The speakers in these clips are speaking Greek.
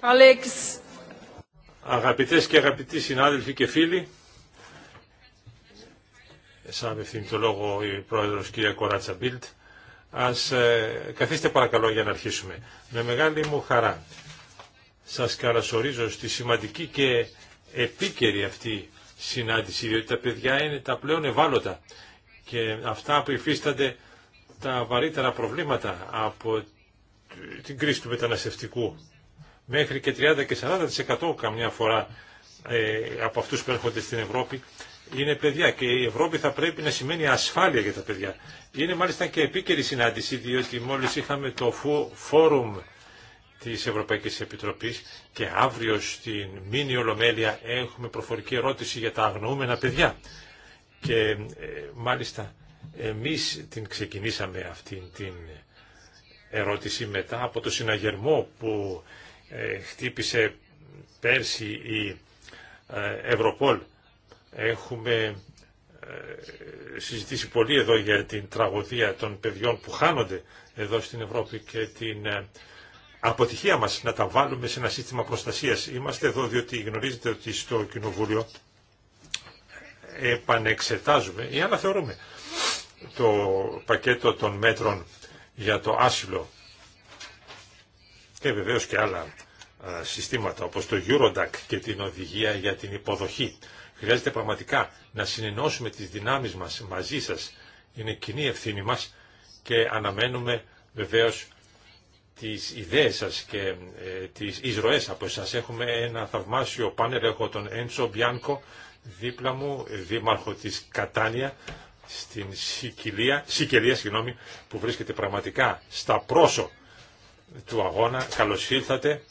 Alex. Αγαπητές και αγαπητοί συνάδελφοι και φίλοι, σαν απευθύνει το λόγο η πρόεδρος κυρία Κοράτσα Μπίλτ, ας ε, καθίστε παρακαλώ για να αρχίσουμε. Με μεγάλη μου χαρά σας καλασορίζω στη σημαντική και επίκαιρη αυτή συνάντηση, διότι τα παιδιά είναι τα πλέον ευάλωτα και αυτά που υφίστανται τα βαρύτερα προβλήματα από την κρίση του μεταναστευτικού μέχρι και 30 και 40% καμιά φορά ε, από αυτούς που έρχονται στην Ευρώπη είναι παιδιά και η Ευρώπη θα πρέπει να σημαίνει ασφάλεια για τα παιδιά. Είναι μάλιστα και επίκαιρη συνάντηση διότι μόλις είχαμε το φόρουμ της Ευρωπαϊκής Επιτροπής και αύριο στην Μίνη Ολομέλεια έχουμε προφορική ερώτηση για τα αγνοούμενα παιδιά. Και ε, μάλιστα εμείς την ξεκινήσαμε αυτή την ερώτηση μετά από το συναγερμό που ε, χτύπησε πέρσι η ε, Ευρωπόλ. Έχουμε ε, συζητήσει πολύ εδώ για την τραγωδία των παιδιών που χάνονται εδώ στην Ευρώπη και την αποτυχία μας να τα βάλουμε σε ένα σύστημα προστασίας. Είμαστε εδώ διότι γνωρίζετε ότι στο Κοινοβούλιο επανεξετάζουμε ή αναθεωρούμε το πακέτο των μέτρων για το άσυλο και βεβαίως και άλλα συστήματα όπως το Eurodac και την οδηγία για την υποδοχή. Χρειάζεται πραγματικά να συνενώσουμε τις δυνάμεις μας μαζί σας. Είναι κοινή ευθύνη μας και αναμένουμε βεβαίως τις ιδέες σας και ε, τις εισρωές από εσάς. Έχουμε ένα θαυμάσιο πάνερ, έχω τον Έντσο Μπιάνκο δίπλα μου, δήμαρχο της Κατάνια, στην Σικελία, Σικελία που βρίσκεται πραγματικά στα πρόσωπα του αγώνα. Καλώ ήλθατε.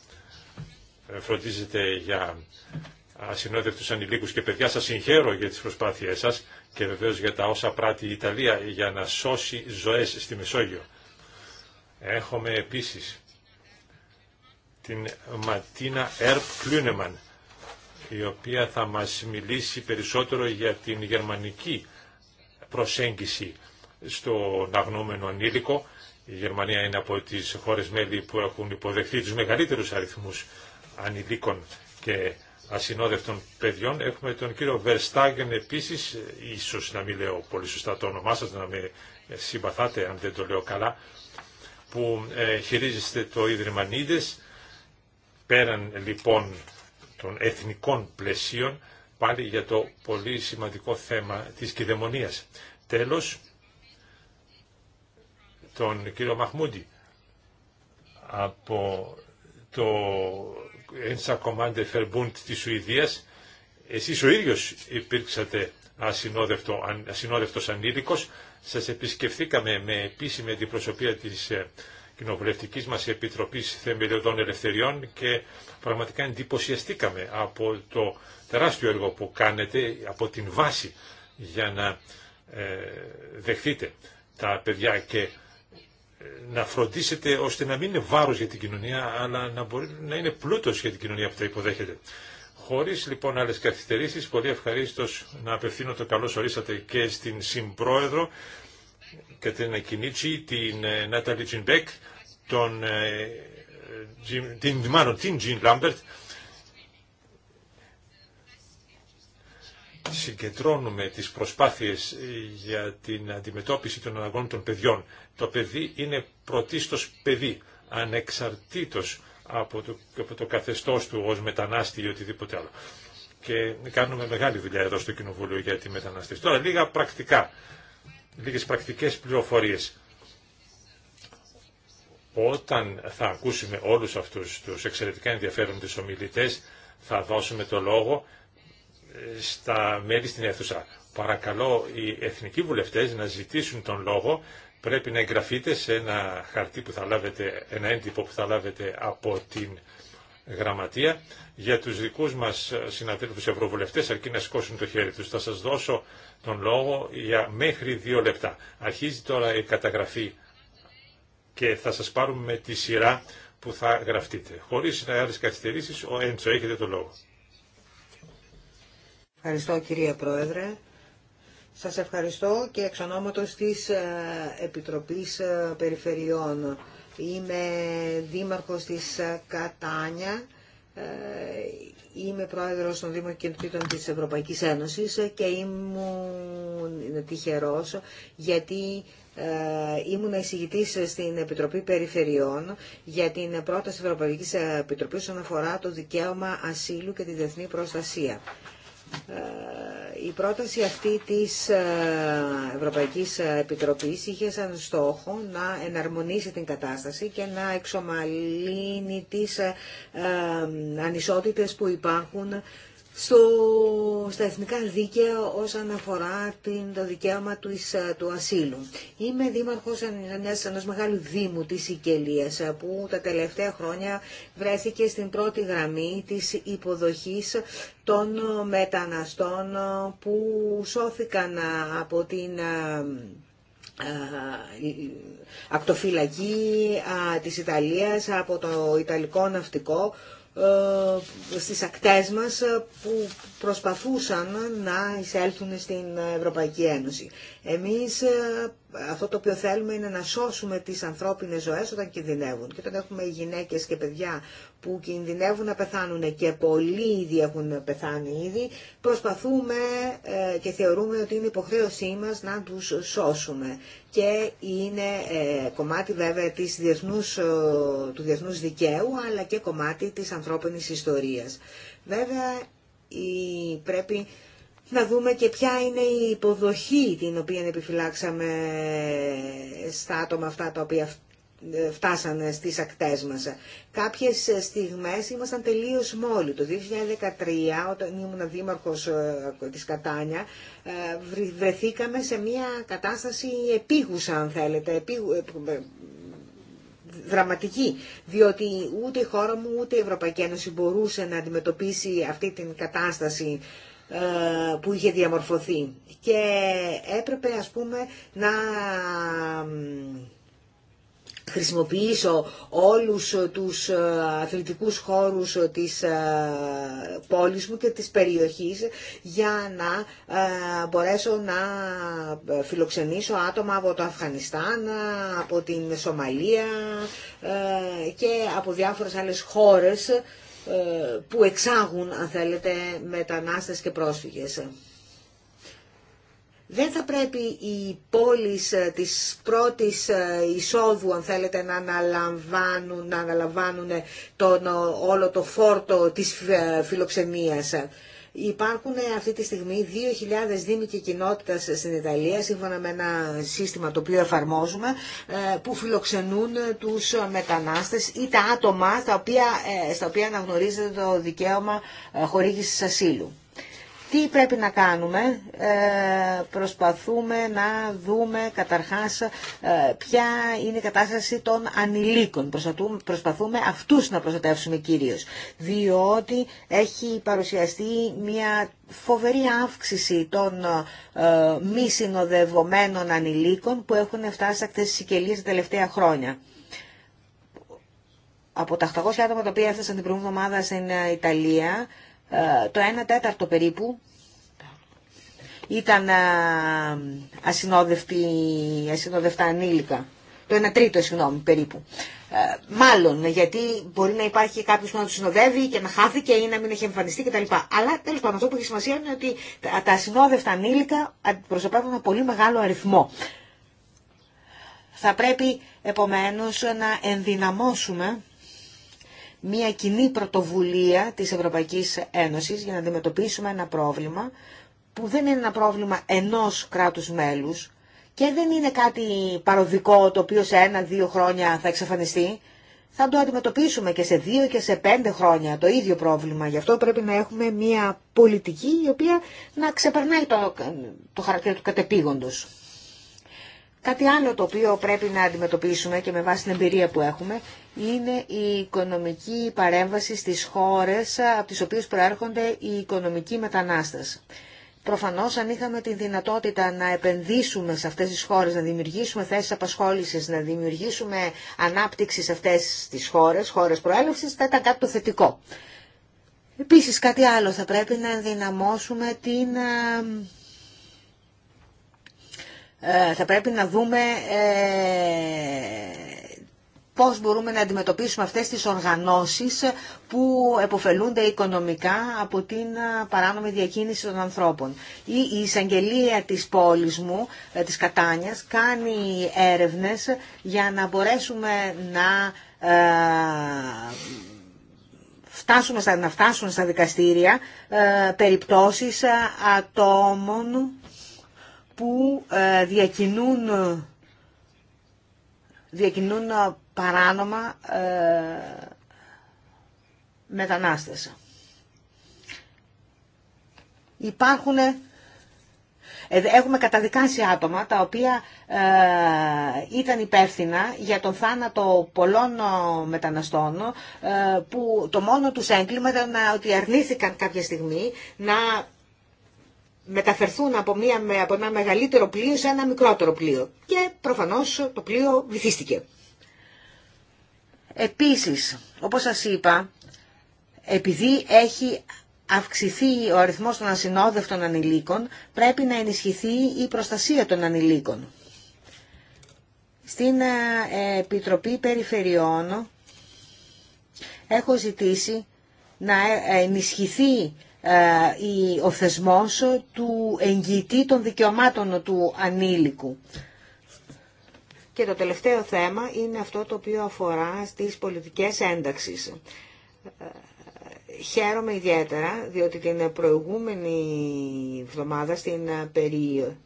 Ε, φροντίζετε για ασυνόδευτους ανηλίκους και παιδιά. Σας συγχαίρω για τις προσπάθειές σας και βεβαίως για τα όσα πράττει η Ιταλία για να σώσει ζωές στη Μεσόγειο. Έχουμε επίσης την Ματίνα Ερπ Κλούνεμαν, η οποία θα μας μιλήσει περισσότερο για την γερμανική προσέγγιση στο αγνώμενο ανήλικο η Γερμανία είναι από τις χώρες μέλη που έχουν υποδεχθεί τους μεγαλύτερους αριθμούς ανηλίκων και ασυνόδευτων παιδιών. Έχουμε τον κύριο Βερστάγεν επίσης, ίσως να μην λέω πολύ σωστά το όνομά σας, να με συμπαθάτε αν δεν το λέω καλά, που ε, χειρίζεστε το Ίδρυμα Πέραν λοιπόν των εθνικών πλαισίων, πάλι για το πολύ σημαντικό θέμα της κυδαιμονίας. Τέλος, τον κύριο Μαχμούντι από το Ένσα Κομάντε Φερμπούντ της Σουηδίας. Εσείς ο ίδιος υπήρξατε ασυνόδευτο, ασυνόδευτος ανήλικος. Σας επισκεφθήκαμε με επίσημη αντιπροσωπεία της ε, κοινοβουλευτικής μας Επιτροπής Θεμελιωδών Ελευθεριών και πραγματικά εντυπωσιαστήκαμε από το τεράστιο έργο που κάνετε από την βάση για να ε, δεχθείτε τα παιδιά και να φροντίσετε ώστε να μην είναι βάρος για την κοινωνία, αλλά να μπορεί να είναι πλούτος για την κοινωνία που τα υποδέχεται. Χωρίς λοιπόν άλλες καθυστερήσεις, πολύ ευχαρίστω να απευθύνω το καλό ορίσατε και στην Συμπρόεδρο, Κατρίνα Κινίτσι, την ε, Νάταλι Τζιμπεκ, τον, ε, ε, την, μάλλον, την Τζιν Λάμπερτ, συγκεντρώνουμε τις προσπάθειες ε, για την αντιμετώπιση των αναγκών των παιδιών. Το παιδί είναι πρωτίστως παιδί, ανεξαρτήτως από το, από το καθεστώς του ως μετανάστη ή οτιδήποτε άλλο. Και κάνουμε μεγάλη δουλειά εδώ στο Κοινοβούλιο για τη μετανάστευση. Τώρα λίγα πρακτικά, λίγες πρακτικές πληροφορίες. Όταν θα ακούσουμε όλους αυτούς τους εξαιρετικά ενδιαφέροντες ομιλητές, θα δώσουμε το λόγο στα μέλη στην αίθουσα. Παρακαλώ οι εθνικοί βουλευτές να ζητήσουν τον λόγο. Πρέπει να εγγραφείτε σε ένα χαρτί που θα λάβετε, ένα έντυπο που θα λάβετε από την γραμματεία. Για τους δικούς μας συναδέλφους ευρωβουλευτές αρκεί να σηκώσουν το χέρι τους. Θα σας δώσω τον λόγο για μέχρι δύο λεπτά. Αρχίζει τώρα η καταγραφή και θα σας πάρουμε τη σειρά που θα γραφτείτε. Χωρίς άλλες καθυστερήσεις, ο Έντσο, έχετε το λόγο. Ευχαριστώ κυρία Πρόεδρε. Σας ευχαριστώ και εξ ονόματος της ε, Επιτροπής ε, Περιφερειών. Είμαι δήμαρχος της ε, Κατάνια, είμαι πρόεδρος των Δήμων Κοινοτήτων της Ευρωπαϊκής Ένωσης και ήμουν τυχερός γιατί ήμουν εισηγητής στην Επιτροπή Περιφερειών για την πρόταση Ευρωπαϊκής Επιτροπής όσον αφορά το δικαίωμα ασύλου και τη διεθνή προστασία. Ε, η πρόταση αυτή της ε, Ευρωπαϊκής Επιτροπής είχε σαν στόχο να εναρμονίσει την κατάσταση και να εξομαλύνει τις ε, ανισότητες που υπάρχουν στο, στα εθνικά δίκαια όσον αφορά την, το δικαίωμα του, του ασύλου. Είμαι δήμαρχος ενός, ενός μεγάλου δήμου της Ικελίας που τα τελευταία χρόνια βρέθηκε στην πρώτη γραμμή της υποδοχής των μεταναστών που σώθηκαν από την ε, ε, ακτοφυλακή ε, της Ιταλίας, από το Ιταλικό Ναυτικό ε, στις ακτές μας ε, που προσπαθούσαν να εισέλθουν στην Ευρωπαϊκή Ένωση. Εμείς ε, αυτό το οποίο θέλουμε είναι να σώσουμε τις ανθρώπινες ζωές όταν κινδυνεύουν. Και όταν έχουμε γυναίκες και παιδιά που κινδυνεύουν να πεθάνουν και πολλοί ήδη έχουν πεθάνει ήδη, προσπαθούμε και θεωρούμε ότι είναι υποχρέωσή μας να τους σώσουμε και είναι ε, κομμάτι βέβαια της διεθνούς, ε, του διεθνούς δικαίου αλλά και κομμάτι της ανθρώπινης ιστορίας. Βέβαια πρέπει να δούμε και ποια είναι η υποδοχή την οποία επιφυλάξαμε στα άτομα αυτά τα οποία ε, φτάσανε στις ακτές μας. Κάποιες ε, στιγμές ήμασταν τελείως μόλι. Το 2013, όταν ήμουν δήμαρχος ε, της Κατάνια, βρεθήκαμε σε μια κατάσταση επίγουσα, αν θέλετε, επίγου, δραματική, διότι ούτε η χώρα μου ούτε η Ευρωπαϊκή Ένωση μπορούσε να αντιμετωπίσει αυτή την κατάσταση που είχε διαμορφωθεί και έπρεπε ας πούμε να χρησιμοποιήσω όλους ε, τους ε, αθλητικούς χώρους ε, της πόλης μου και της περιοχής για να μπορέσω να φιλοξενήσω άτομα από το Αφγανιστάν, από την Σομαλία και από διάφορες άλλες χώρες που εξάγουν, αν θέλετε, μετανάστες και πρόσφυγες δεν θα πρέπει οι πόλεις ε, της πρώτης ε, εισόδου, αν θέλετε, να αναλαμβάνουν, να αναλαμβάνουν ε, τον, όλο το φόρτο της φιλοξενίας. Υπάρχουν αυτή τη στιγμή 2.000 δήμοι και κοινότητα στην Ιταλία, σύμφωνα με ένα σύστημα το οποίο εφαρμόζουμε, που φιλοξενούν τους μετανάστες ή τα άτομα στα οποία, στα οποία αναγνωρίζεται το δικαίωμα χορήγησης ασύλου. Τι πρέπει να κάνουμε, ε, προσπαθούμε να δούμε καταρχάς ε, ποια είναι η κατάσταση των ανηλίκων. Προσπαθούμε, προσπαθούμε αυτούς να προστατεύσουμε κυρίως, διότι έχει παρουσιαστεί μια φοβερή αύξηση των ε, μη συνοδευομένων ανηλίκων που έχουν φτάσει αυτές τις συγκελίες τα τελευταία χρόνια. Από τα 800 άτομα τα οποία έφτασαν την προηγούμενη εβδομάδα στην Ιταλία, ε, το 1 τέταρτο περίπου ήταν ε, ασυνόδευτοι, ασυνόδευτα ανήλικα. Το 1 τρίτο, συγγνώμη, περίπου. Ε, μάλλον, γιατί μπορεί να υπάρχει κάποιο που να του συνοδεύει και να χάθηκε ή να μην έχει εμφανιστεί κτλ. Αλλά τέλο πάντων, αυτό που έχει σημασία είναι ότι τα ασυνόδευτα ανήλικα αντιπροσωπεύουν ένα πολύ μεγάλο αριθμό. Θα πρέπει επομένως να ενδυναμώσουμε μια κοινή πρωτοβουλία της Ευρωπαϊκής Ένωσης για να αντιμετωπίσουμε ένα πρόβλημα που δεν είναι ένα πρόβλημα ενός κράτους μέλους και δεν είναι κάτι παροδικό το οποίο σε ένα-δύο χρόνια θα εξαφανιστεί. Θα το αντιμετωπίσουμε και σε δύο και σε πέντε χρόνια το ίδιο πρόβλημα. Γι' αυτό πρέπει να έχουμε μια πολιτική η οποία να ξεπερνάει το, το χαρακτήρα του κατεπήγοντος. Κάτι άλλο το οποίο πρέπει να αντιμετωπίσουμε και με βάση την εμπειρία που έχουμε είναι η οικονομική παρέμβαση στις χώρες από τις οποίες προέρχονται οι οικονομικοί μετανάστες. Προφανώς αν είχαμε τη δυνατότητα να επενδύσουμε σε αυτές τις χώρες, να δημιουργήσουμε θέσεις απασχόλησης, να δημιουργήσουμε ανάπτυξη σε αυτές τις χώρες, χώρες προέλευσης, θα ήταν κάτι το θετικό. Επίσης κάτι άλλο, θα πρέπει να ενδυναμώσουμε την... Ε, ε, θα πρέπει να δούμε ε, πώς μπορούμε να αντιμετωπίσουμε αυτές τις οργανώσεις που εποφελούνται οικονομικά από την παράνομη διακίνηση των ανθρώπων. Η εισαγγελία της πόλης μου, ε, της Κατάνιας, κάνει έρευνες για να μπορέσουμε να ε, φτάσουμε στα, να φτάσουν στα δικαστήρια ε, περιπτώσεις ατόμων που διακινούν διακινούν παράνομα ε, μετανάστες. Υπάρχουν, ε, έχουμε καταδικάσει άτομα τα οποία ε, ήταν υπεύθυνα για τον θάνατο πολλών ε, μεταναστών ε, που το μόνο τους έγκλημα ήταν ε, ότι αρνήθηκαν κάποια στιγμή να μεταφερθούν από, μια, από ένα μεγαλύτερο πλοίο σε ένα μικρότερο πλοίο. Και προφανώς το πλοίο βυθίστηκε. Επίσης, όπως σας είπα, επειδή έχει αυξηθεί ο αριθμός των ασυνόδευτων ανηλίκων, πρέπει να ενισχυθεί η προστασία των ανηλίκων. Στην ε, Επιτροπή Περιφερειών έχω ζητήσει να ε, ενισχυθεί ε, ο θεσμός του εγγυητή των δικαιωμάτων του ανήλικου. Και το τελευταίο θέμα είναι αυτό το οποίο αφορά στις πολιτικές ένταξεις. Χαίρομαι ιδιαίτερα, διότι την προηγούμενη εβδομάδα στην ε, περί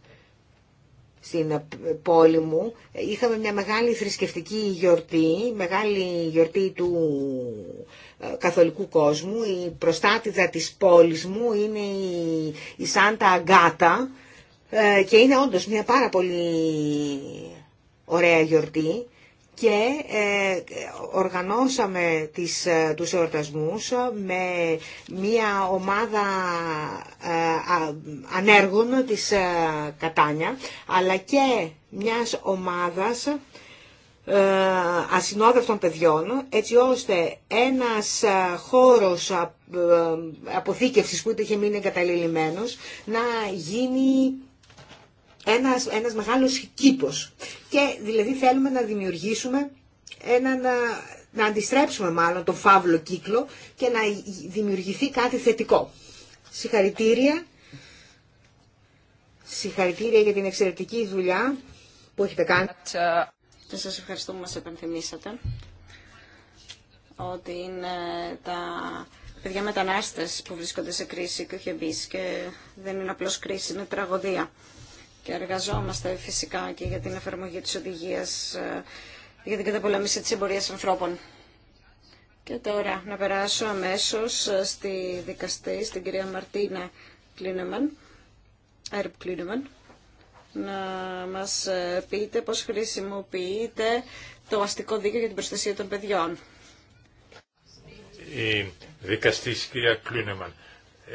στην ε, πόλη μου είχαμε μια μεγάλη θρησκευτική γιορτή, μεγάλη γιορτή του ε, καθολικού κόσμου. Η προστάτηδα της πόλης μου είναι η, η Σάντα Αγκάτα και είναι όντως μια πάρα πολύ ωραία γιορτή και ε, οργανώσαμε τις, ε, τους εορτασμούς ε, με μια ομάδα ανέργων της Κατάνια αλλά και μιας ομάδας ασυνόδευτων παιδιών έτσι ώστε ένας χώρος αποθήκευσης που είχε μείνει εγκαταλειμμένος να γίνει ένας, ένας μεγάλος κήπος. Και δηλαδή θέλουμε να δημιουργήσουμε ένα, να, να αντιστρέψουμε μάλλον τον φαύλο κύκλο και να δημιουργηθεί κάτι θετικό. Συγχαρητήρια. Συγχαρητήρια για την εξαιρετική δουλειά που έχετε κάνει. Και σας ευχαριστούμε που μας επενθυμίσατε ότι είναι τα παιδιά μετανάστες που βρίσκονται σε κρίση και όχι εμείς και δεν είναι απλώς κρίση, είναι τραγωδία και εργαζόμαστε φυσικά και για την εφαρμογή της οδηγίας ε, για την καταπολέμηση της εμπορίας ανθρώπων. Και τώρα να περάσω αμέσως ε, στη δικαστή, στην κυρία Μαρτίνα Κλίνεμαν, Ερπ Κλίνεμαν, να μας ε, πείτε πώς χρησιμοποιείτε το αστικό δίκαιο για την προστασία των παιδιών. Η δικαστής κυρία Κλίνεμαν,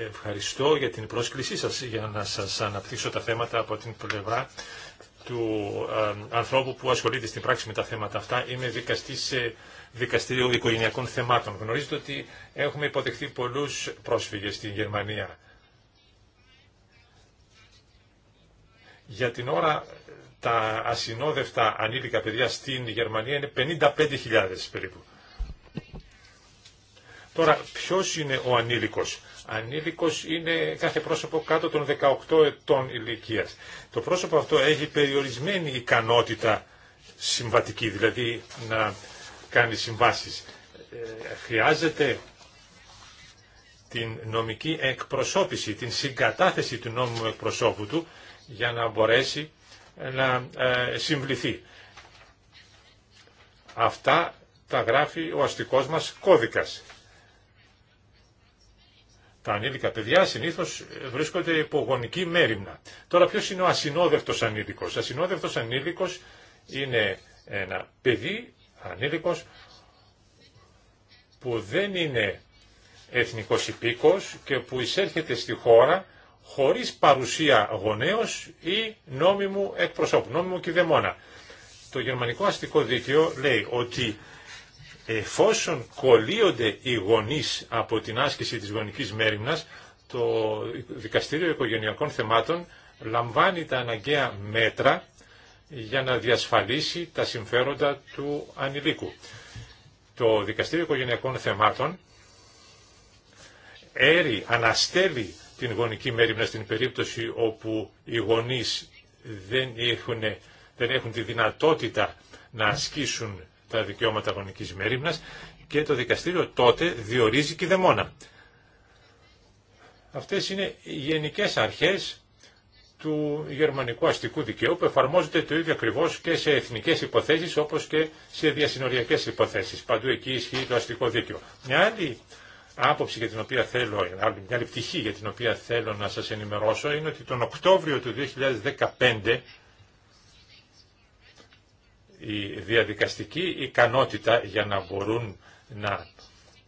ευχαριστώ για την πρόσκλησή σας για να σας αναπτύξω τα θέματα από την πλευρά του ε, ανθρώπου που ασχολείται στην πράξη με τα θέματα αυτά. Είμαι δικαστής σε δικαστήριο οικογενειακών θεμάτων. Γνωρίζετε ότι έχουμε υποδεχθεί πολλούς πρόσφυγες στην Γερμανία. Για την ώρα τα ασυνόδευτα ανήλικα παιδιά στην Γερμανία είναι 55.000 περίπου. Τώρα, ποιος είναι ο ανήλικος. Ανήλικος είναι κάθε πρόσωπο κάτω των 18 ετών ηλικίας. Το πρόσωπο αυτό έχει περιορισμένη ικανότητα συμβατική, δηλαδή να κάνει συμβάσεις. Ε, χρειάζεται την νομική εκπροσώπηση, την συγκατάθεση του νόμιμου εκπροσώπου του για να μπορέσει ε, να ε, συμβληθεί. Αυτά τα γράφει ο αστικός μας κώδικας τα ανήλικα παιδιά συνήθως ε, βρίσκονται υπογονική γονική μέρημνα. Τώρα ποιο είναι ο ανήλικό. Ο ασυνόδευτο ανήλικο είναι ένα παιδί ανήλικο που δεν είναι εθνικός υπήκος και που εισέρχεται στη χώρα χωρίς παρουσία γονέως ή νόμιμου εκπροσώπου, νόμιμου κηδεμόνα. Το γερμανικό αστικό δίκαιο λέει ότι εφόσον κολλείονται οι γονείς από την άσκηση της γονικής μέρημνας, το Δικαστήριο Οικογενειακών Θεμάτων λαμβάνει τα αναγκαία μέτρα για να διασφαλίσει τα συμφέροντα του ανηλίκου. Το Δικαστήριο Οικογενειακών Θεμάτων έρει, αναστέλει την γονική μέρημνα στην περίπτωση όπου οι γονείς δεν έχουν, δεν έχουν τη δυνατότητα να ασκήσουν τα δικαιώματα γονική μέρημνα και το δικαστήριο τότε διορίζει και μόνα. Αυτές είναι οι γενικές αρχές του γερμανικού αστικού δικαίου που εφαρμόζονται το ίδιο ακριβώ και σε εθνικέ υποθέσει όπω και σε διασυνοριακέ υποθέσει. Παντού εκεί ισχύει το αστικό δίκαιο. Μια άλλη άποψη για την οποία θέλω, μια άλλη πτυχή για την οποία θέλω να σα ενημερώσω είναι ότι τον Οκτώβριο του 2015 η διαδικαστική ικανότητα για να μπορούν να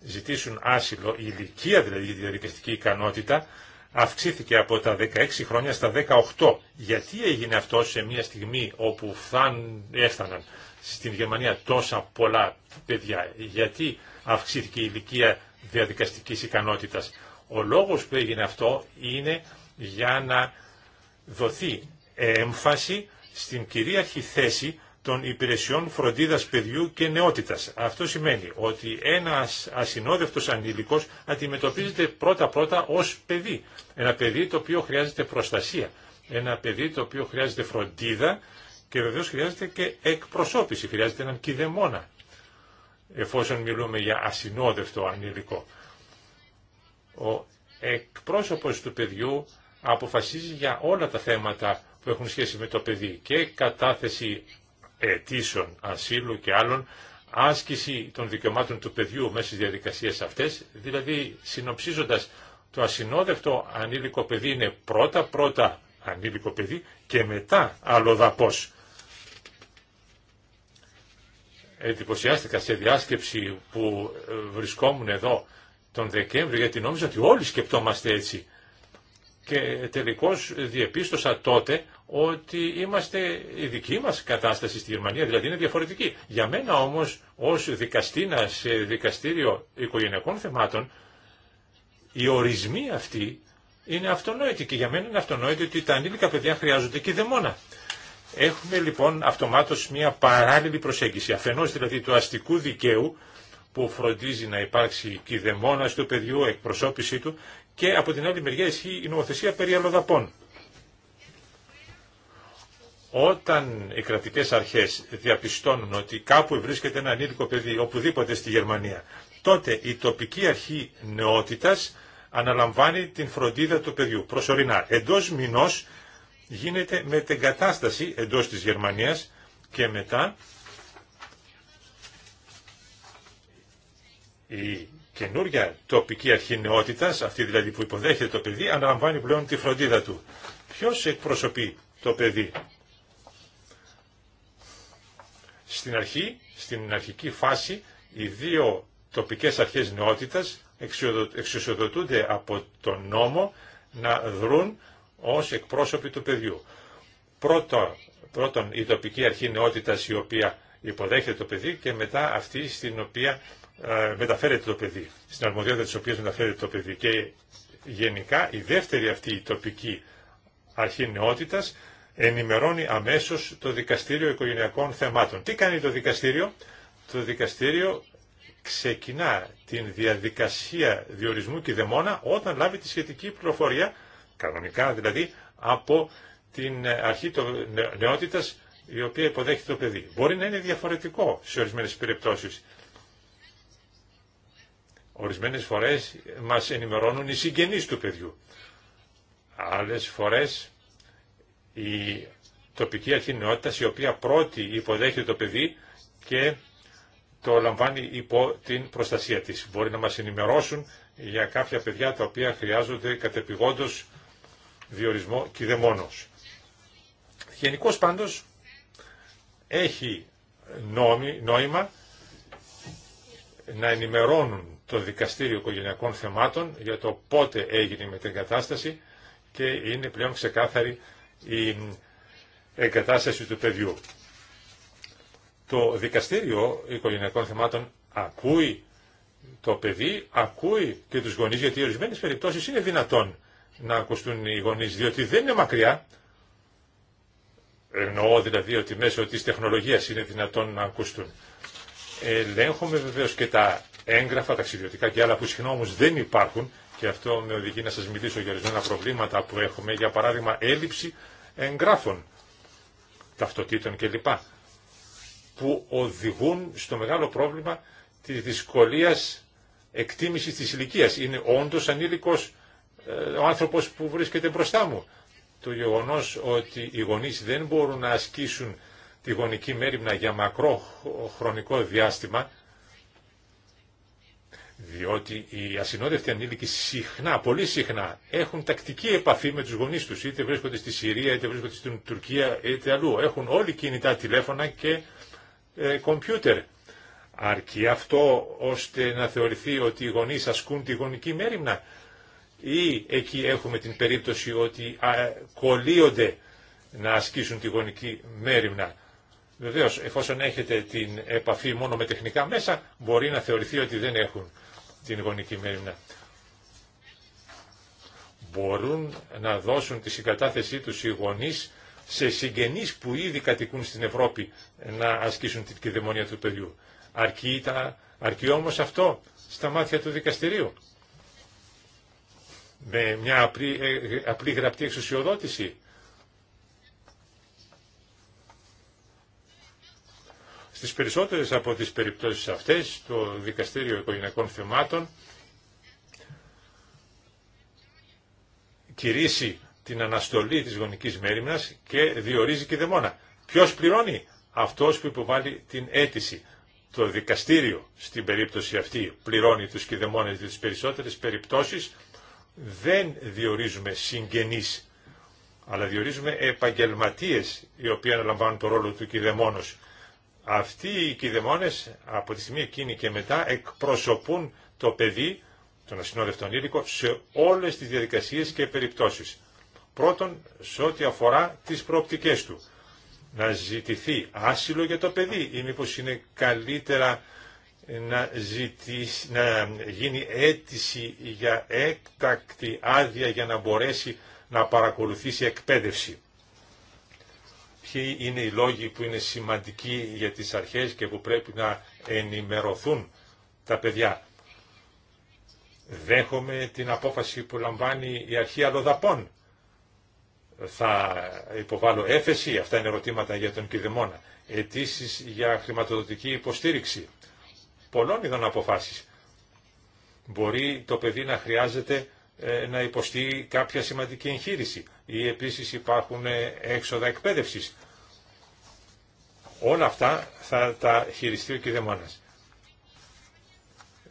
ζητήσουν άσυλο, η ηλικία δηλαδή η διαδικαστική ικανότητα, αυξήθηκε από τα 16 χρόνια στα 18. Γιατί έγινε αυτό σε μια στιγμή όπου φθάν, έφταναν στην Γερμανία τόσα πολλά παιδιά, γιατί αυξήθηκε η ηλικία διαδικαστικής ικανότητας. Ο λόγος που έγινε αυτό είναι για να δοθεί έμφαση στην κυρίαρχη θέση των υπηρεσιών φροντίδας παιδιού και νεότητας. Αυτό σημαίνει ότι ένας ασυνόδευτος ανήλικος αντιμετωπίζεται πρώτα-πρώτα ως παιδί. Ένα παιδί το οποίο χρειάζεται προστασία. Ένα παιδί το οποίο χρειάζεται φροντίδα και βεβαίως χρειάζεται και εκπροσώπηση. Χρειάζεται έναν κηδεμόνα εφόσον μιλούμε για ασυνόδευτο ανήλικο. Ο εκπρόσωπος του παιδιού αποφασίζει για όλα τα θέματα που έχουν σχέση με το παιδί και κατάθεση αιτήσεων ασύλου και άλλων, άσκηση των δικαιωμάτων του παιδιού μέσα στις διαδικασίες αυτές, δηλαδή συνοψίζοντας το ασυνόδευτο ανήλικο παιδί είναι πρώτα πρώτα ανήλικο παιδί και μετά αλλοδαπός. Εντυπωσιάστηκα σε διάσκεψη που ε, βρισκόμουν εδώ τον Δεκέμβρη γιατί νόμιζα ότι όλοι σκεπτόμαστε έτσι. Και τελικώς διεπίστωσα τότε ότι είμαστε, η δική μας κατάσταση στη Γερμανία δηλαδή είναι διαφορετική. Για μένα όμως ως δικαστήνα σε δικαστήριο οικογενειακών θεμάτων οι ορισμοί αυτοί είναι αυτονόητοι και για μένα είναι αυτονόητοι ότι τα ανήλικα παιδιά χρειάζονται και δαιμόνα. Έχουμε λοιπόν αυτομάτως μια παράλληλη προσέγγιση αφενός δηλαδή του αστικού δικαίου που φροντίζει να υπάρξει και η δαιμόνα του παιδιού, εκπροσώπησή του και από την άλλη μεριά ισχύει η νομοθεσία περί αλλοδαπών. Όταν οι κρατικές αρχές διαπιστώνουν ότι κάπου βρίσκεται ένα ανήλικο παιδί οπουδήποτε στη Γερμανία, τότε η τοπική αρχή νεότητας αναλαμβάνει την φροντίδα του παιδιού προσωρινά. Εντός μηνός γίνεται με την κατάσταση εντός της Γερμανίας και μετά η καινούρια τοπική αρχή νεότητας, αυτή δηλαδή που υποδέχεται το παιδί, αναλαμβάνει πλέον τη φροντίδα του. Ποιος εκπροσωπεί το παιδί στην αρχή, στην αρχική φάση, οι δύο τοπικές αρχές νεότητας εξουσιοδοτούνται από τον νόμο να δρουν ως εκπρόσωποι του παιδιού. πρώτον η τοπική αρχή νεότητας η οποία υποδέχεται το παιδί και μετά αυτή στην οποία ε, μεταφέρεται το παιδί, στην αρμοδιότητα της οποίας μεταφέρεται το παιδί. Και γενικά η δεύτερη αυτή η τοπική αρχή νεότητας ενημερώνει αμέσως το Δικαστήριο Οικογενειακών Θεμάτων. Τι κάνει το Δικαστήριο? Το Δικαστήριο ξεκινά την διαδικασία διορισμού και δαιμόνα όταν λάβει τη σχετική πληροφορία, κανονικά δηλαδή, από την αρχή νεότητας η οποία υποδέχεται το παιδί. Μπορεί να είναι διαφορετικό σε ορισμένες περιπτώσεις. Ορισμένες φορές μας ενημερώνουν οι συγγενείς του παιδιού. Άλλες φορές η τοπική αρχή νεότητας η οποία πρώτη υποδέχεται το παιδί και το λαμβάνει υπό την προστασία της. Μπορεί να μας ενημερώσουν για κάποια παιδιά τα οποία χρειάζονται κατεπηγόντως διορισμό και δε μόνος. Γενικώς πάντως έχει νόμι, νόημα να ενημερώνουν το Δικαστήριο Οικογενειακών Θεμάτων για το πότε έγινε η μετεγκατάσταση και είναι πλέον ξεκάθαρη η εγκατάσταση του παιδιού. Το Δικαστήριο Οικογενειακών Θεμάτων ακούει το παιδί, ακούει και τους γονείς, γιατί ορισμένε περιπτώσεις είναι δυνατόν να ακουστούν οι γονείς, διότι δεν είναι μακριά. Εννοώ δηλαδή ότι μέσω της τεχνολογίας είναι δυνατόν να ακουστούν. Ελέγχομαι βεβαίως και τα έγγραφα ταξιδιωτικά και άλλα που συχνά όμως δεν υπάρχουν και αυτό με οδηγεί να σας μιλήσω για ορισμένα προβλήματα που έχουμε, για παράδειγμα έλλειψη εγγράφων, ταυτοτήτων κλπ. που οδηγούν στο μεγάλο πρόβλημα της δυσκολίας εκτίμησης της ηλικίας. Είναι όντως ανήλικος ε, ο άνθρωπος που βρίσκεται μπροστά μου. Το γεγονός ότι οι γονείς δεν μπορούν να ασκήσουν τη γονική μέρημνα για μακρό χρονικό διάστημα διότι οι ασυνόδευτοι ανήλικοι συχνά, πολύ συχνά, έχουν τακτική επαφή με τους γονείς τους, είτε βρίσκονται στη Συρία, είτε βρίσκονται στην Τουρκία, είτε αλλού. Έχουν όλοι κινητά τηλέφωνα και ε, κομπιούτερ. Αρκεί αυτό ώστε να θεωρηθεί ότι οι γονείς ασκούν τη γονική μέρημνα ή εκεί έχουμε την περίπτωση ότι κολλείονται να ασκήσουν τη γονική μέρημνα. Βεβαίως, εφόσον έχετε την επαφή μόνο με τεχνικά μέσα, μπορεί να θεωρηθεί ότι δεν έχουν την γονική μέρημνα. Μπορούν να δώσουν τη συγκατάθεσή τους οι γονείς σε συγγενείς που ήδη κατοικούν στην Ευρώπη να ασκήσουν την κυδαιμονία του παιδιού. Αρκεί, τα, όμως αυτό στα μάτια του δικαστηρίου. Με μια απλή, ε, ε, απλή γραπτή εξουσιοδότηση Στις περισσότερες από τις περιπτώσεις αυτές, το Δικαστήριο Οικογενειακών Θεμάτων κηρύσσει την αναστολή της γονικής μέρημνας και διορίζει και δαιμόνα. Ποιος πληρώνει? Αυτός που υποβάλλει την αίτηση. Το δικαστήριο στην περίπτωση αυτή πληρώνει τους κηδεμόνες και στις περισσότερες περιπτώσεις δεν διορίζουμε συγγενείς αλλά διορίζουμε επαγγελματίες οι οποίοι αναλαμβάνουν το ρόλο του κηδεμόνος αυτοί οι κηδεμόνες από τη στιγμή εκείνη και μετά εκπροσωπούν το παιδί, τον Ασυνόδευτο ανήλικο, σε όλες τις διαδικασίες και περιπτώσεις. Πρώτον, σε ό,τι αφορά τις προοπτικές του. Να ζητηθεί άσυλο για το παιδί ή μήπως είναι καλύτερα να, ζητήσει, να γίνει αίτηση για έκτακτη άδεια για να μπορέσει να παρακολουθήσει εκπαίδευση ποιοι είναι οι λόγοι που είναι σημαντικοί για τις αρχές και που πρέπει να ενημερωθούν τα παιδιά. Δέχομαι την απόφαση που λαμβάνει η αρχή αλλοδαπών. Θα υποβάλω έφεση, αυτά είναι ερωτήματα για τον Κιδεμόνα. Αιτήσει για χρηματοδοτική υποστήριξη. Πολλών είδων αποφάσει. Μπορεί το παιδί να χρειάζεται ε, να υποστεί κάποια σημαντική εγχείρηση ή επίσης υπάρχουν έξοδα εκπαίδευσης. Όλα αυτά θα τα χειριστεί ο κηδεμόνας.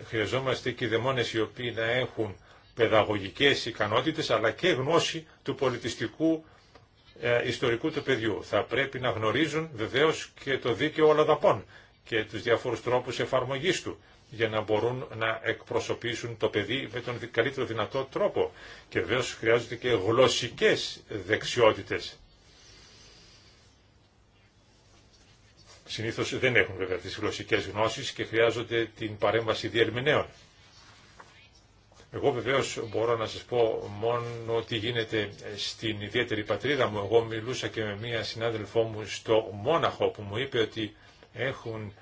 Χρειαζόμαστε κηδεμόνες οι οποίοι να έχουν παιδαγωγικές ικανότητες αλλά και γνώση του πολιτιστικού ε, ιστορικού του παιδιού. Θα πρέπει να γνωρίζουν βεβαίως και το δίκαιο όλα και τους διαφορούς τρόπους εφαρμογής του για να μπορούν να εκπροσωπήσουν το παιδί με τον καλύτερο δυνατό τρόπο. Και βεβαίω χρειάζονται και γλωσσικές δεξιότητες. Συνήθως δεν έχουν βέβαια τις γλωσσικές γνώσεις και χρειάζονται την παρέμβαση διερμηνέων. Εγώ βεβαίω μπορώ να σας πω μόνο τι γίνεται στην ιδιαίτερη πατρίδα μου. Εγώ μιλούσα και με μία συνάδελφό μου στο Μόναχο που μου είπε ότι έχουν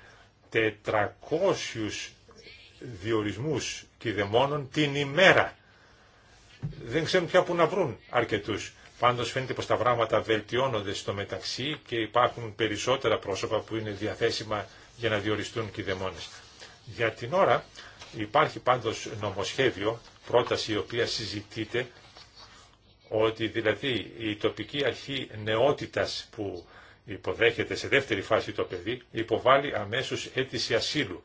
400 διορισμούς κηδεμόνων την ημέρα. Δεν ξέρουν πια που να βρουν αρκετούς. Πάντως φαίνεται πως τα πράγματα βελτιώνονται στο μεταξύ και υπάρχουν περισσότερα πρόσωπα που είναι διαθέσιμα για να διοριστούν κηδεμόνες. Για την ώρα υπάρχει πάντως νομοσχέδιο, πρόταση η οποία συζητείται, ότι δηλαδή η τοπική αρχή νεότητας που υποδέχεται σε δεύτερη φάση το παιδί, υποβάλλει αμέσως αίτηση ασύλου.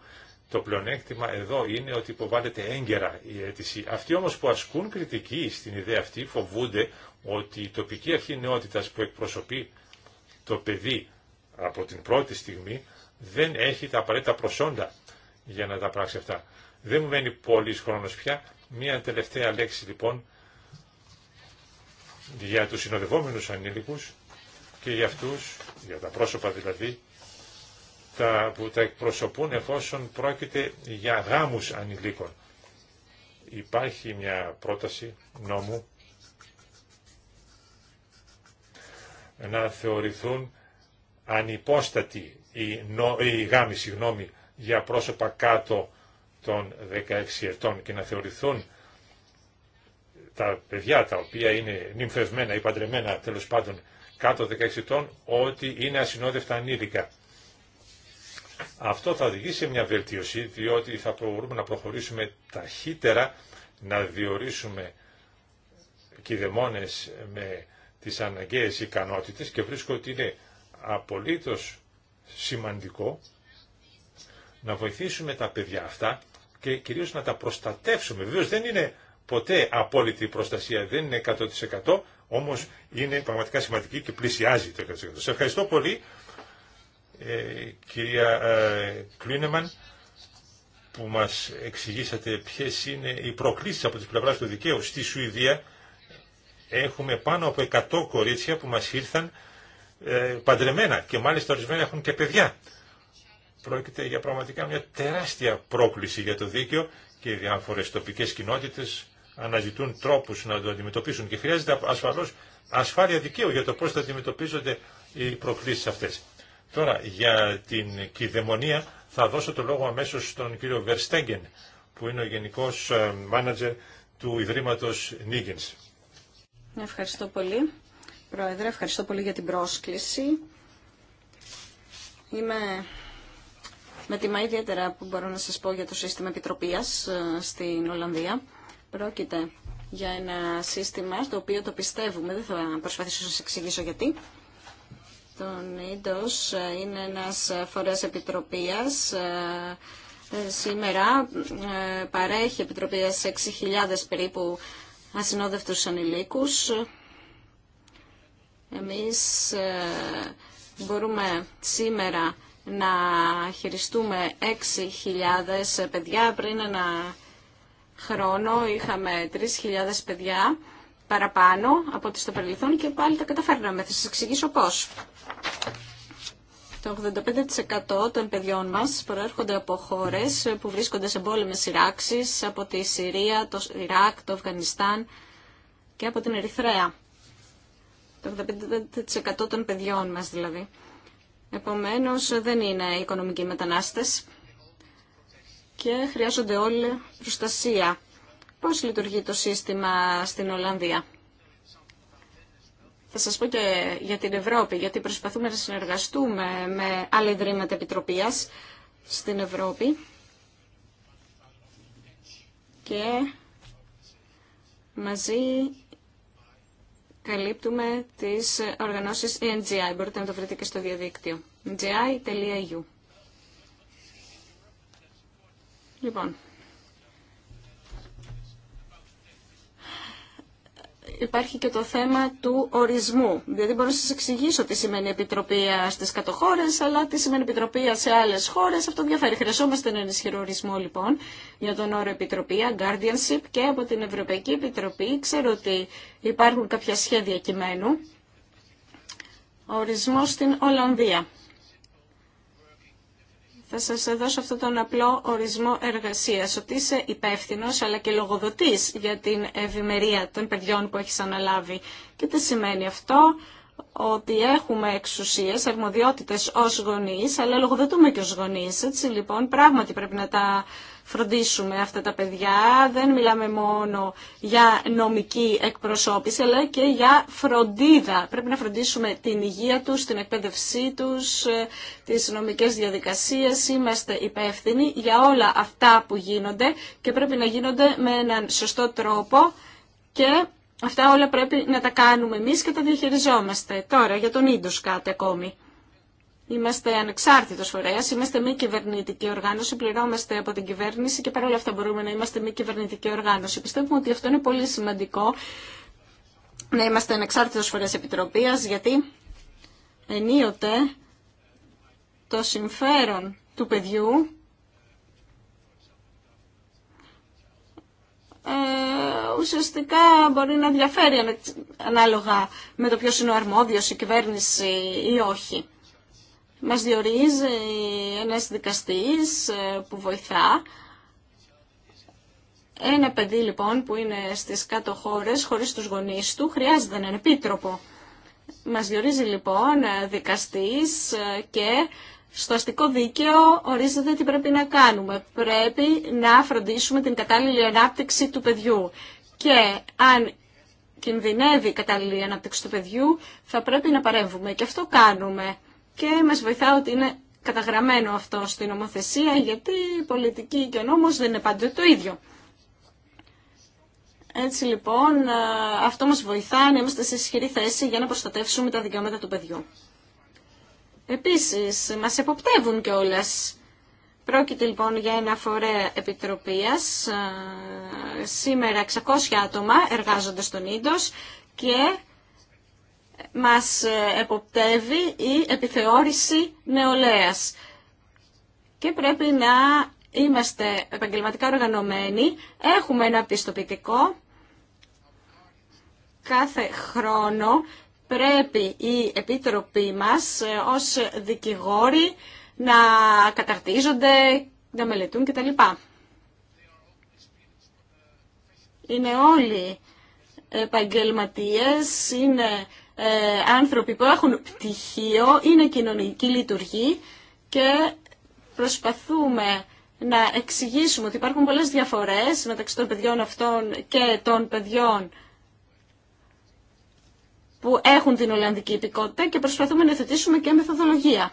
Το πλεονέκτημα εδώ είναι ότι υποβάλλεται έγκαιρα η αίτηση. Αυτοί όμως που ασκούν κριτική στην ιδέα αυτή φοβούνται ότι η τοπική αρχή νεότητας που εκπροσωπεί το παιδί από την πρώτη στιγμή δεν έχει τα απαραίτητα προσόντα για να τα πράξει αυτά. Δεν μου μένει πολύς χρόνος πια. Μία τελευταία λέξη λοιπόν για τους συνοδευόμενους ανήλικους και για αυτούς, για τα πρόσωπα δηλαδή, τα, που τα εκπροσωπούν εφόσον πρόκειται για γάμους ανηλίκων. Υπάρχει μια πρόταση νόμου να θεωρηθούν ανυπόστατοι οι, νο, οι γάμοι για πρόσωπα κάτω των 16 ετών και να θεωρηθούν τα παιδιά τα οποία είναι νυμφευμένα ή παντρεμένα τέλος πάντων κάτω 16 ετών ότι είναι ασυνόδευτα ανήλικα. Αυτό θα οδηγήσει σε μια βελτίωση, διότι θα μπορούμε να προχωρήσουμε ταχύτερα, να διορίσουμε κηδεμόνες με τις αναγκαίες ικανότητες και βρίσκω ότι είναι απολύτως σημαντικό να βοηθήσουμε τα παιδιά αυτά και κυρίως να τα προστατεύσουμε. Βεβαίως δεν είναι ποτέ απόλυτη προστασία, δεν είναι 100%, όμως είναι πραγματικά σημαντική και πλησιάζει το 100%. Σε ευχαριστώ πολύ ε, κυρία ε, Κλίνεμαν που μα εξηγήσατε ποιε είναι οι προκλήσει από τις πλευρά του δικαίου στη Σουηδία. Έχουμε πάνω από 100 κορίτσια που μας ήρθαν ε, παντρεμένα και μάλιστα ορισμένα έχουν και παιδιά. Πρόκειται για πραγματικά μια τεράστια πρόκληση για το δίκαιο και οι διάφορες τοπικές κοινότητες αναζητούν τρόπους να το αντιμετωπίσουν και χρειάζεται ασφαλώς ασφάλεια δικαίου για το πώς θα αντιμετωπίζονται οι προκλήσεις αυτές. Τώρα για την κυδαιμονία θα δώσω το λόγο αμέσως στον κύριο Βερστέγγεν που είναι ο Γενικός ε, Μάνατζερ του Ιδρύματος Νίγενς. Ευχαριστώ πολύ. Πρόεδρε, ευχαριστώ πολύ για την πρόσκληση. Είμαι με τιμά ιδιαίτερα που μπορώ να σας πω για το σύστημα επιτροπίας ε, στην Ολλανδία. Πρόκειται για ένα σύστημα το οποίο το πιστεύουμε, δεν θα προσπαθήσω να σας εξηγήσω γιατί. Το NIDOS ε, είναι ένας φορέας επιτροπίας ε, ε, σήμερα παρέχει επιτροπία 6.000 περίπου ασυνόδευτους ανηλίκους. Εμείς μπορούμε σήμερα να χειριστούμε 6.000 παιδιά πριν να χρόνο είχαμε 3.000 παιδιά παραπάνω από ό,τι στο παρελθόν και πάλι τα καταφέρναμε. Θα σας εξηγήσω πώς. Το 85% των παιδιών μας προέρχονται από χώρες που βρίσκονται σε πόλεμες σειράξεις από τη Συρία, το Ιράκ, το Αφγανιστάν και από την Ερυθρέα. Το 85% των παιδιών μας δηλαδή. Επομένως δεν είναι οικονομικοί μετανάστες και χρειάζονται όλη προστασία. Πώς λειτουργεί το σύστημα στην Ολλανδία. Θα σας πω και για την Ευρώπη, γιατί προσπαθούμε να συνεργαστούμε με άλλα ιδρύματα επιτροπίας στην Ευρώπη. Και μαζί καλύπτουμε τις οργανώσεις NGI. Μπορείτε να το βρείτε και στο διαδίκτυο. NGI.eu Λοιπόν, υπάρχει και το θέμα του ορισμού. Δηλαδή μπορώ να σας εξηγήσω τι σημαίνει επιτροπή στις κατοχώρες, αλλά τι σημαίνει επιτροπή σε άλλες χώρες. Αυτό διαφέρει. Χρειαζόμαστε έναν ισχυρό ορισμό λοιπόν για τον όρο επιτροπή, guardianship και από την Ευρωπαϊκή Επιτροπή. Ξέρω ότι υπάρχουν κάποια σχέδια κειμένου. Ορισμό στην Ολλανδία. Θα σας δώσω αυτόν τον απλό ορισμό εργασίας, ότι είσαι υπεύθυνο αλλά και λογοδοτής για την ευημερία των παιδιών που έχεις αναλάβει. Και τι σημαίνει αυτό, ότι έχουμε εξουσίες, αρμοδιότητες ως γονείς, αλλά λογοδοτούμε και ως γονείς. Έτσι λοιπόν πράγματι πρέπει να τα φροντίσουμε αυτά τα παιδιά. Δεν μιλάμε μόνο για νομική εκπροσώπηση, αλλά και για φροντίδα. Πρέπει να φροντίσουμε την υγεία τους, την εκπαίδευσή τους, ε, τις νομικές διαδικασίες. Είμαστε υπεύθυνοι για όλα αυτά που γίνονται και πρέπει να γίνονται με έναν σωστό τρόπο και αυτά όλα πρέπει να τα κάνουμε εμείς και τα διαχειριζόμαστε. Τώρα για τον Ίντους κάτι ακόμη. Είμαστε ανεξάρτητο φορέα, είμαστε μη κυβερνητική οργάνωση, πληρώμαστε από την κυβέρνηση και παρόλα αυτά μπορούμε να είμαστε μη κυβερνητική οργάνωση. Πιστεύουμε ότι αυτό είναι πολύ σημαντικό να είμαστε ανεξάρτητο φορέα επιτροπίας, γιατί ενίοτε το συμφέρον του παιδιού Ε, ουσιαστικά μπορεί να διαφέρει ανάλογα με το ποιος είναι ο αρμόδιος, η κυβέρνηση ή όχι. Μας διορίζει ένας δικαστής ε, που βοηθά. Ένα παιδί λοιπόν που είναι στις κάτω χώρες χωρίς τους γονείς του χρειάζεται έναν επίτροπο. Μας διορίζει λοιπόν ε, δικαστής ε, και στο αστικό δίκαιο ορίζεται τι πρέπει να κάνουμε. Πρέπει να φροντίσουμε την κατάλληλη ανάπτυξη του παιδιού. Και αν κινδυνεύει η κατάλληλη ανάπτυξη του παιδιού, θα πρέπει να παρεύουμε. Και αυτό κάνουμε και μας βοηθά ότι είναι καταγραμμένο αυτό στην νομοθεσία γιατί η πολιτική και ο νόμος δεν είναι πάντοτε το ίδιο. Έτσι λοιπόν αυτό μας βοηθά να είμαστε σε ισχυρή θέση για να προστατεύσουμε τα δικαιώματα του παιδιού. Επίσης μας εποπτεύουν κιόλας. Πρόκειται λοιπόν για ένα φορέα επιτροπίας. Σήμερα 600 άτομα εργάζονται στον Ίντος και μας ε, εποπτεύει η επιθεώρηση νεολαίας. Και πρέπει να είμαστε επαγγελματικά οργανωμένοι, έχουμε ένα πιστοποιητικό, κάθε χρόνο πρέπει η Επίτροπή μας ε, ως δικηγόροι να καταρτίζονται, να μελετούν κτλ. Είναι όλοι επαγγελματίες, είναι ε, άνθρωποι που έχουν πτυχίο, είναι κοινωνική λειτουργή και προσπαθούμε να εξηγήσουμε ότι υπάρχουν πολλές διαφορές μεταξύ των παιδιών αυτών και των παιδιών που έχουν την Ολλανδική υπηκότητα και προσπαθούμε να θετήσουμε και μεθοδολογία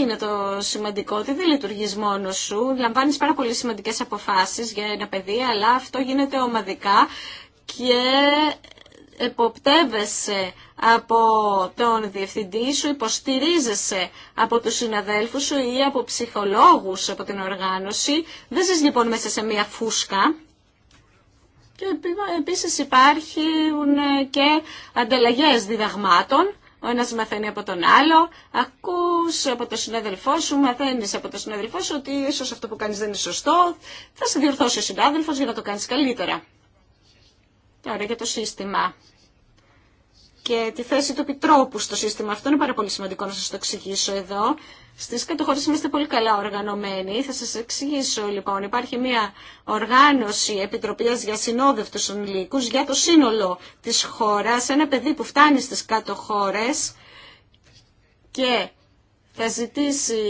είναι το σημαντικό, ότι δεν λειτουργεί μόνο σου. Λαμβάνει πάρα πολύ σημαντικέ αποφάσει για ένα παιδί, αλλά αυτό γίνεται ομαδικά και εποπτεύεσαι από τον διευθυντή σου, υποστηρίζεσαι από τους συναδέλφους σου ή από ψυχολόγους από την οργάνωση. Δεν ζεις λοιπόν μέσα σε μία φούσκα. Και επίσης υπάρχουν ε, και ανταλλαγές διδαγμάτων ο ένας μαθαίνει από τον άλλο, ακούς από τον συνάδελφό σου, μαθαίνεις από τον συνάδελφό σου ότι ίσως αυτό που κάνεις δεν είναι σωστό, θα σε διορθώσει ο συνάδελφος για να το κάνεις καλύτερα. Τώρα για το σύστημα και τη θέση του επιτρόπου στο σύστημα. Αυτό είναι πάρα πολύ σημαντικό να σα το εξηγήσω εδώ. Στις κατοχώρες είμαστε πολύ καλά οργανωμένοι. Θα σα εξηγήσω λοιπόν. Υπάρχει μια οργάνωση επιτροπή για συνόδευτου ανηλίκους για το σύνολο τη χώρα, Ένα παιδί που φτάνει στις κατοχώρες και θα ζητήσει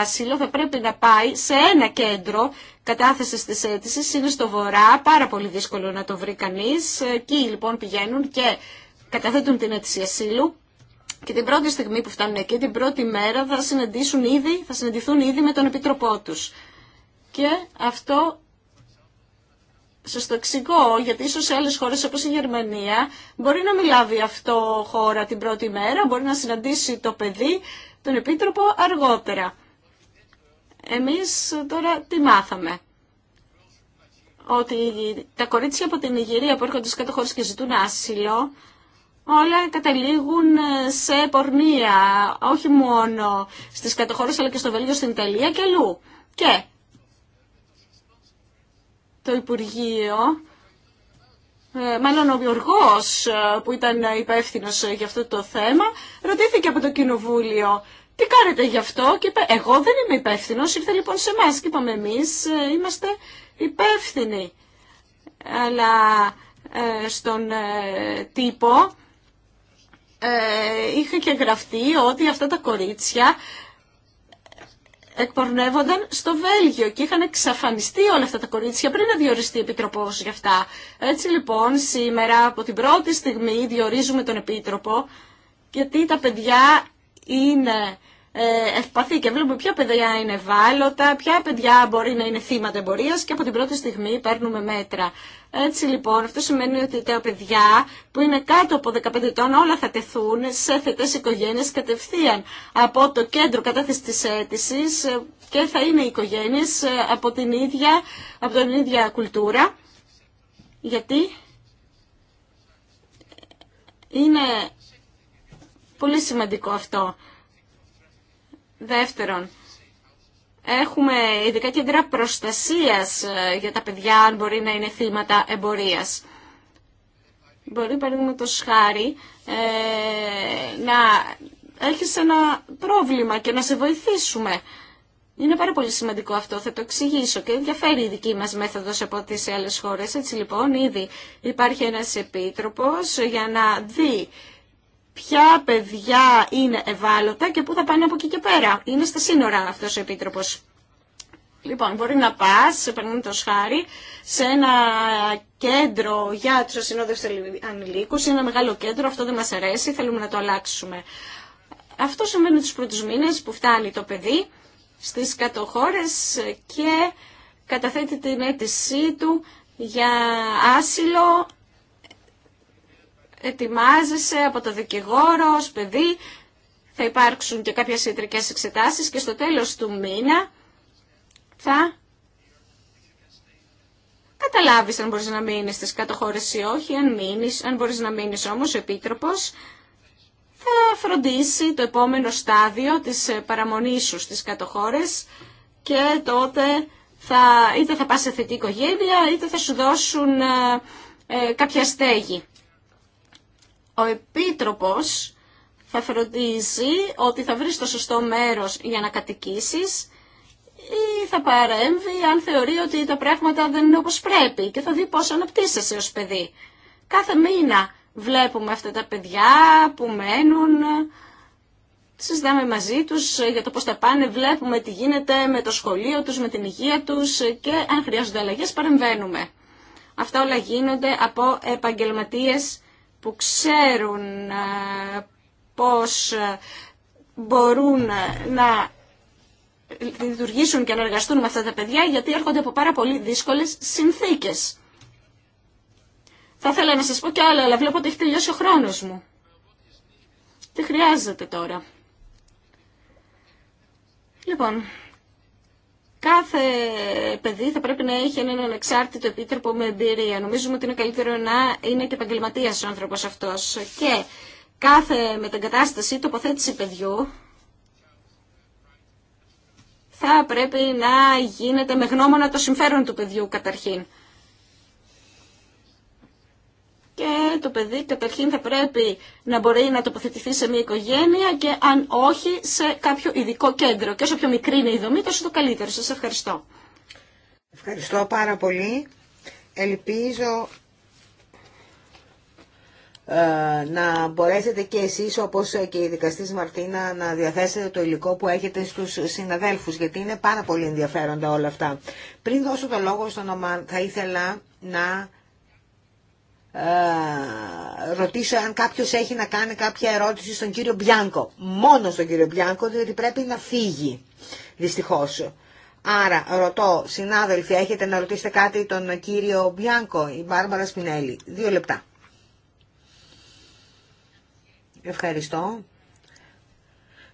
άσυλο, θα πρέπει να πάει σε ένα κέντρο κατάθεση τη αίτηση. Είναι στο βορρά, πάρα πολύ δύσκολο να το βρει κανεί. Εκεί λοιπόν πηγαίνουν και καταθέτουν την αίτηση ασύλου και την πρώτη στιγμή που φτάνουν εκεί, την πρώτη μέρα θα, συναντήσουν ήδη, θα συναντηθούν ήδη με τον επιτροπό τους. Και αυτό σας το εξηγώ, γιατί ίσως σε άλλες χώρες όπως η Γερμανία μπορεί να μιλάβει αυτό χώρα την πρώτη μέρα, μπορεί να συναντήσει το παιδί, τον επίτροπο αργότερα. Εμείς τώρα τι μάθαμε. Ότι τα κορίτσια από την Ιγυρία που έρχονται στις κάτω και ζητούν άσυλο, όλα καταλήγουν ε, σε πορνεία, όχι μόνο στις κατοχώρες αλλά και στο Βέλγιο, στην Ιταλία και αλλού. Και το Υπουργείο, ε, μάλλον ο Υπουργός ε, που ήταν υπεύθυνο για αυτό το θέμα, ρωτήθηκε από το Κοινοβούλιο τι κάνετε γι' αυτό και είπε εγώ δεν είμαι υπεύθυνο, ήρθε λοιπόν σε εμά και είπαμε εμείς είμαστε υπεύθυνοι. Αλλά στον τύπο ε, είχε και γραφτεί ότι αυτά τα κορίτσια εκπορνεύονταν στο Βέλγιο και είχαν εξαφανιστεί όλα αυτά τα κορίτσια πριν να διοριστεί επιτροπός για αυτά. Έτσι λοιπόν σήμερα από την πρώτη στιγμή διορίζουμε τον επίτροπο γιατί τα παιδιά είναι ε, ευπαθή και βλέπουμε ποια παιδιά είναι ευάλωτα, ποια παιδιά μπορεί να είναι θύματα εμπορία και από την πρώτη στιγμή παίρνουμε μέτρα. Έτσι λοιπόν, αυτό σημαίνει ότι τα παιδιά που είναι κάτω από 15 ετών όλα θα τεθούν σε θετέ οικογένειε κατευθείαν από το κέντρο κατάθεση τη αίτηση ε, και θα είναι οικογένειε ε, από την ίδια, από την ίδια κουλτούρα. Γιατί είναι πολύ σημαντικό αυτό. Δεύτερον, έχουμε ειδικά κέντρα προστασίας ε, για τα παιδιά αν μπορεί να είναι θύματα εμπορίας. Μπορεί, παραδείγματο χάρη, ε, να έχεις ένα πρόβλημα και να σε βοηθήσουμε. Είναι πάρα πολύ σημαντικό αυτό, θα το εξηγήσω και ενδιαφέρει η δική μας μέθοδος από τις άλλες χώρες. Έτσι λοιπόν ήδη υπάρχει ένας επίτροπος για να δει ποια παιδιά είναι ευάλωτα και πού θα πάνε από εκεί και πέρα. Είναι στα σύνορα αυτός ο Επίτροπος. Λοιπόν, μπορεί να πα, το χάρη, σε ένα κέντρο για του ασυνόδευτε ανηλίκου, σε ένα μεγάλο κέντρο. Αυτό δεν μα αρέσει, θέλουμε να το αλλάξουμε. Αυτό συμβαίνει του πρώτου μήνε που φτάνει το παιδί στι κατοχώρε και καταθέτει την αίτησή του για άσυλο ετοιμάζεσαι από το δικηγόρο ως παιδί, θα υπάρξουν και κάποιες ιατρικές εξετάσεις και στο τέλος του μήνα θα καταλάβεις αν μπορείς να μείνεις στις κατοχώρες ή όχι, αν μείνεις, αν μπορείς να μείνεις όμως ο Επίτροπος θα φροντίσει το επόμενο στάδιο της παραμονής σου στις κατοχώρες και τότε θα, είτε θα πας σε θετή οικογένεια είτε θα σου δώσουν ε, ε, κάποια στέγη. Ο Επίτροπος θα φροντίζει ότι θα βρει το σωστό μέρος για να κατοικήσεις ή θα παρέμβει αν θεωρεί ότι τα πράγματα δεν είναι όπως πρέπει και θα δει πώς αναπτύσσεσαι ως παιδί. Κάθε μήνα βλέπουμε αυτά τα παιδιά που μένουν, συζητάμε μαζί τους για το πώς τα πάνε, βλέπουμε τι γίνεται με το σχολείο τους, με την υγεία τους και αν χρειάζονται αλλαγές παρεμβαίνουμε. Αυτά όλα γίνονται από επαγγελματίες που ξέρουν ε, πώς ε, μπορούν να λειτουργήσουν και να εργαστούν με αυτά τα παιδιά γιατί έρχονται από πάρα πολύ δύσκολες συνθήκες. Θα ήθελα να σας πω κι άλλο, αλλά βλέπω ότι έχει τελειώσει ο χρόνος μου. Τι χρειάζεται τώρα. Λοιπόν, Κάθε παιδί θα πρέπει να έχει έναν ανεξάρτητο επίτροπο με εμπειρία. Νομίζουμε ότι είναι καλύτερο να είναι και επαγγελματία ο άνθρωπο αυτό. Και κάθε μεταγκατάσταση τοποθέτηση παιδιού θα πρέπει να γίνεται με γνώμονα το συμφέρον του παιδιού καταρχήν και το παιδί καταρχήν θα πρέπει να μπορεί να τοποθετηθεί σε μια οικογένεια και αν όχι σε κάποιο ειδικό κέντρο. Και όσο πιο μικρή είναι η δομή, τόσο το καλύτερο. Σας ευχαριστώ. Ευχαριστώ πάρα πολύ. Ελπίζω ε, να μπορέσετε και εσείς όπως και η δικαστής Μαρτίνα να διαθέσετε το υλικό που έχετε στους συναδέλφους γιατί είναι πάρα πολύ ενδιαφέροντα όλα αυτά. Πριν δώσω το λόγο στον Ομαν θα ήθελα να ε, ρωτήσω αν κάποιος έχει να κάνει κάποια ερώτηση στον κύριο Μπιάνκο. Μόνο στον κύριο Μπιάνκο, διότι πρέπει να φύγει, δυστυχώς. Άρα, ρωτώ, συνάδελφοι, έχετε να ρωτήσετε κάτι τον κύριο Μπιάνκο, η Μπάρμπαρα Σπινέλη. Δύο λεπτά. Ευχαριστώ.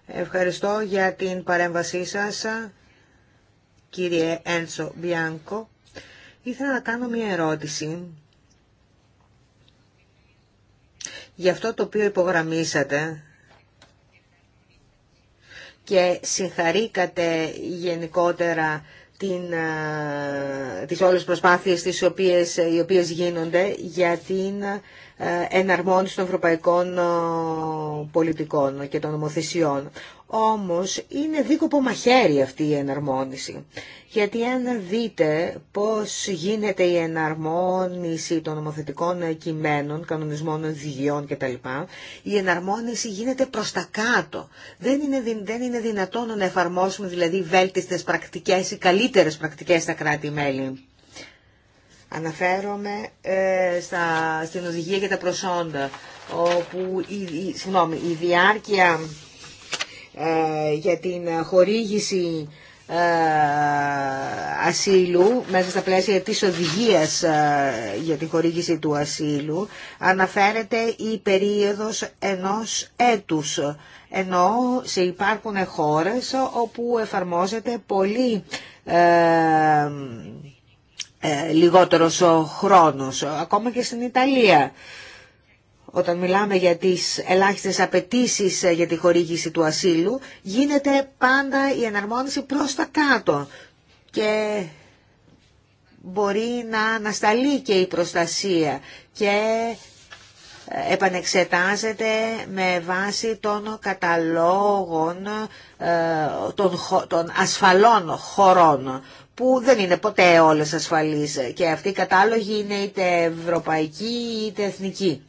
Ευχαριστώ για την παρέμβασή σας, κύριε Ένσο Μπιάνκο. Ήθελα να κάνω μία ερώτηση για αυτό το οποίο υπογραμμίσατε και συγχαρήκατε γενικότερα την, τις όλες τις προσπάθειες τις οποίες, οι οποίες γίνονται για την εναρμόνιση των ευρωπαϊκών ε, πολιτικών και των νομοθεσιών. Όμως είναι δίκοπο μαχαίρι αυτή η εναρμόνιση. Γιατί αν δείτε πώς γίνεται η εναρμόνιση των νομοθετικών κειμένων, κανονισμών οδηγιών κτλ, η εναρμόνιση γίνεται προς τα κάτω. Δεν είναι, δεν είναι δυνατόν να εφαρμόσουμε δηλαδή βέλτιστες πρακτικές ή καλύτερες πρακτικές στα κράτη-μέλη. Αναφέρομαι ε, στα, στην οδηγία για τα προσόντα, όπου η, η, διάρκεια ε, για την χορήγηση ε, ασύλου μέσα στα πλαίσια της οδηγίας για την χορήγηση του ασύλου αναφέρεται η περίοδος ενός έτους ενώ σε υπάρχουν χώρες όπου εφαρμόζεται πολύ ε, λιγότερος ο χρόνος, ακόμα και στην Ιταλία. Όταν μιλάμε για τις ελάχιστες απαιτήσει ε, για τη χορήγηση του ασύλου, γίνεται πάντα η εναρμόνιση προς τα κάτω και μπορεί να ανασταλεί και η προστασία και ε, επανεξετάζεται με βάση των καταλόγων ε, των ασφαλών χωρών που δεν είναι ποτέ όλες ασφαλείς και αυτοί οι κατάλογοι είναι είτε ευρωπαϊκοί είτε εθνικοί.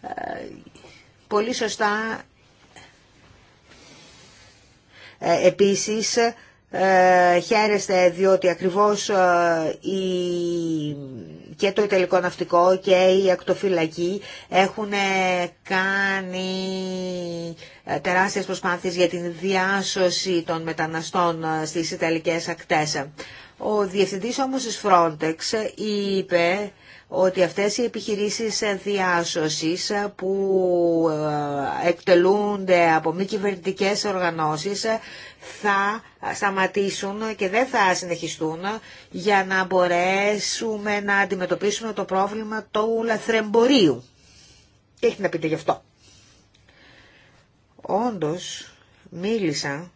Ε, πολύ σωστά ε, επίσης ε, χαίρεστε διότι ακριβώς και το Ιταλικό Ναυτικό και η Ακτοφυλακή έχουν κάνει ε, τεράστιες προσπάθειες για την διάσωση των μεταναστών ε, στις Ιταλικές ακτές. Ο διευθυντής όμως της Frontex είπε ότι αυτές οι επιχειρήσεις διάσωσης ε, που εκτελούνται από μη κυβερνητικέ οργανώσεις θα σταματήσουν και δεν θα συνεχιστούν για να μπορέσουμε να αντιμετωπίσουμε το πρόβλημα του λαθρεμπορίου. Τι έχει να πείτε γι' αυτό όντως μίλησα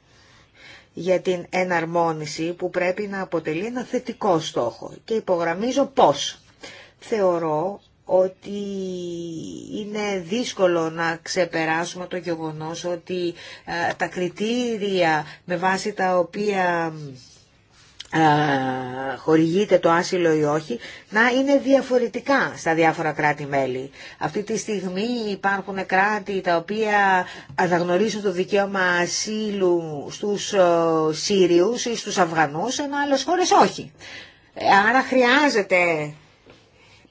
για την εναρμόνιση που πρέπει να αποτελεί ένα θετικό στόχο και υπογραμμίζω πώς. Θεωρώ ότι είναι δύσκολο να ξεπεράσουμε το γεγονός ότι ε, τα κριτήρια με βάση τα οποία χορηγείται το άσυλο ή όχι, να είναι διαφορετικά στα διάφορα κράτη-μέλη. Αυτή τη στιγμή υπάρχουν κράτη τα οποία αναγνωρίζουν το δικαίωμα ασύλου στους ε, Σύριους ή στους Αφγανούς, ενώ άλλες χώρες όχι. Ε, άρα χρειάζεται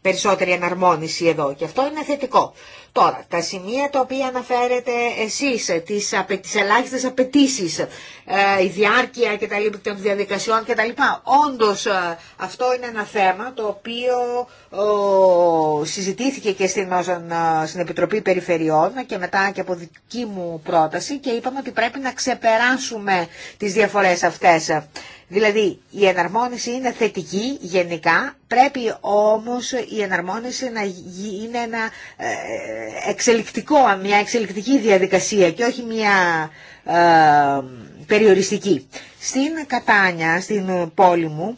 περισσότερη εναρμόνιση εδώ και αυτό είναι θετικό. Τώρα, τα σημεία τα οποία αναφέρετε εσείς, ε, τις, απε, τις ελάχιστες απαιτήσει, ε, η διάρκεια και τα λοιπά, των διαδικασιών κτλ. Όντως ε, αυτό είναι ένα θέμα το οποίο συζητήθηκε και στην, στην Επιτροπή Περιφερειών και μετά και από δική μου πρόταση και είπαμε ότι πρέπει να ξεπεράσουμε τις διαφορές αυτές. Δηλαδή η εναρμόνιση είναι θετική γενικά, πρέπει όμως η εναρμόνιση να είναι ένα εξελικτικό, μια εξελικτική διαδικασία και όχι μια ε, περιοριστική. Στην Κατάνια, στην πόλη μου,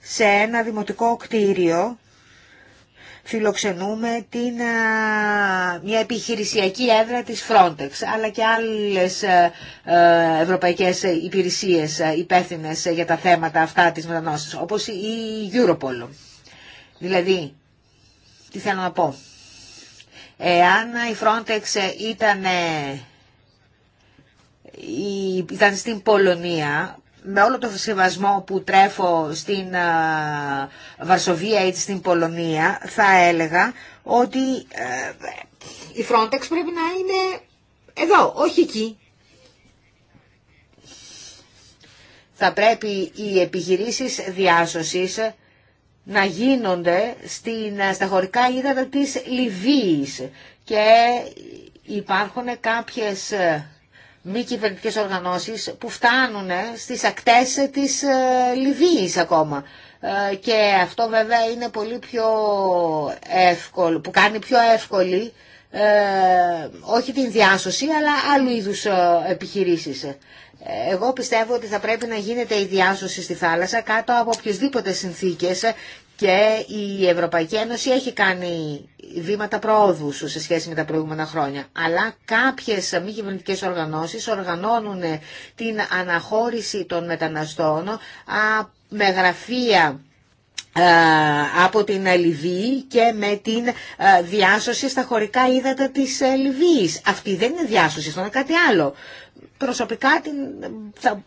σε ένα δημοτικό κτίριο φιλοξενούμε την, ε, μια επιχειρησιακή έδρα της Frontex, αλλά και άλλες ε, ευρωπαϊκές υπηρεσίες υπεύθυνε για τα θέματα αυτά της μετανάστευσης, όπως η Europol. Δηλαδή, τι θέλω να πω. Εάν η Frontex ήταν, ήταν στην Πολωνία, με όλο το συμβασμό που τρέφω στην Βαρσοβία ή στην Πολωνία, θα έλεγα ότι ε, η Frontex πρέπει να είναι εδώ, όχι εκεί. Θα πρέπει οι επιχειρήσεις διάσωσης να γίνονται στην, στα χωρικά ύδατα της Λιβύης και υπάρχουν κάποιες ε, μη κυβερνητικέ οργανώσεις που φτάνουν ε, στις ακτές της ε, Λιβύης ακόμα. Και αυτό βέβαια είναι πολύ πιο εύκολο, που κάνει πιο εύκολη όχι την διάσωση αλλά άλλου είδους επιχειρήσεις. Εγώ πιστεύω ότι θα πρέπει να γίνεται η διάσωση στη θάλασσα κάτω από οποιασδήποτε συνθήκες και η Ευρωπαϊκή Ένωση έχει κάνει βήματα προόδου σε σχέση με τα προηγούμενα χρόνια. Αλλά κάποιες μη κυβερνητικέ οργανώσεις οργανώνουν την αναχώρηση των μεταναστών με γραφεία ε, από την Λιβύη και με την ε, διάσωση στα χωρικά ύδατα της ε, Λιβύης. Αυτή δεν είναι διάσωση, αυτό είναι κάτι άλλο προσωπικά την, θα,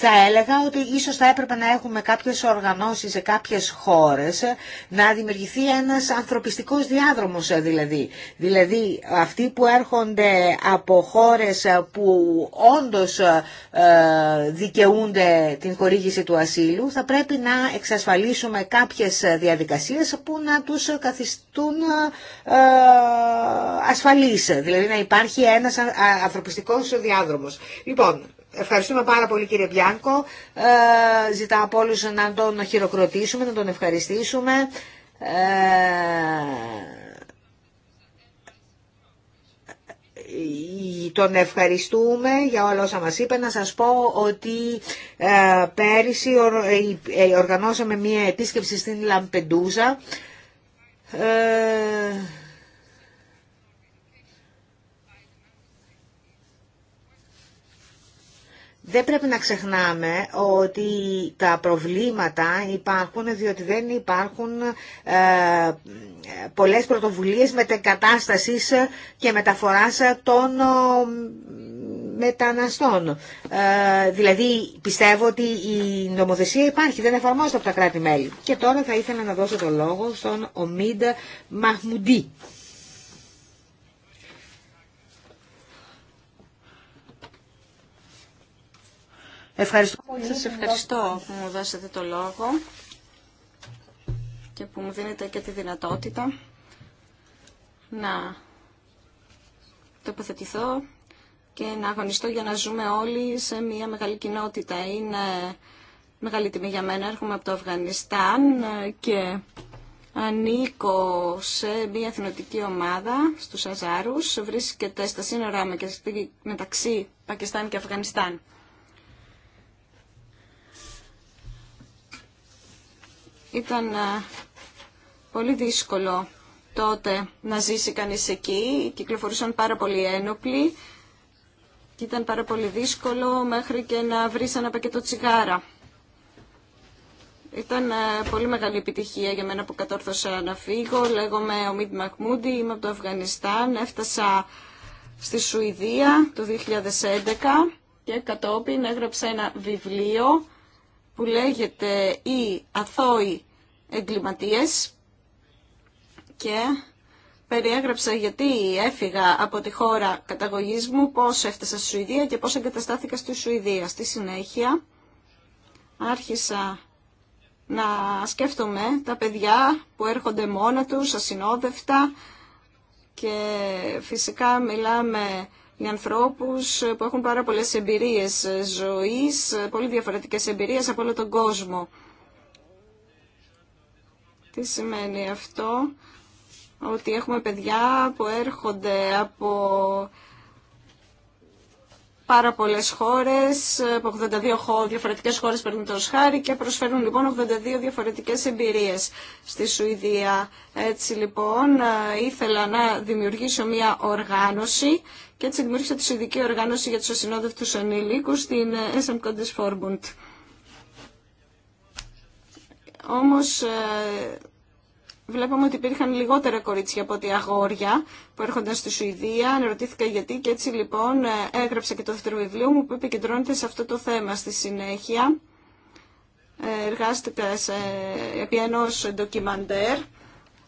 θα έλεγα ότι ίσως θα έπρεπε να έχουμε κάποιες οργανώσεις σε κάποιες χώρες να δημιουργηθεί ένας ανθρωπιστικός διάδρομος ε, δηλαδή. Δηλαδή αυτοί που έρχονται από χώρες ε, που όντως ε, δικαιούνται την χορήγηση του ασύλου θα πρέπει να εξασφαλίσουμε κάποιες διαδικασίες που να τους καθιστούν ασφαλείς. Δηλαδή να υπάρχει ένας ανθρωπιστικός διάδρομος. Λοιπόν, ευχαριστούμε πάρα πολύ κύριε Μπιάνκο. Ε, ζητά από όλους να τον χειροκροτήσουμε, να τον ευχαριστήσουμε. Ε, τον ευχαριστούμε για όλα όσα μας είπε. Να σας πω ότι ε, πέρυσι ε, ε, οργανώσαμε μία επίσκεψη στην Λαμπεντούζα. Ε, Δεν πρέπει να ξεχνάμε ότι τα προβλήματα υπάρχουν διότι δεν υπάρχουν ε, πολλές πρωτοβουλίες κατάσταση και μεταφοράς των ε, μεταναστών. Ε, δηλαδή πιστεύω ότι η νομοθεσία υπάρχει, δεν εφαρμόζεται από τα κράτη-μέλη. Και τώρα θα ήθελα να δώσω το λόγο στον Ομίντ Μαχμουντή. Ευχαριστώ πολύ. Σας ευχαριστώ που μου δώσατε το λόγο και που μου δίνετε και τη δυνατότητα να τοποθετηθώ και να αγωνιστώ για να ζούμε όλοι σε μια μεγάλη κοινότητα. Είναι μεγάλη τιμή για μένα. Έρχομαι από το Αφγανιστάν και ανήκω σε μια εθνοτική ομάδα στους Αζάρους. Βρίσκεται στα σύνορά μεταξύ Πακιστάν και Αφγανιστάν. Ήταν ε, πολύ δύσκολο τότε να ζήσει κανείς εκεί. Κυκλοφορούσαν πάρα πολύ ένοπλοι και ήταν πάρα πολύ δύσκολο μέχρι και να βρεις ένα πακέτο τσιγάρα. Ήταν ε, πολύ μεγάλη επιτυχία για μένα που κατόρθωσα να φύγω. Λέγομαι ο Μίτ Μακμούντι, είμαι από το Αφγανιστάν. Έφτασα στη Σουηδία το 2011 και κατόπιν έγραψα ένα βιβλίο που λέγεται «Η αθώοι εγκληματίες και περιέγραψα γιατί έφυγα από τη χώρα καταγωγής μου, πώς έφτασα στη Σουηδία και πώς εγκαταστάθηκα στη Σουηδία. Στη συνέχεια άρχισα να σκέφτομαι τα παιδιά που έρχονται μόνα τους, ασυνόδευτα και φυσικά μιλάμε για ανθρώπους που έχουν πάρα πολλές εμπειρίες ζωής, πολύ διαφορετικές εμπειρίες από όλο τον κόσμο. Τι σημαίνει αυτό, ότι έχουμε παιδιά που έρχονται από πάρα πολλές χώρες, από 82 διαφορετικέ χώρε το χάρη και προσφέρουν λοιπόν 82 διαφορετικές εμπειρίες στη Σουηδία. Έτσι λοιπόν ε, ήθελα να δημιουργήσω μια οργάνωση και έτσι δημιούργησα τη Σουηδική Οργάνωση για του Ασυνόδευτους Ανήλικου, στην ε, SM Condes Forbund. Όμως ε, βλέπαμε ότι υπήρχαν λιγότερα κορίτσια από ότι αγόρια που έρχονταν στη Σουηδία. Ρωτήθηκα γιατί και έτσι λοιπόν ε, έγραψα και το δεύτερο βιβλίο μου που επικεντρώνεται σε αυτό το θέμα στη συνέχεια. Ε, εργάστηκα σε, επί ενός ντοκιμαντέρ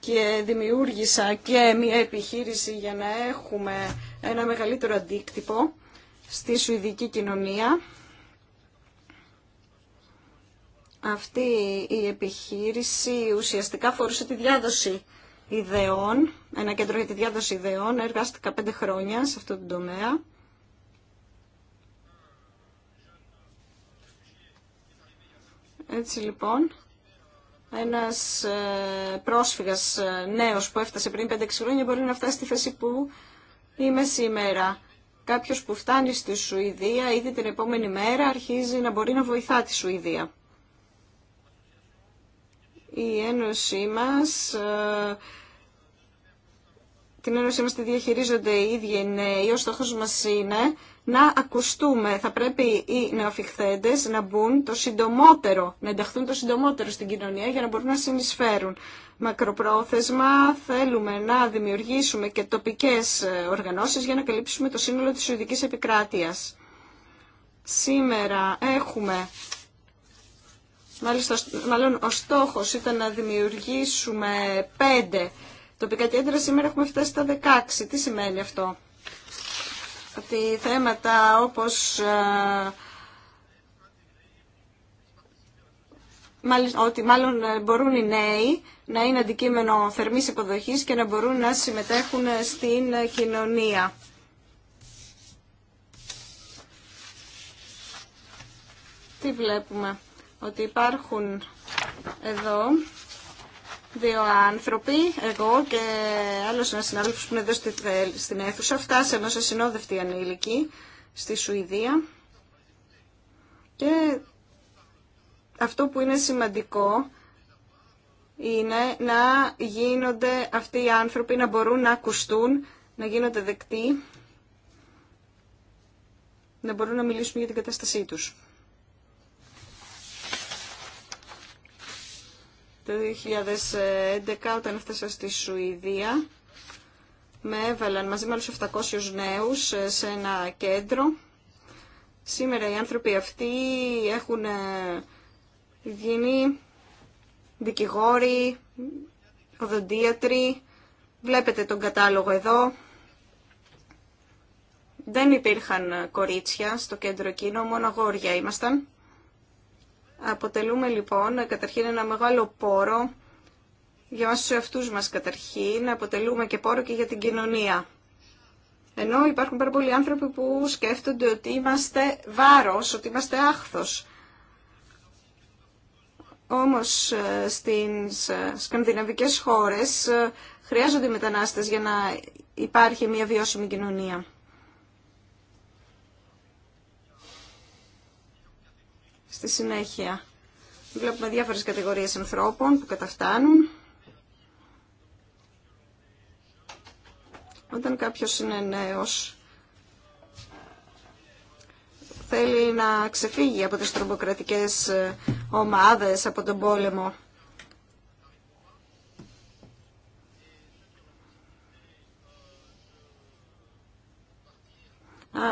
και δημιούργησα και μια επιχείρηση για να έχουμε ένα μεγαλύτερο αντίκτυπο στη Σουηδική κοινωνία αυτή η επιχείρηση ουσιαστικά φορούσε τη διάδοση ιδεών, ένα κέντρο για τη διάδοση ιδεών, εργάστηκα πέντε χρόνια σε αυτό τον τομέα. Έτσι λοιπόν, ένας ε, πρόσφυγας ε, νέος που έφτασε πριν 5-6 χρόνια μπορεί να φτάσει στη θέση που είμαι σήμερα. Κάποιος που φτάνει στη Σουηδία ήδη την επόμενη μέρα αρχίζει να μπορεί να βοηθά τη Σουηδία η Ένωση μας ε, την Ένωση μας τη διαχειρίζονται οι ίδιοι νέοι. Ο στόχος μας είναι να ακουστούμε. Θα πρέπει οι νεοφυχθέντες να μπουν το συντομότερο, να ενταχθούν το συντομότερο στην κοινωνία για να μπορούν να συνεισφέρουν. Μακροπρόθεσμα θέλουμε να δημιουργήσουμε και τοπικές ε, οργανώσεις για να καλύψουμε το σύνολο της Ιουδικής Επικράτειας. Σήμερα έχουμε Μάλιστα, μάλλον ο στόχος ήταν να δημιουργήσουμε πέντε τοπικά κέντρα, σήμερα έχουμε φτάσει στα 16. Τι σημαίνει αυτό. Ότι θέματα όπως... Ε, ότι μάλλον ε, μπορούν οι νέοι να είναι αντικείμενο θερμής υποδοχής και να μπορούν να συμμετέχουν στην κοινωνία. Τι βλέπουμε ότι υπάρχουν εδώ δύο άνθρωποι, εγώ και άλλος ένας συνάδελφος που είναι εδώ στην αίθουσα. Φτάσαμε ως ασυνόδευτοι ανήλικοι στη Σουηδία. Και αυτό που είναι σημαντικό είναι να γίνονται αυτοί οι άνθρωποι να μπορούν να ακουστούν, να γίνονται δεκτοί, να μπορούν να μιλήσουν για την κατάστασή τους. Το 2011 όταν έφτασα στη Σουηδία με έβαλαν μαζί με άλλους 700 νέους ε, σε ένα κέντρο. Σήμερα οι άνθρωποι αυτοί έχουν ε, γίνει δικηγόροι, οδοντίατροι. Βλέπετε τον κατάλογο εδώ. Δεν υπήρχαν ε, κορίτσια στο κέντρο εκείνο, μόνο αγόρια ήμασταν. Αποτελούμε λοιπόν καταρχήν ένα μεγάλο πόρο για μας τους εαυτούς μας καταρχήν, αποτελούμε και πόρο και για την κοινωνία. Ενώ υπάρχουν πάρα πολλοί άνθρωποι που σκέφτονται ότι είμαστε βάρος, ότι είμαστε άχθος. Όμως ε, στις ε, σκανδιναβικές χώρες ε, χρειάζονται μετανάστες για να υπάρχει μια βιώσιμη κοινωνία. Στη συνέχεια βλέπουμε διάφορες κατηγορίες ανθρώπων που καταφτάνουν. Όταν κάποιος είναι νέος, θέλει να ξεφύγει από τις τρομοκρατικές ε, ομάδες, από τον πόλεμο.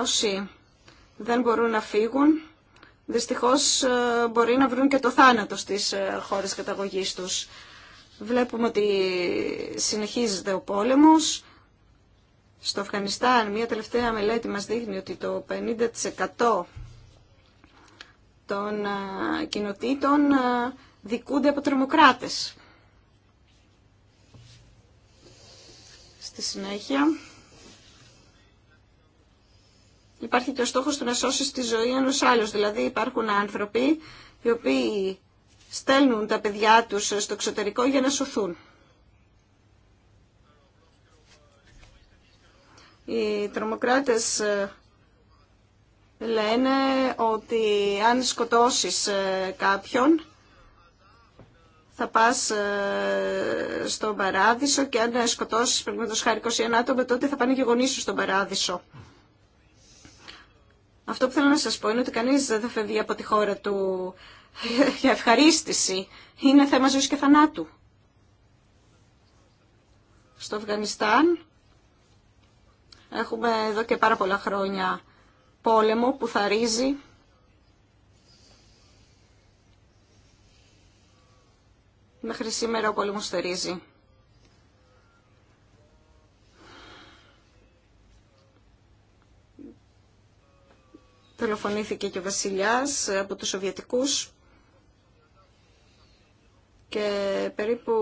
Όσοι δεν μπορούν να φύγουν, δυστυχώς ε, μπορεί να βρουν και το θάνατο στις ε, χώρες καταγωγής τους. Βλέπουμε ότι συνεχίζεται ο πόλεμος. Στο Αφγανιστάν μια τελευταία μελέτη μας δείχνει ότι το 50% των ε, κοινοτήτων δικούνται από τρομοκράτες. Στη συνέχεια Υπάρχει και ο στόχος του να σώσει τη ζωή ενός άλλου. Δηλαδή υπάρχουν άνθρωποι οι οποίοι στέλνουν τα παιδιά τους στο εξωτερικό για να σωθούν. Οι τρομοκράτες ε, λένε ότι αν σκοτώσεις ε, κάποιον θα πας ε, στον παράδεισο και αν σκοτώσεις π.χ. χάρη 21 άτομα τότε θα πάνε και γονείς σου στον παράδεισο. Αυτό που θέλω να σας πω είναι ότι κανείς δεν θα φεύγει από τη χώρα του για ευχαρίστηση. Είναι θέμα ζωής και θανάτου. Στο Αφγανιστάν έχουμε εδώ και πάρα πολλά χρόνια πόλεμο που θαρίζει Μέχρι σήμερα ο πόλεμος θερίζει. Δολοφονήθηκε και ο βασιλιάς από τους Σοβιετικούς και περίπου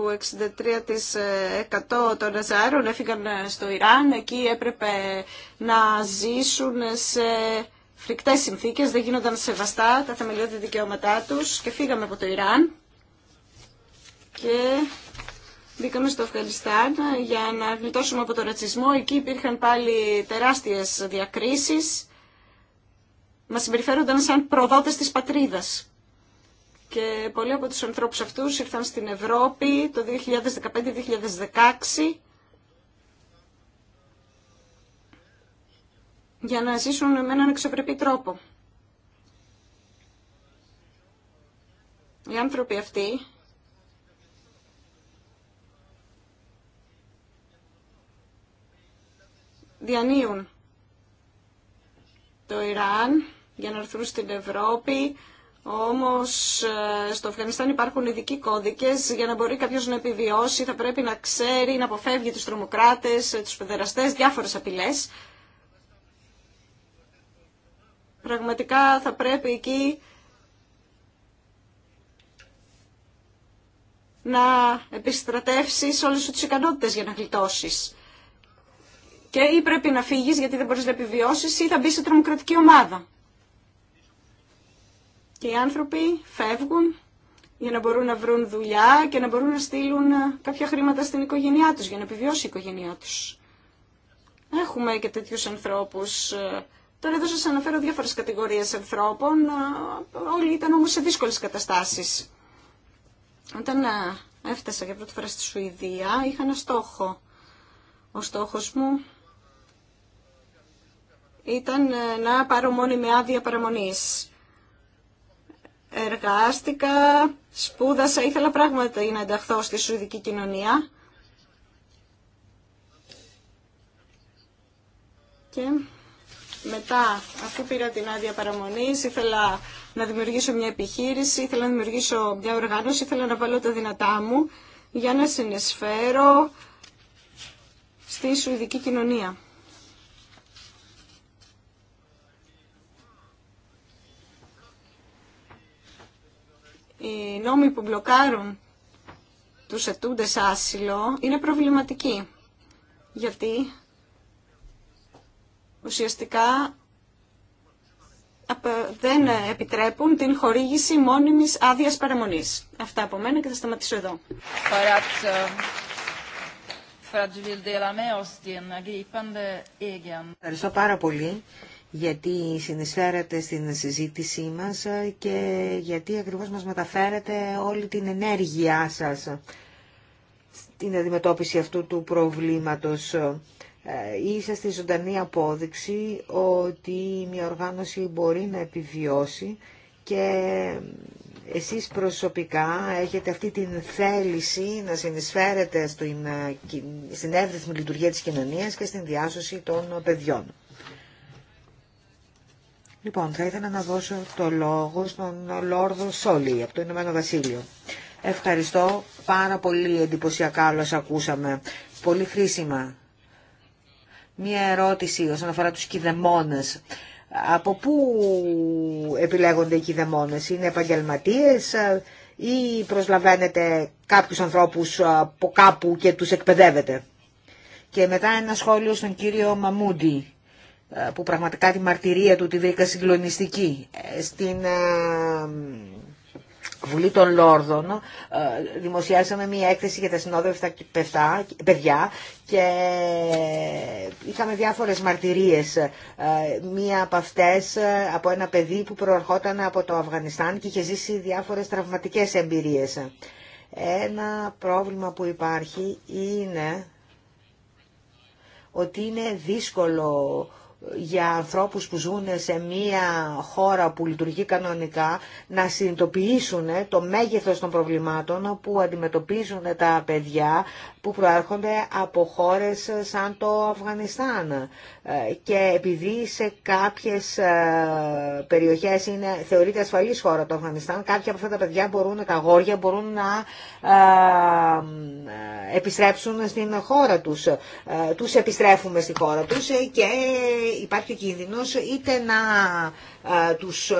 63% των Αζάρων έφυγαν στο Ιράν. Εκεί έπρεπε να ζήσουν σε φρικτές συνθήκες, δεν γίνονταν σεβαστά τα θεμελιώδη δικαιώματά τους και φύγαμε από το Ιράν και μπήκαμε στο Αφγανιστάν για να γλιτώσουμε από τον ρατσισμό. Εκεί υπήρχαν πάλι τεράστιες διακρίσεις μας συμπεριφέρονταν σαν προδότες της πατρίδας. Και πολλοί από τους ανθρώπους αυτούς ήρθαν στην Ευρώπη το 2015-2016 για να ζήσουν με έναν εξωπρεπή τρόπο. Οι άνθρωποι αυτοί διανύουν το Ιράν για να έρθουν στην Ευρώπη. Όμως ε, στο Αφγανιστάν υπάρχουν ειδικοί κώδικες για να μπορεί κάποιος να επιβιώσει, θα πρέπει να ξέρει, να αποφεύγει τους τρομοκράτες, ε, τους παιδεραστές, διάφορες απειλές. Πραγματικά θα πρέπει εκεί να επιστρατεύσει όλες τις ικανότητες για να γλιτώσει. Και ή πρέπει να φύγεις γιατί δεν μπορείς να επιβιώσεις ή θα μπει σε τρομοκρατική ομάδα. Και οι άνθρωποι φεύγουν για να μπορούν να βρουν δουλειά και να μπορούν να στείλουν ε, κάποια χρήματα στην οικογένειά τους, για να επιβιώσει η οικογένειά τους. Έχουμε και τέτοιους ανθρώπους. Ε, τώρα εδώ σας αναφέρω διάφορες κατηγορίες ανθρώπων. Ε, όλοι ήταν όμως σε δύσκολες καταστάσεις. Όταν έφτασα για πρώτη φορά στη Σουηδία, είχα ένα στόχο. Ο στόχος μου ήταν να πάρω με άδεια παραμονής εργάστηκα, σπούδασα, ήθελα πράγματι να ενταχθώ στη Σουηδική κοινωνία. Και μετά, αφού πήρα την άδεια παραμονής, ήθελα να δημιουργήσω μια επιχείρηση, ήθελα να δημιουργήσω μια οργάνωση, ήθελα να βάλω τα δυνατά μου για να συνεισφέρω στη Σουηδική κοινωνία. οι νόμοι που μπλοκάρουν τους ετούντες άσυλο είναι προβληματικοί. Γιατί ουσιαστικά δεν επιτρέπουν την χορήγηση μόνιμης άδειας παραμονής. Αυτά από μένα και θα σταματήσω εδώ. Ε, Ευχαριστώ πάρα πολύ γιατί συνεισφέρετε στην συζήτησή μας και γιατί ακριβώς μας μεταφέρετε όλη την ενέργειά σας στην αντιμετώπιση αυτού του προβλήματος. Ε, Είσαστε ζωντανή απόδειξη ότι μια οργάνωση μπορεί να επιβιώσει και εσείς προσωπικά έχετε αυτή την θέληση να συνεισφέρετε στην ε, εύρυθμη λειτουργία της κοινωνίας και στην διάσωση των παιδιών. Λοιπόν, θα ήθελα να δώσω το λόγο στον Λόρδο Σόλι από το Ηνωμένο Βασίλειο. Ευχαριστώ. Πάρα πολύ εντυπωσιακά όλα ακούσαμε. Πολύ χρήσιμα. Μία ερώτηση όσον αφορά τους κηδεμόνες. Από πού επιλέγονται οι κηδεμόνες. Είναι επαγγελματίες ε, ή προσλαβαίνετε κάποιους ανθρώπους ε, από κάπου και τους εκπαιδεύετε. Και μετά ένα σχόλιο στον κύριο Μαμούντι ε, που πραγματικά τη μαρτυρία του τη βρήκα συγκλονιστική. Ε, στην ε, Βουλή των Λόρδων δημοσιάσαμε μία έκθεση για τα συνόδευτα παιδιά και είχαμε διάφορες μαρτυρίες. Μία από αυτές από ένα παιδί που προερχόταν από το Αφγανιστάν και είχε ζήσει διάφορες τραυματικές εμπειρίες. Ένα πρόβλημα που υπάρχει είναι ότι είναι δύσκολο για ανθρώπους που ζουν σε μία χώρα που λειτουργεί κανονικά να συνειδητοποιήσουν ε, το μέγεθος των προβλημάτων που αντιμετωπίζουν τα παιδιά που προέρχονται από χώρες σαν το Αφγανιστάν. Ε, και επειδή σε κάποιες ε, περιοχές είναι, θεωρείται ασφαλής χώρα το Αφγανιστάν, κάποια από αυτά τα παιδιά μπορούν, τα αγόρια μπορούν να επιστρέψουν στην χώρα τους. Τους επιστρέφουμε στη χώρα τους και υπάρχει ο κίνδυνος είτε να ε, τους ε,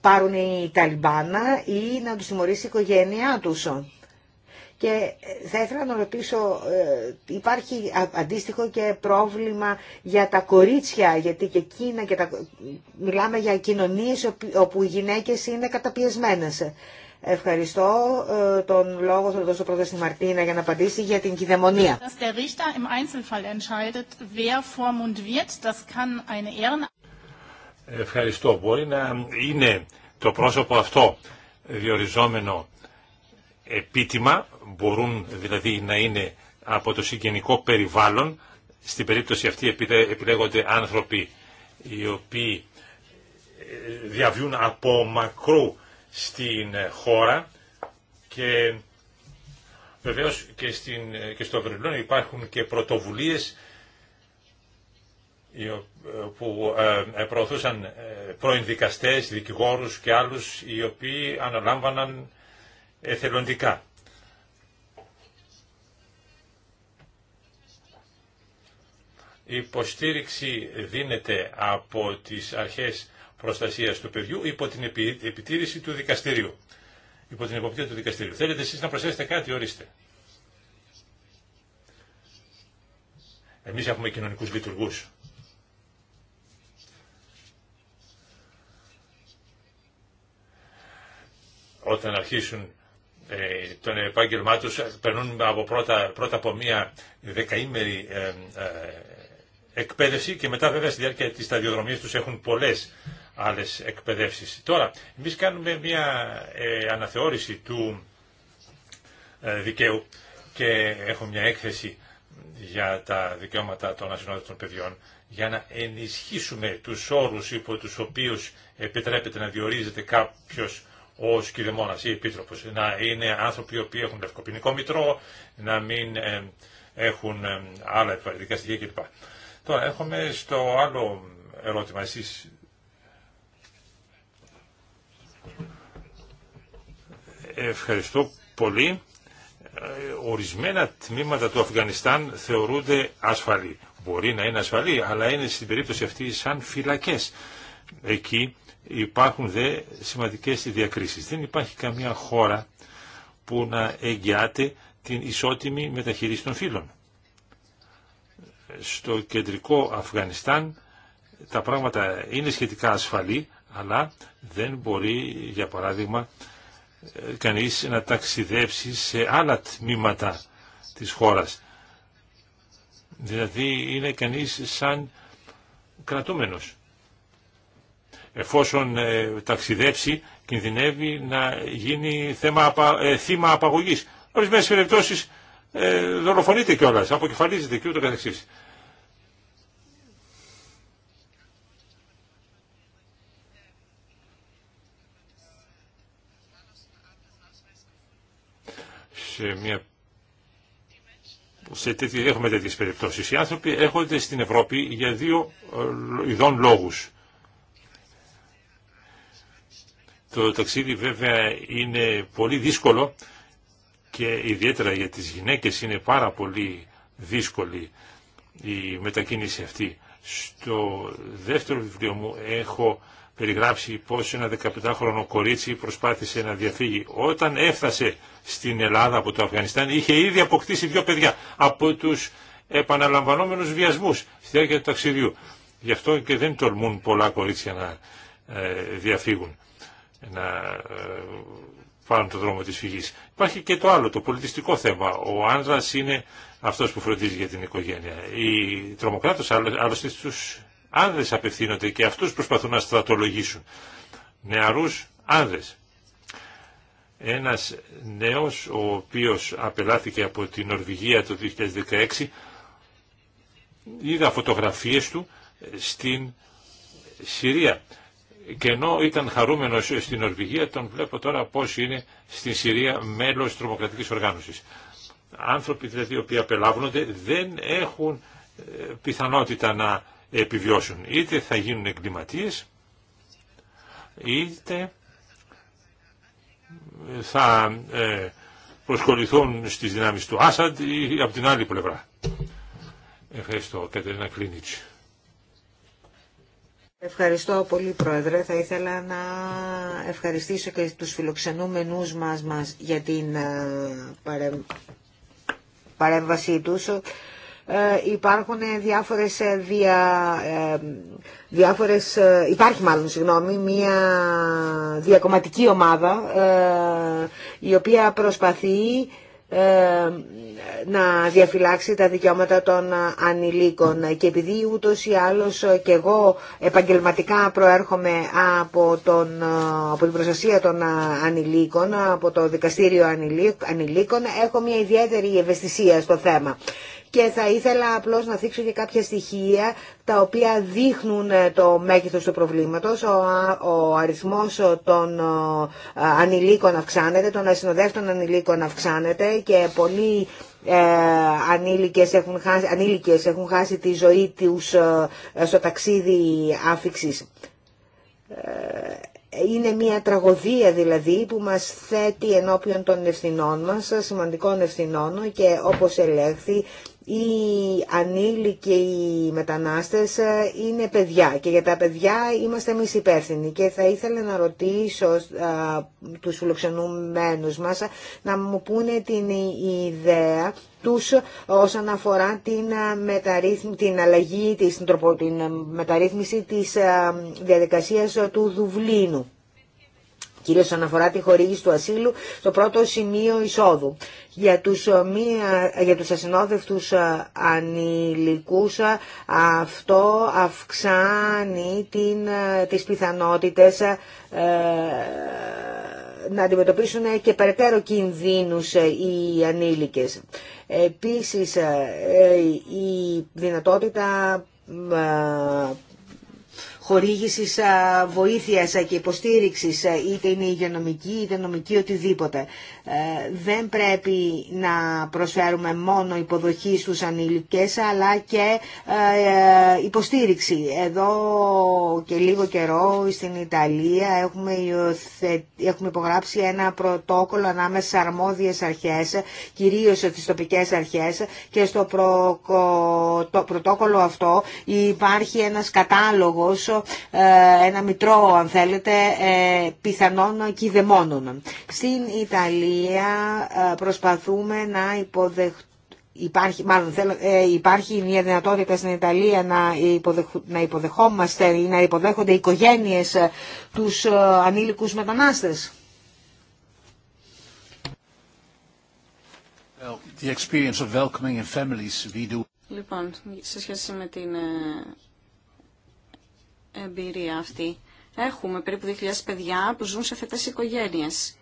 πάρουν οι Ταλιμπάνα ή να τους τιμωρήσει η οικογένειά τους. Και θα ήθελα να ρωτήσω, ε, υπάρχει αντίστοιχο και πρόβλημα για τα κορίτσια, γιατί και εκείνα και τα... μιλάμε για κοινωνίες όπου οι γυναίκες είναι καταπιεσμένες. Ευχαριστώ. Ε, τον λόγο θα δώσω πρώτα στη Μαρτίνα για να απαντήσει για την κυδαιμονία. Ευχαριστώ. Μπορεί να είναι το πρόσωπο αυτό διοριζόμενο επίτημα, μπορούν δηλαδή να είναι από το συγγενικό περιβάλλον. Στην περίπτωση αυτή επιλέγονται άνθρωποι οι οποίοι ε, διαβιούν από μακρού στην ε, χώρα και βεβαίως ε, και, στο Βερολίνο υπάρχουν και πρωτοβουλίες που ε, προωθούσαν πρώην δικαστές, δικηγόρους και άλλους οι οποίοι αναλάμβαναν εθελοντικά. Η υποστήριξη δίνεται από τις αρχές προστασία του παιδιού υπό την επιτήρηση του δικαστηρίου. Υπό την εποπτεία του δικαστηρίου. Θέλετε εσείς να προσθέσετε κάτι, ορίστε. Εμείς έχουμε κοινωνικούς λειτουργούς. Όταν αρχίσουν ε, τον επάγγελμά τους ε, περνούν από πρώτα, πρώτα από μία δεκαήμερη ε, ε, εκπαίδευση και μετά βέβαια στη διάρκεια της σταδιοδρομίας τους έχουν πολλές άλλες εκπαιδεύσεις. Τώρα, εμείς κάνουμε μια ε, αναθεώρηση του ε, δικαίου και έχω μια έκθεση για τα δικαιώματα των ασυνόδευτων παιδιών για να ενισχύσουμε τους όρους υπό τους οποίους επιτρέπεται να διορίζεται κάποιος ως κυδεμόνας ή επίτροπος. Να είναι άνθρωποι οι οποίοι έχουν λευκοπινικό μητρό, να μην ε, έχουν ε, άλλα επιβαρυντικά στοιχεία κλπ. Τώρα, έχουμε στο άλλο ερώτημα εσείς Ευχαριστώ πολύ. Ορισμένα τμήματα του Αφγανιστάν θεωρούνται ασφαλή. Μπορεί να είναι ασφαλή, αλλά είναι στην περίπτωση αυτή σαν φυλακές. Εκεί υπάρχουν δε σημαντικές διακρίσεις. Δεν υπάρχει καμία χώρα που να εγγυάται την ισότιμη μεταχείριση των φύλων. Στο κεντρικό Αφγανιστάν τα πράγματα είναι σχετικά ασφαλή, αλλά δεν μπορεί, για παράδειγμα, κανείς να ταξιδέψει σε άλλα τμήματα της χώρας. Δηλαδή είναι κανείς σαν κρατούμενος. Εφόσον ε, ταξιδέψει, κινδυνεύει να γίνει θέμα, ε, θύμα απαγωγής. Ορισμένες περιπτώσεις ε, δολοφονείται κιόλας, αποκεφαλίζεται και ούτω καθεξής. σε μια... Έχουμε τέτοιες περιπτώσεις. Οι άνθρωποι έρχονται στην Ευρώπη για δύο ε, ειδών λόγους. Το ταξίδι βέβαια είναι πολύ δύσκολο και ιδιαίτερα για τις γυναίκες είναι πάρα πολύ δύσκολη η μετακίνηση αυτή. Στο δεύτερο βιβλίο μου έχω περιγράψει πως ένα 15χρονο κορίτσι προσπάθησε να διαφύγει. Όταν έφτασε στην Ελλάδα από το Αφγανιστάν είχε ήδη αποκτήσει δύο παιδιά από τους επαναλαμβανόμενους βιασμούς στη διάρκεια του ταξιδιού. Γι' αυτό και δεν τολμούν πολλά κορίτσια να ε, διαφύγουν, να ε, πάρουν το δρόμο της φυγής. Υπάρχει και το άλλο, το πολιτιστικό θέμα. Ο άνδρας είναι αυτός που φροντίζει για την οικογένεια. Οι τρομοκράτες άλλωστε τους άνδρες απευθύνονται και αυτούς προσπαθούν να στρατολογήσουν. Νεαρούς άνδρες. Ένας νέος ο οποίος απελάθηκε από την Νορβηγία το 2016 είδα φωτογραφίες του στην Συρία. Και ενώ ήταν χαρούμενος στην Νορβηγία, τον βλέπω τώρα πώς είναι στην Συρία μέλος τρομοκρατικής οργάνωσης. Άνθρωποι δηλαδή οι οποίοι απελάβνονται δεν έχουν ε, πιθανότητα να επιβιώσουν. Είτε θα γίνουν εγκληματίες, είτε θα ε, προσχοληθούν στις δυνάμεις του Άσαντ ή από την άλλη πλευρά. Ευχαριστώ, Κατερίνα Κλίνιτς. Ευχαριστώ πολύ Πρόεδρε. Θα ήθελα να ευχαριστήσω και τους φιλοξενούμενους μας, μας για την ε, παρέμβασή τους ε, υπάρχουν διάφορες, ε, δια, ε, διάφορες υπάρχει μάλλον συγγνώμη, μια διακομματική ομάδα η οποία προσπαθεί να διαφυλάξει τα δικαιώματα των ανηλίκων και επειδή ούτως ή άλλως και εγώ επαγγελματικά προέρχομαι από, τον, από την προστασία των ανηλίκων, από το δικαστήριο ανηλίκων, έχω μια ιδιαίτερη ευαισθησία στο θέμα και θα ήθελα απλώς να δείξω και κάποια στοιχεία τα οποία δείχνουν ε, το μέγεθος του προβλήματος. Ο, αριθμός ε, των ε, ανηλίκων αυξάνεται, των ασυνοδεύτων ανηλίκων αυξάνεται και πολλοί ε, έχουν χάσει, ανήλικες έχουν χάσει τη ζωή τους στο ταξίδι άφηξης. Είναι μια τραγωδία δηλαδή που μας θέτει ενώπιον των ευθυνών μας, σημαντικών ευθυνών και όπως ελέγχθη οι ανήλικοι μετανάστες ε, είναι παιδιά και για τα παιδιά είμαστε εμεί υπεύθυνοι και θα ήθελα να ρωτήσω α, ε, τους φιλοξενούμενους μας ε, να μου πούνε την ιδέα τους όσον αφορά την, την αλλαγή, της, την μεταρρύθμιση της διαδικασίας του Δουβλίνου κυρίως όσον τη χορήγηση του ασύλου, στο πρώτο σημείο εισόδου. Για τους, ε, μία, ε, για τους ασυνόδευτους ε, ανηλικούς αυτό αυξάνει την, τις πιθανότητες να αντιμετωπίσουν και περαιτέρω κινδύνους οι ανήλικες. Επίσης, η δυνατότητα χορήγησης βοήθειας και υποστήριξης, είτε είναι υγειονομική, είτε νομική, οτιδήποτε. Ε, δεν πρέπει να προσφέρουμε μόνο υποδοχή στους ανηλικές αλλά και ε, ε, υποστήριξη. Εδώ και λίγο καιρό στην Ιταλία έχουμε, έχουμε υπογράψει ένα πρωτόκολλο ανάμεσα στις αρμόδιες αρχές, κυρίως στις τοπικές αρχές και στο το πρωτόκολλο αυτό υπάρχει ένας κατάλογος, ένα μητρό αν θέλετε, πιθανών κηδεμόνων. Στην Ιταλία ε, προσπαθούμε να Υπάρχει, μάλλον, ε, υπάρχει μια δυνατότητα στην Ιταλία να, να υποδεχόμαστε ή να υποδέχονται οικογένειες ε, τους ανήλικους μετανάστες. Λοιπόν, σε σχέση με την εμπειρία αυτή, έχουμε περίπου 2.000 παιδιά που ζουν σε φετές οικογένειες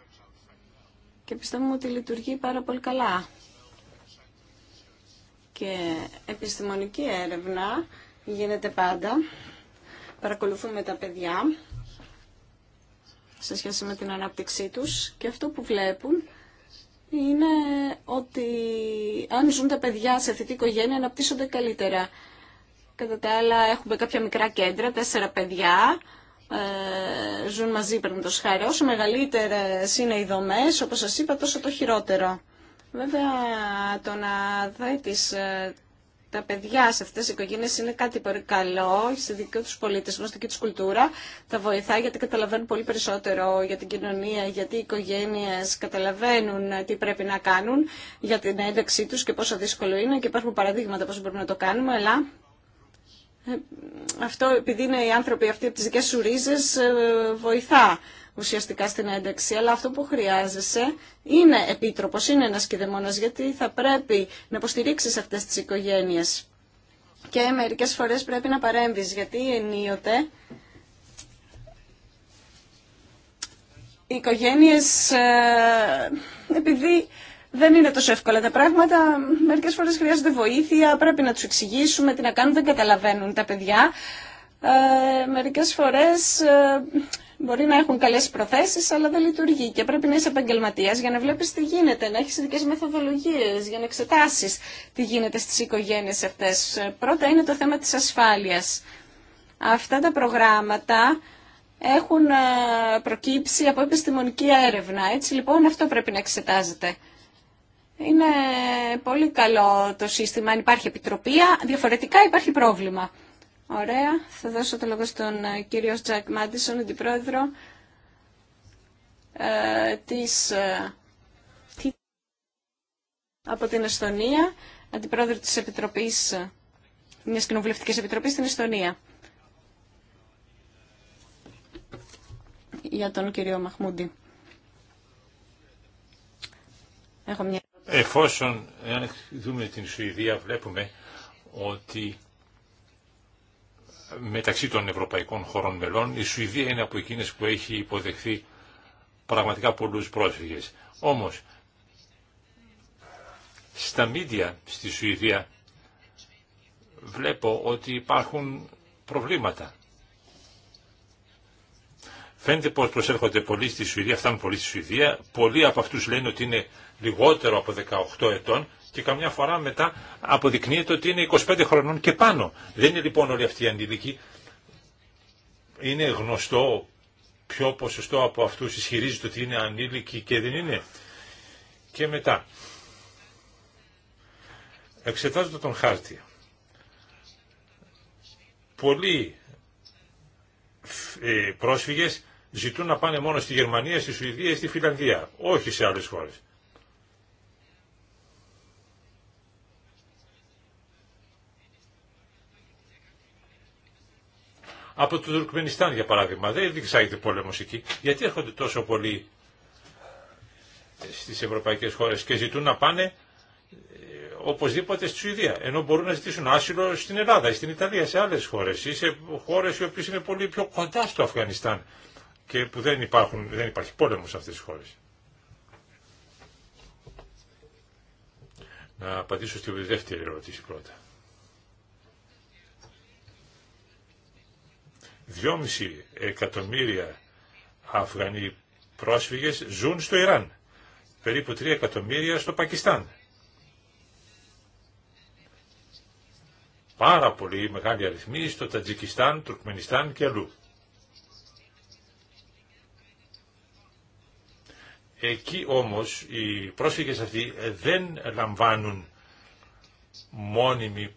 και πιστεύουμε ότι λειτουργεί πάρα πολύ καλά. Και επιστημονική έρευνα γίνεται πάντα. Παρακολουθούμε τα παιδιά σε σχέση με την ανάπτυξή τους και αυτό που βλέπουν είναι ότι αν ζουν τα παιδιά σε θετική οικογένεια αναπτύσσονται καλύτερα. Κατά τα άλλα έχουμε κάποια μικρά κέντρα, τέσσερα παιδιά ε, ζουν μαζί, πρέπει να το σχάρει. Όσο μεγαλύτερες είναι οι δομές, όπως σας είπα, τόσο το χειρότερο. Βέβαια, το να θέτεις ε, τα παιδιά σε αυτές τις οικογένειες είναι κάτι πολύ καλό, στη δική τους πολιτισμό, στη δική τους κουλτούρα. Τα βοηθάει γιατί καταλαβαίνουν πολύ περισσότερο για την κοινωνία, γιατί οι οικογένειες καταλαβαίνουν τι πρέπει να κάνουν για την ένταξή τους και πόσο δύσκολο είναι και υπάρχουν παραδείγματα πώς μπορούμε να το κάνουμε, αλλά ε, αυτό επειδή είναι οι άνθρωποι αυτοί από τις δικές σου ρίζες ε, βοηθά ουσιαστικά στην ένταξη, αλλά αυτό που χρειάζεσαι είναι επίτροπος, είναι ένας κηδεμόνας, γιατί θα πρέπει να υποστηρίξεις αυτές τις οικογένειες. Και μερικές φορές πρέπει να παρέμβεις, γιατί ενίοτε οι οικογένειες, ε, επειδή δεν είναι τόσο εύκολα τα πράγματα. Μερικές φορές χρειάζονται βοήθεια, πρέπει να τους εξηγήσουμε τι να κάνουν, δεν καταλαβαίνουν τα παιδιά. Ε, μερικές φορές ε, μπορεί να έχουν καλές προθέσεις, αλλά δεν λειτουργεί και πρέπει να είσαι επαγγελματία για να βλέπεις τι γίνεται, να έχεις ειδικές μεθοδολογίες, για να εξετάσεις τι γίνεται στις οικογένειες αυτές. Πρώτα είναι το θέμα της ασφάλειας. Αυτά τα προγράμματα έχουν ε, προκύψει από επιστημονική έρευνα. Έτσι λοιπόν αυτό πρέπει να εξετάζεται. Είναι πολύ καλό το σύστημα, αν υπάρχει επιτροπή, διαφορετικά υπάρχει πρόβλημα. Ωραία, θα δώσω το λόγο στον ε, κύριο Τζακ Μάντισον, αντιπρόεδρο ε, της, ε, από την Εστονία, αντιπρόεδρο της Επιτροπής, μιας κοινοβουλευτικής επιτροπής στην Εστονία. Για τον κύριο Μαχμούντι. Έχω Εφόσον, εάν δούμε την Σουηδία, βλέπουμε ότι μεταξύ των ευρωπαϊκών χωρών μελών η Σουηδία είναι από εκείνες που έχει υποδεχθεί πραγματικά πολλούς πρόσφυγες. Όμως, στα μίντια στη Σουηδία βλέπω ότι υπάρχουν προβλήματα. Φαίνεται πως προσέρχονται πολλοί στη Σουηδία, φτάνουν πολλοί στη Σουηδία. Πολλοί από αυτούς λένε ότι είναι λιγότερο από 18 ετών και καμιά φορά μετά αποδεικνύεται ότι είναι 25 χρονών και πάνω. Δεν είναι λοιπόν όλοι αυτοί οι ανήλικοι. Είναι γνωστό ποιο ποσοστό από αυτούς ισχυρίζεται ότι είναι ανήλικοι και δεν είναι. Και μετά, εξετάζοντα τον χάρτη, πολλοί ε, πρόσφυγες ζητούν να πάνε μόνο στη Γερμανία, στη Σουηδία ή στη Φιλανδία, όχι σε άλλες χώρες. από το Τουρκμενιστάν για παράδειγμα. Δεν διεξάγεται πόλεμος εκεί. Γιατί έρχονται τόσο πολλοί στις ευρωπαϊκές χώρες και ζητούν να πάνε ε, οπωσδήποτε στη Σουηδία. Ενώ μπορούν να ζητήσουν άσυλο στην Ελλάδα, στην Ιταλία, σε άλλες χώρες ή σε χώρες οι οποίες είναι πολύ πιο κοντά στο Αφγανιστάν και που δεν, υπάρχουν, δεν υπάρχει πόλεμο σε αυτές τις χώρες. Να απαντήσω στη δεύτερη ερώτηση πρώτα. 2,5 εκατομμύρια Αφγανοί πρόσφυγες ζουν στο Ιράν, περίπου 3 εκατομμύρια στο Πακιστάν. Πάρα πολύ μεγάλη αριθμή στο Τατζικιστάν, Τουρκμενιστάν και αλλού. Εκεί όμως οι πρόσφυγες αυτοί δεν λαμβάνουν μόνιμη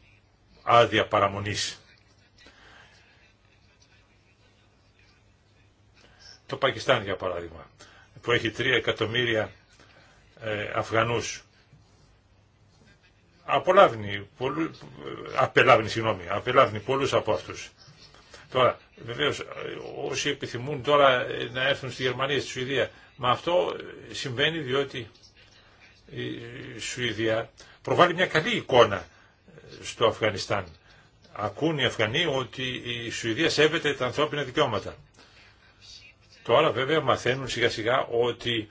άδεια παραμονής. το Πακιστάν για παράδειγμα, που έχει 3 εκατομμύρια ε, Αφγανούς, απολάβνει, πολλού, απελάβνει, συγγνώμη, απελάβνει πολλούς από αυτούς. Τώρα, βεβαίως, όσοι επιθυμούν τώρα ε, να έρθουν στη Γερμανία, στη Σουηδία, μα αυτό ε, συμβαίνει διότι η Σουηδία προβάλλει μια καλή εικόνα ε, στο Αφγανιστάν. Ακούν οι Αφγανοί ότι η Σουηδία σέβεται τα ανθρώπινα δικαιώματα. Τώρα βέβαια μαθαίνουν σιγά σιγά ότι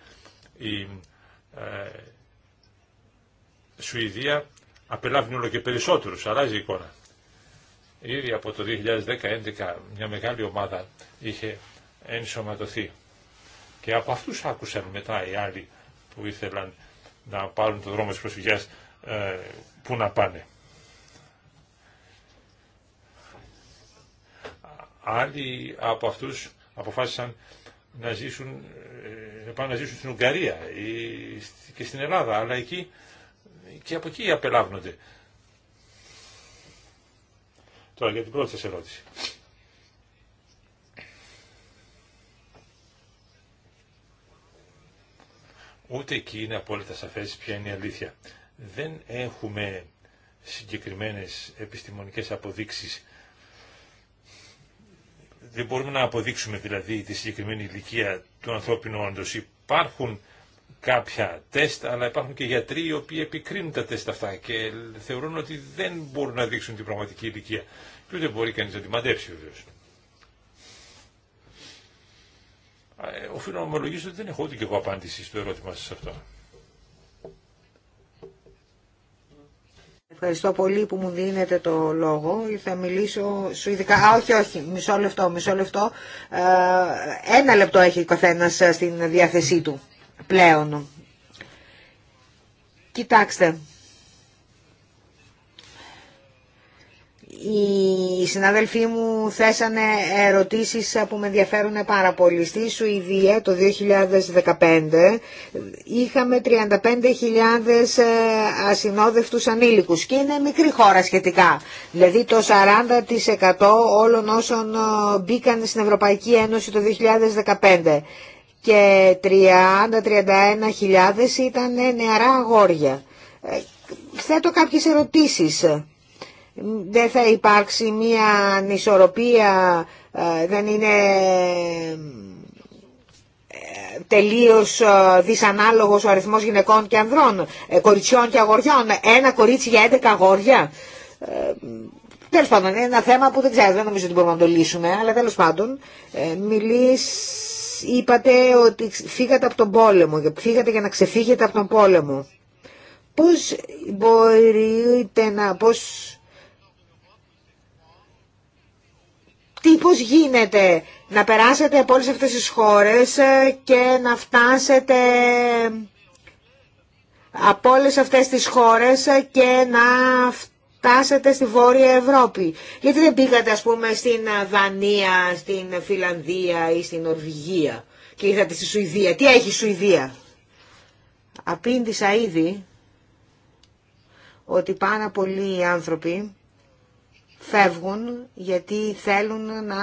η ε, Σουηδία απελάβει όλο και περισσότερους, αλλάζει η εικόνα. Ήδη από το 2010-2011 μια μεγάλη ομάδα είχε ενσωματωθεί και από αυτούς άκουσαν μετά οι άλλοι που ήθελαν να πάρουν το δρόμο της προσφυγιάς ε, που να πάνε. Άλλοι από αυτούς αποφάσισαν να ζήσουν, ε, να πάνε να ζήσουν στην Ουγγαρία και στην Ελλάδα, αλλά εκεί και από εκεί απελάβνονται. Τώρα για την πρώτη σας ερώτηση. Ούτε εκεί είναι απόλυτα σαφές ποια είναι η αλήθεια. Δεν έχουμε συγκεκριμένες επιστημονικές αποδείξεις δεν μπορούμε να αποδείξουμε δηλαδή τη συγκεκριμένη ηλικία του ανθρώπινου όντως. Υπάρχουν κάποια τεστ, αλλά υπάρχουν και γιατροί οι οποίοι επικρίνουν τα τεστ αυτά και θεωρούν ότι δεν μπορούν να δείξουν την πραγματική ηλικία. Και ούτε μπορεί κανείς να τη μαντέψει βεβαίως. Ε, οφείλω να ομολογήσω ότι δεν έχω ούτε και εγώ απάντηση στο ερώτημα σας αυτό. Ευχαριστώ πολύ που μου δίνετε το λόγο. Θα μιλήσω σου ειδικά. Α, όχι, όχι. Μισό λεπτό, μισό λεπτό. Ε, ένα λεπτό έχει ο καθένα ε, στην διάθεσή του πλέον. Κοιτάξτε. οι συναδελφοί μου θέσανε ερωτήσεις που με ενδιαφέρουν πάρα πολύ. Στη Σουηδία το 2015 είχαμε 35.000 ε, ασυνόδευτους ανήλικους και είναι μικρή χώρα σχετικά. Δηλαδή το 40% όλων όσων ε, μπήκαν στην Ευρωπαϊκή Ένωση το 2015 και 30 31000 ήταν νεαρά αγόρια. Ε, θέτω κάποιες ερωτήσεις δεν θα υπάρξει μια ανισορροπία, ε, δεν είναι ε, τελείως ε, δυσανάλογος ο αριθμός γυναικών και ανδρών, κοριτσιών και αγοριών, ένα κορίτσι για 11 αγόρια. Τέλο πάντων, είναι ένα θέμα που δεν ξέρω, δεν νομίζω ότι μπορούμε να το λύσουμε, αλλά τέλο πάντων, μιλείς, είπατε ότι φύγατε από τον πόλεμο, φύγατε για να ξεφύγετε από τον πόλεμο. Πώς μπορείτε να, πώς τι, πώς γίνεται να περάσετε από όλες αυτές τις χώρες ε, και να φτάσετε από όλες αυτές τις χώρες ε, και να φτάσετε στη Βόρεια Ευρώπη. Γιατί δεν πήγατε ας πούμε στην Δανία, στην Φιλανδία ή στην Νορβηγία και ήρθατε στη Σουηδία. Τι έχει η Σουηδία. Απήντησα ήδη ότι πάρα πολλοί άνθρωποι φεύγουν γιατί θέλουν να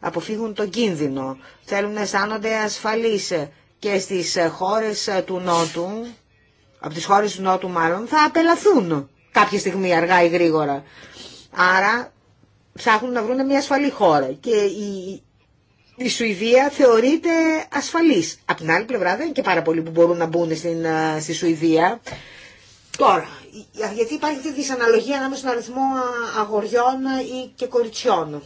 αποφύγουν τον κίνδυνο. Θέλουν να αισθάνονται ασφαλείς και στις χώρες του Νότου, από τις χώρες του Νότου μάλλον, θα απελαθούν κάποια στιγμή αργά ή γρήγορα. Άρα ψάχνουν να βρουν μια ασφαλή χώρα και η, η Σουηδία θεωρείται ασφαλής. Από την άλλη πλευρά δεν είναι και πάρα πολλοί που μπορούν να μπουν στην, στη Σουηδία. Τώρα, γιατί υπάρχει αυτή τη δυσαναλογία ανάμεσα στον αριθμό αγοριών ή και κοριτσιών.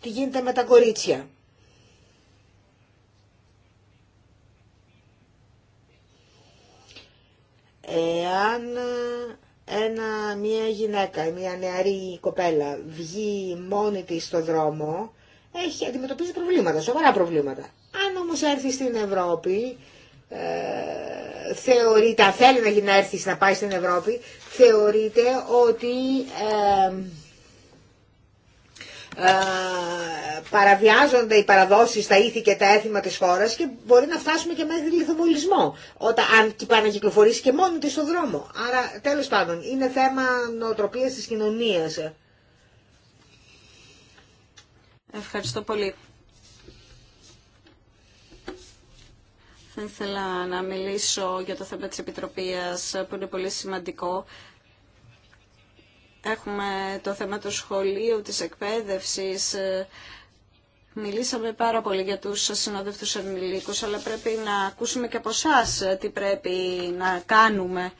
Τι γίνεται με τα κορίτσια. Εάν ένα, μια γυναίκα, μια νεαρή κοπέλα βγει μόνη της στο δρόμο, έχει, αντιμετωπίζει προβλήματα, σοβαρά προβλήματα. Αν όμως έρθει στην Ευρώπη ε, θεωρείται, αν θέλει να έρθει να πάει στην Ευρώπη, θεωρείται ότι ε, ε, παραβιάζονται οι παραδόσεις, τα ήθη και τα έθιμα της χώρας και μπορεί να φτάσουμε και μέχρι λιθοβολισμό, όταν, αν πάει να κυκλοφορήσει και μόνο τη στον δρόμο. Άρα, τέλος πάντων, είναι θέμα νοοτροπίας της κοινωνίας. Ευχαριστώ πολύ. Θα ήθελα να μιλήσω για το θέμα της Επιτροπίας που είναι πολύ σημαντικό. Έχουμε το θέμα του σχολείου, της εκπαίδευσης. Μιλήσαμε πάρα πολύ για τους συνοδευτούς ενηλίκους, αλλά πρέπει να ακούσουμε και από εσά τι πρέπει να κάνουμε.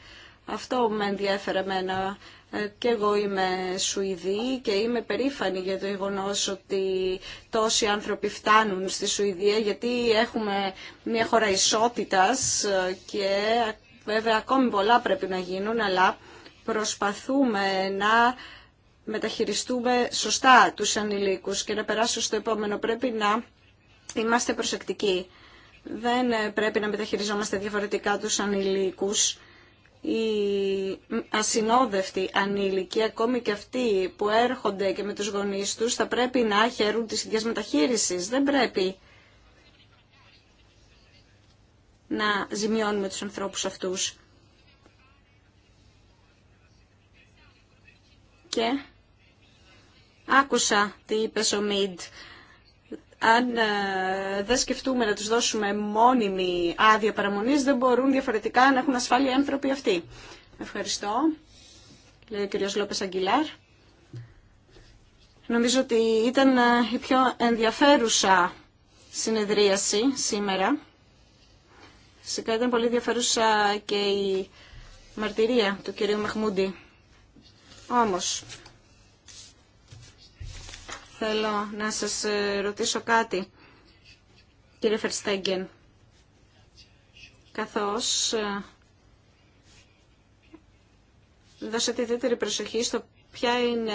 Αυτό με ενδιέφερε εμένα. Ε, και εγώ είμαι Σουηδή και είμαι περήφανη για το γεγονό ότι τόσοι άνθρωποι φτάνουν στη Σουηδία γιατί έχουμε μια χώρα ισότητας ε, και βέβαια ακόμη πολλά πρέπει να γίνουν αλλά προσπαθούμε να μεταχειριστούμε σωστά τους ανηλίκους και να περάσω στο επόμενο πρέπει να είμαστε προσεκτικοί. Δεν ε, πρέπει να μεταχειριζόμαστε διαφορετικά τους ανηλίκους οι ασυνόδευτοι ανήλικοι, ακόμη και αυτοί που έρχονται και με τους γονείς τους, θα πρέπει να χαίρουν τις ίδιες μεταχείρισης. Δεν πρέπει να ζημιώνουμε τους ανθρώπους αυτούς. Και άκουσα τι είπε ο Μιντ αν ε, δεν σκεφτούμε να τους δώσουμε μόνιμη άδεια παραμονής, δεν μπορούν διαφορετικά να έχουν ασφάλεια οι άνθρωποι αυτοί. Ευχαριστώ. Λέει ο κ. Λόπες Αγγιλάρ. Νομίζω ότι ήταν ε, η πιο ενδιαφέρουσα συνεδρίαση σήμερα. Φυσικά ήταν πολύ ενδιαφέρουσα και η μαρτυρία του κ. Μαχμούντι. Όμως, Θέλω να σας ε, ρωτήσω κάτι, κύριε Φερστέγγεν. Καθώς ε, δώσατε ιδιαίτερη προσοχή στο ποια είναι,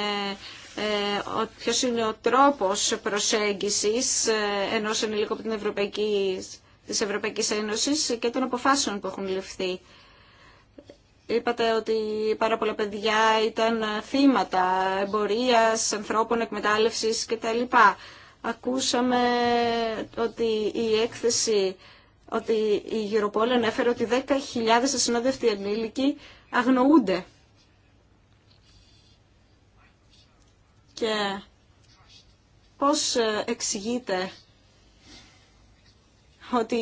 ε, ο, ποιος είναι ο τρόπος προσέγγισης ενός ενηλίκου από την Ευρωπαϊκή της Ευρωπαϊκής Ένωσης και των αποφάσεων που έχουν ληφθεί. Είπατε ότι πάρα πολλά παιδιά ήταν θύματα εμπορίας, ανθρώπων, εκμετάλλευσης κτλ. Ακούσαμε ότι η έκθεση, ότι η Europol ανέφερε ότι 10.000 ασυνόδευτοι ανήλικοι αγνοούνται. Και πώς εξηγείται ότι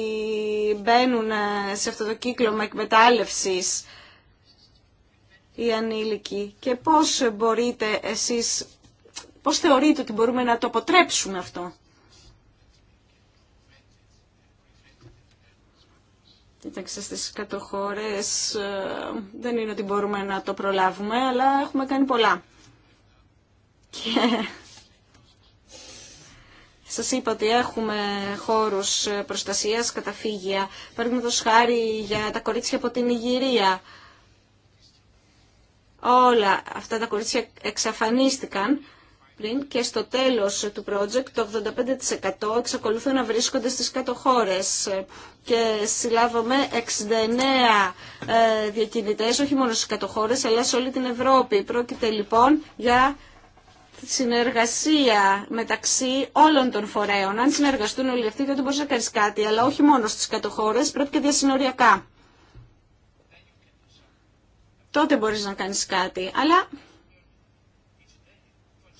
μπαίνουν σε αυτό το κύκλωμα εκμετάλλευσης οι ανήλικοι και πώς μπορείτε εσείς, πώς θεωρείτε ότι μπορούμε να το αποτρέψουμε αυτό. Κοιτάξτε, στις κατοχώρες ε, δεν είναι ότι μπορούμε να το προλάβουμε, αλλά έχουμε κάνει πολλά. Και σας είπα ότι έχουμε χώρους προστασίας, καταφύγια, Παραδείγματο χάρη για τα κορίτσια από την Ιγυρία όλα αυτά τα κορίτσια εξαφανίστηκαν πριν και στο τέλος του project το 85% εξακολουθούν να βρίσκονται στις κάτω και συλλάβομαι 69 ε, διακινητές όχι μόνο στις κάτω αλλά σε όλη την Ευρώπη. Πρόκειται λοιπόν για συνεργασία μεταξύ όλων των φορέων. Αν συνεργαστούν όλοι αυτοί δεν μπορεί να κάνει κάτι, αλλά όχι μόνο στις κατοχώρες, πρέπει και διασυνοριακά τότε μπορείς να κάνεις κάτι. Αλλά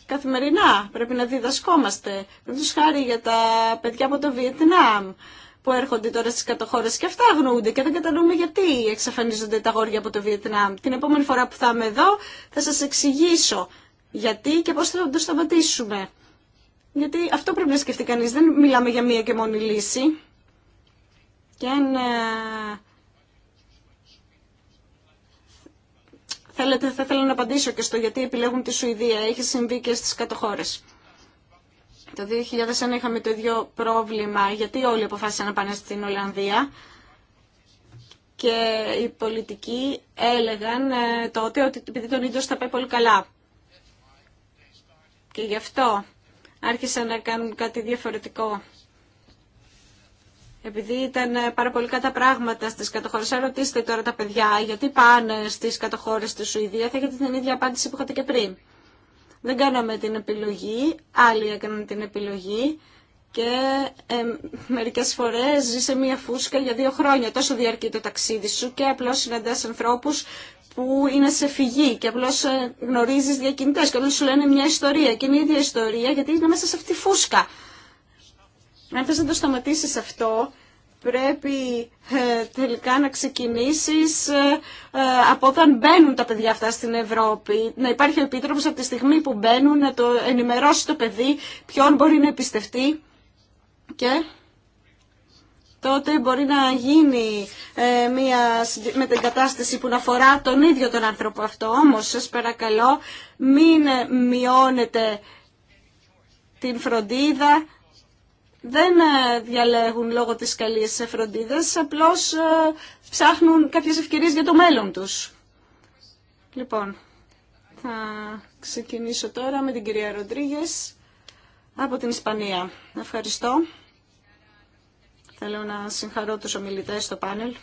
καθημερινά πρέπει να διδασκόμαστε. Δεν τους χάρη για τα παιδιά από το Βιετνάμ που έρχονται τώρα στις κατοχώρες και αυτά αγνοούνται και δεν κατανοούμε γιατί εξαφανίζονται τα γόρια από το Βιετνάμ. Την επόμενη φορά που θα είμαι εδώ θα σας εξηγήσω γιατί και πώς θα το σταματήσουμε. Γιατί αυτό πρέπει να σκεφτεί κανείς. Δεν μιλάμε για μία και μόνη λύση. Και αν ε, Θέλετε, θα ήθελα να απαντήσω και στο γιατί επιλέγουν τη Σουηδία. Έχει συμβεί και στις κατοχώρες. Το 2001 είχαμε το ίδιο πρόβλημα γιατί όλοι αποφάσισαν να πάνε στην Ολλανδία και οι πολιτικοί έλεγαν ε, τότε ότι επειδή τον ίδιο θα πάει πολύ καλά. Και γι' αυτό άρχισαν να κάνουν κάτι διαφορετικό επειδή ήταν ε, πάρα πολύ κατά πράγματα στις κατοχώρες. Αν ρωτήσετε τώρα τα παιδιά γιατί πάνε στις κατοχώρες στη Σουηδία, θα έχετε την ίδια απάντηση που είχατε και πριν. Δεν κάναμε την επιλογή, άλλοι έκαναν την επιλογή και ε, μερικές φορές ζει σε μία φούσκα για δύο χρόνια. Τόσο διαρκεί το ταξίδι σου και απλώς συναντάς ανθρώπους που είναι σε φυγή και απλώ ε, γνωρίζει διακινητέ και όλοι σου λένε μια ιστορία. Και είναι η ίδια ιστορία γιατί είναι μέσα σε αυτή τη φούσκα. Αν θες να το σταματήσεις αυτό, πρέπει ε, τελικά να ξεκινήσεις ε, ε, από όταν μπαίνουν τα παιδιά αυτά στην Ευρώπη. Να υπάρχει ο επίτροπος από τη στιγμή που μπαίνουν, να το ενημερώσει το παιδί ποιον μπορεί να εμπιστευτεί και τότε μπορεί να γίνει ε, μια κατάσταση που να αφορά τον ίδιο τον άνθρωπο αυτό. Όμως, σας παρακαλώ, μην μειώνετε την φροντίδα δεν ε, διαλέγουν λόγω της καλής φροντίδας, απλώς ε, ψάχνουν κάποιες ευκαιρίες για το μέλλον τους. Λοιπόν, θα ξεκινήσω τώρα με την κυρία Ροντρίγες από την Ισπανία. Ευχαριστώ. Θέλω να συγχαρώ τους ομιλητές στο πάνελ,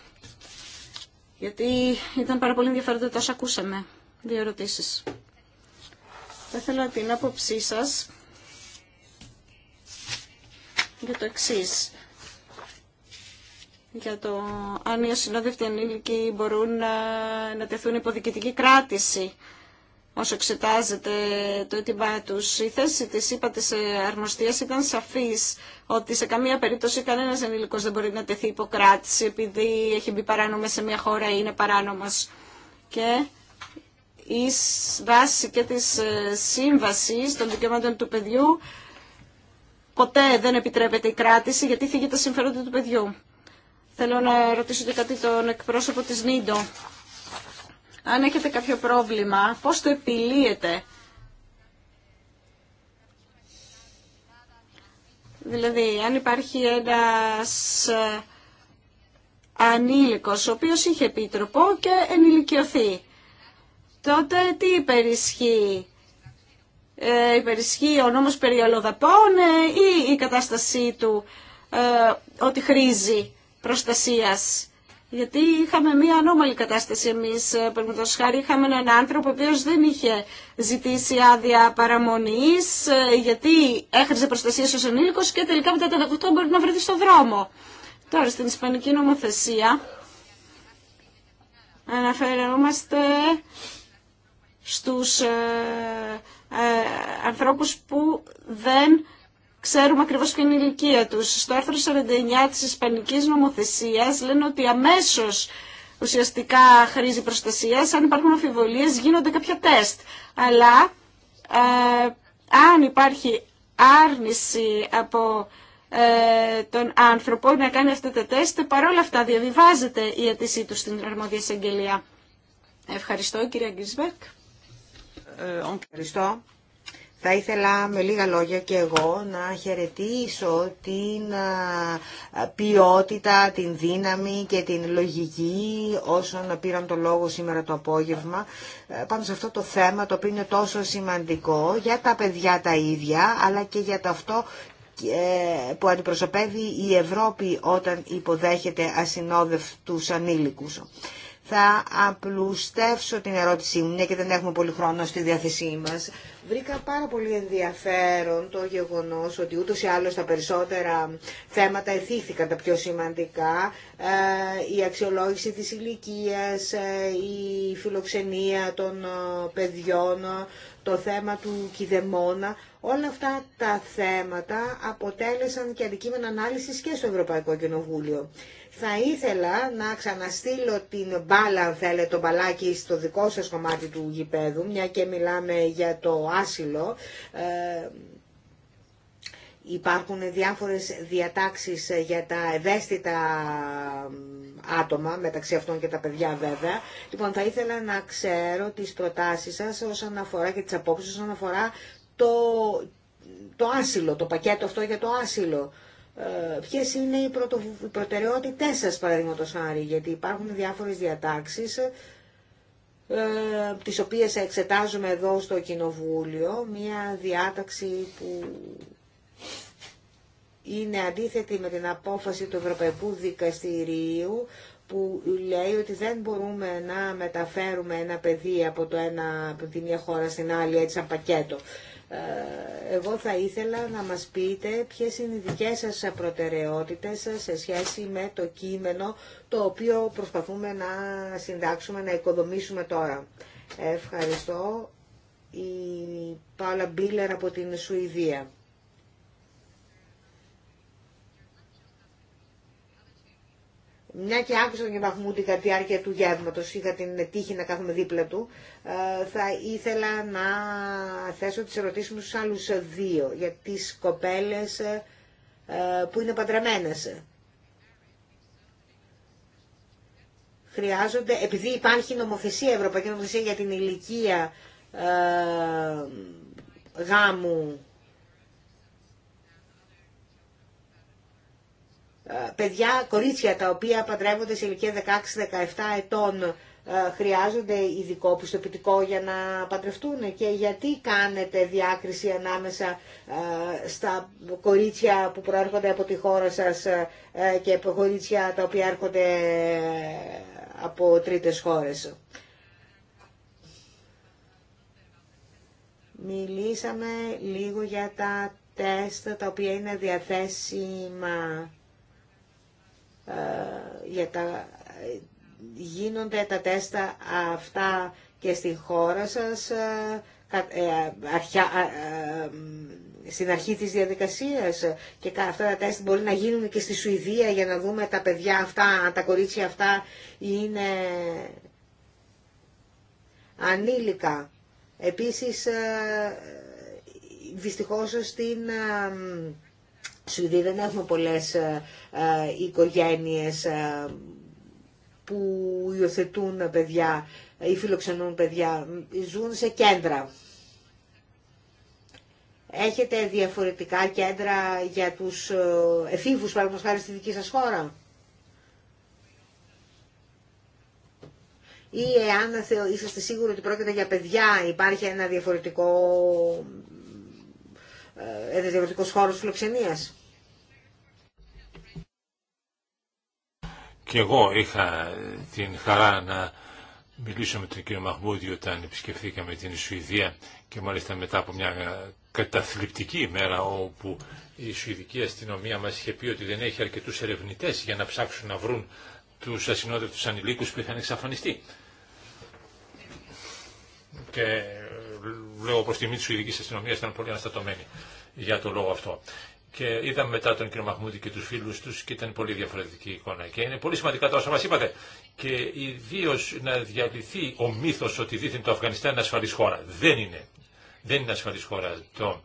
γιατί ήταν πάρα πολύ ενδιαφέροντα ακούσαμε. Δύο ερωτήσεις. Θα ήθελα την άποψή σας για το εξή. Για το αν οι ασυνόδευτοι ανήλικοι μπορούν να, να τεθούν υποδικητική κράτηση όσο εξετάζεται το αίτημά του. Η θέση τη είπα τη αρμοστία ήταν σαφή ότι σε καμία περίπτωση κανένα ενήλικο δεν μπορεί να τεθεί υποκράτηση επειδή έχει μπει παράνομα σε μια χώρα ή είναι παράνομο. Και η βάση και τη ε, σύμβαση των δικαιωμάτων του παιδιού ποτέ δεν επιτρέπεται η κράτηση γιατί θίγει τα συμφέροντα του παιδιού. Θέλω να ρωτήσω και κάτι τον εκπρόσωπο της Νίντο. Αν έχετε κάποιο πρόβλημα, πώς το επιλύετε. Δηλαδή, αν υπάρχει ένας ε, ανήλικος, ο οποίος είχε επίτροπο και ενηλικιωθεί, τότε τι υπερισχύει ε, υπερισχύει ο νόμος περί αλλοδαπών ε, ή η κατάστασή του ε, ότι χρήζει προστασίας. Γιατί είχαμε μία ανώμαλη κατάσταση εμείς, παραδείγματος χάρη, είχαμε έναν άνθρωπο ο οποίος δεν είχε ζητήσει άδεια παραμονής, γιατί έχριζε προστασία ως ενήλικος και τελικά μετά τα 18 μπορεί να βρεθεί στο δρόμο. Τώρα στην Ισπανική νομοθεσία αναφερόμαστε στους ε, ανθρώπους που δεν ξέρουμε ακριβώς ποια είναι η ηλικία τους. Στο άρθρο 49 της Ισπανικής νομοθεσίας λένε ότι αμέσως ουσιαστικά χρήζει προστασία. αν υπάρχουν αμφιβολίες γίνονται κάποια τεστ. Αλλά ε, αν υπάρχει άρνηση από ε, τον άνθρωπο να κάνει αυτά τα τεστ, παρόλα αυτά διαβιβάζεται η αίτησή του στην αρμόδια εισαγγελία. Ευχαριστώ κυρία Γκρισβέκ. Ε, Ευχαριστώ. Θα ήθελα με λίγα λόγια και εγώ να χαιρετήσω την ποιότητα, την δύναμη και την λογική όσων πήραν το λόγο σήμερα το απόγευμα ε, πάνω σε αυτό το θέμα το οποίο είναι τόσο σημαντικό για τα παιδιά τα ίδια αλλά και για το αυτό ε, που αντιπροσωπεύει η Ευρώπη όταν υποδέχεται ασυνόδευτους ανήλικους θα απλουστεύσω την ερώτησή μου, μια και δεν έχουμε πολύ χρόνο στη διάθεσή μας. Βρήκα πάρα πολύ ενδιαφέρον το γεγονός ότι ούτως ή άλλως τα περισσότερα θέματα εθήθηκαν τα πιο σημαντικά. Ε, η αξιολόγηση της ηλικία, ε, η φιλοξενία των ε, παιδιών, το θέμα του κηδεμόνα, όλα αυτά τα θέματα αποτέλεσαν και αντικείμενα ανάλυσης και στο Ευρωπαϊκό Κοινοβούλιο. Θα ήθελα να ξαναστείλω την μπάλα, αν θέλετε, το μπαλάκι στο δικό σας κομμάτι του γηπέδου, μια και μιλάμε για το άσυλο. Ε, υπάρχουν διάφορες διατάξεις για τα ευαίσθητα άτομα, μεταξύ αυτών και τα παιδιά βέβαια. Λοιπόν, θα ήθελα να ξέρω τις προτάσεις σας όσον αφορά και τις απόψεις όσον αφορά το, το άσυλο, το πακέτο αυτό για το άσυλο. Ε, Ποιε είναι οι προτεραιότητε, σα, παραδείγματος χάρη, γιατί υπάρχουν διάφορες διατάξεις ε, τις οποίες εξετάζουμε εδώ στο Κοινοβούλιο, μια διάταξη που είναι αντίθετη με την απόφαση του Ευρωπαϊκού Δικαστηρίου που λέει ότι δεν μπορούμε να μεταφέρουμε ένα παιδί από, το ένα, από τη μία χώρα στην άλλη έτσι σαν πακέτο. Ε, εγώ θα ήθελα να μας πείτε ποιες είναι οι δικές σας προτεραιότητες σε σχέση με το κείμενο το οποίο προσπαθούμε να συντάξουμε, να οικοδομήσουμε τώρα. Ευχαριστώ. Η Πάολα Μπίλερ από την Σουηδία. μια και άκουσα τον Μαχμούντι κατά τη διάρκεια του γεύματο, είχα την τύχη να κάθομαι δίπλα του, ε, θα ήθελα να θέσω τι ερωτήσεις μου στους άλλους δύο, για τις κοπέλες ε, που είναι παντρεμένε. Χρειάζονται, επειδή υπάρχει νομοθεσία, ευρωπαϊκή νομοθεσία για την ηλικία ε, γάμου Ε, παιδιά, κορίτσια τα οποία παντρεύονται σε ηλικία 16-17 ετών ε, χρειάζονται ειδικό πιστοποιητικό για να παντρευτούν και γιατί κάνετε διάκριση ανάμεσα ε, στα κορίτσια που προέρχονται από τη χώρα σας και κορίτσια τα οποία έρχονται από τρίτες χώρες. Μιλήσαμε λίγο για τα τεστ τα οποία είναι διαθέσιμα ε, για τα, γίνονται τα τέστα αυτά και στην χώρα σας ε, ε, αρχιά, στην αρχή της διαδικασίας και αυτά τα τέστα μπορεί να γίνουν και στη Σουηδία για να δούμε τα παιδιά αυτά, τα κορίτσια αυτά είναι ανήλικα. Επίσης, δυστυχώς στην Σουηδοί δεν έχουμε πολλές ε, ε, οικογένειες ε, που υιοθετούν παιδιά ή φιλοξενούν παιδιά. Ζουν σε κέντρα. Έχετε διαφορετικά κέντρα για τους εφήβους, παραδείγματος χάρη στη δική σας χώρα. Ή εάν είστε σίγουροι ότι πρόκειται για παιδιά, υπάρχει ένα διαφορετικό ε, έντες χώρο χώρος φιλοξενίας. Και εγώ είχα την χαρά να μιλήσω με τον κύριο Μαχμούδη όταν επισκεφθήκαμε την Σουηδία και μάλιστα μετά από μια καταθλιπτική ημέρα όπου η Σουηδική αστυνομία μας είχε πει ότι δεν έχει αρκετούς ερευνητές για να ψάξουν να βρουν τους ασυνόδευτους ανηλίκους που είχαν εξαφανιστεί. Και λέω προ τιμή τη ειδική αστυνομία ήταν πολύ αναστατωμένη για το λόγο αυτό. Και είδαμε μετά τον κύριο Μαχμούδη και του φίλου του, και ήταν πολύ διαφορετική η εικόνα. Και είναι πολύ σημαντικά τα όσα μα είπατε. Και ιδίω να διαλυθεί ο μύθο ότι δίθεν το Αφγανιστάν είναι ασφαλή χώρα. Δεν είναι. Δεν είναι ασφαλής χώρα το,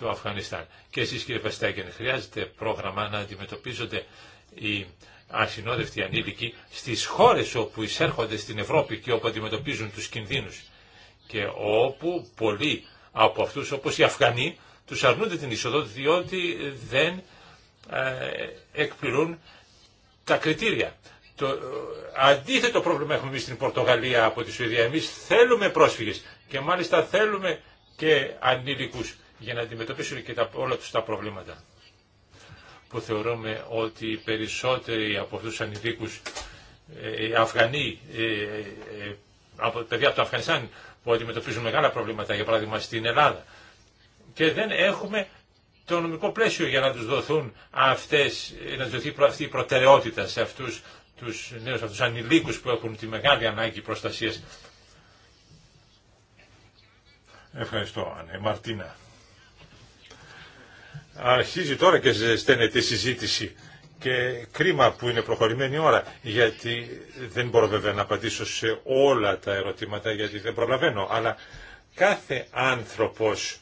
το Αφγανιστάν. Και εσεί, κύριε Παστάκεν χρειάζεται πρόγραμμα να αντιμετωπίζονται οι ασυνόδευτοι ανήλικοι στι χώρε όπου εισέρχονται στην Ευρώπη και όπου αντιμετωπίζουν του κινδύνου και όπου πολλοί από αυτούς όπως οι Αφγανοί τους αρνούνται την είσοδο διότι δεν ε, εκπληρούν τα κριτήρια. Το ε, αντίθετο πρόβλημα έχουμε εμεί στην Πορτογαλία από τη Σουηδία. Εμεί θέλουμε πρόσφυγε και μάλιστα θέλουμε και ανήλικου για να αντιμετωπίσουν και τα, όλα του τα προβλήματα. Που θεωρούμε ότι οι περισσότεροι από αυτού του ανηλίκου, ε, Αφγανοί, ε, παιδιά από το Αφγανιστάν, που αντιμετωπίζουν μεγάλα προβλήματα, για παράδειγμα στην Ελλάδα. Και δεν έχουμε το νομικό πλαίσιο για να τους δοθούν αυτές, να τους δοθεί αυτή η προτεραιότητα σε αυτούς τους νέους αυτούς ανηλίκους που έχουν τη μεγάλη ανάγκη προστασίας. Ευχαριστώ, Άννα. Μαρτίνα. Αρχίζει τώρα και ζεσταίνεται η συζήτηση και κρίμα που είναι προχωρημένη ώρα, γιατί δεν μπορώ βέβαια να απαντήσω σε όλα τα ερωτήματα, γιατί δεν προλαβαίνω, αλλά κάθε άνθρωπος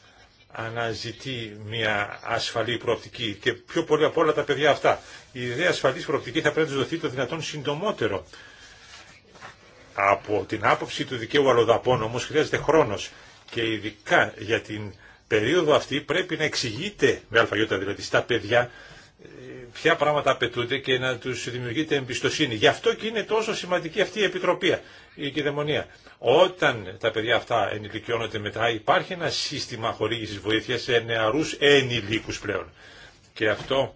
αναζητεί μια ασφαλή προοπτική και πιο πολύ από όλα τα παιδιά αυτά. Η ιδέα ασφαλής προοπτική θα πρέπει να δοθεί το δυνατόν συντομότερο. Από την άποψη του δικαίου αλλοδαπών όμως χρειάζεται χρόνος και ειδικά για την περίοδο αυτή πρέπει να εξηγείται με αλφαγιώτα δηλαδή στα παιδιά ποια πράγματα απαιτούνται και να τους δημιουργείται εμπιστοσύνη. Γι' αυτό και είναι τόσο σημαντική αυτή η επιτροπή, η κυδαιμονία. Όταν τα παιδιά αυτά ενηλικιώνονται μετά υπάρχει ένα σύστημα χορήγησης βοήθειας σε νεαρούς ενηλίκους πλέον. Και αυτό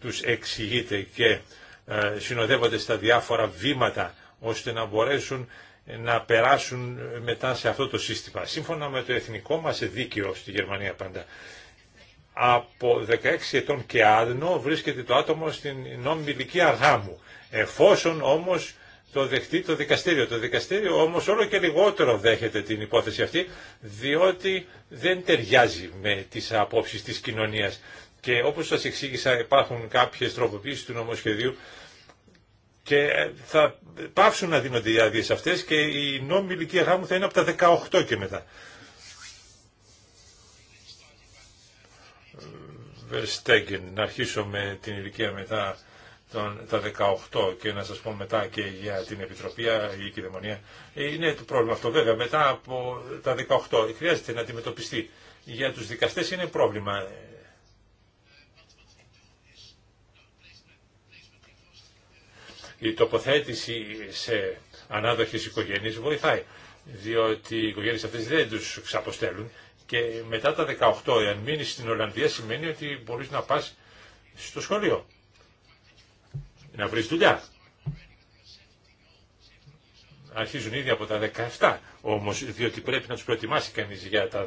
τους εξηγείται και ε, συνοδεύονται στα διάφορα βήματα ώστε να μπορέσουν να περάσουν μετά σε αυτό το σύστημα. Σύμφωνα με το εθνικό μας δίκαιο στη Γερμανία πάντα από 16 ετών και άδνο βρίσκεται το άτομο στην νόμιμη ηλικία γάμου, Εφόσον όμως το δεχτεί το δικαστήριο. Το δικαστήριο όμως όλο και λιγότερο δέχεται την υπόθεση αυτή, διότι δεν ταιριάζει με τις απόψεις της κοινωνίας. Και όπως σας εξήγησα υπάρχουν κάποιες τροποποίησεις του νομοσχεδίου και ε, θα πάψουν να δίνονται οι άδειε αυτές και η νόμιμη ηλικία γάμου θα είναι από τα 18 και μετά. Verstegen, να αρχίσω με την ηλικία μετά τον τα 18 και να σας πω μετά και για την Επιτροπή η Κυδαιμονία. Είναι το πρόβλημα αυτό βέβαια μετά από τα 18. Χρειάζεται να αντιμετωπιστεί. Για τους δικαστές είναι πρόβλημα. Η τοποθέτηση σε ανάδοχες οικογένειες βοηθάει, διότι οι οικογένειες αυτές δεν τους ξαποστέλουν και μετά τα 18, εάν μείνει στην Ολλανδία, σημαίνει ότι μπορεί να πα στο σχολείο. Να βρει δουλειά. Αρχίζουν ήδη από τα 17, όμω, διότι πρέπει να του προετοιμάσει κανεί για τα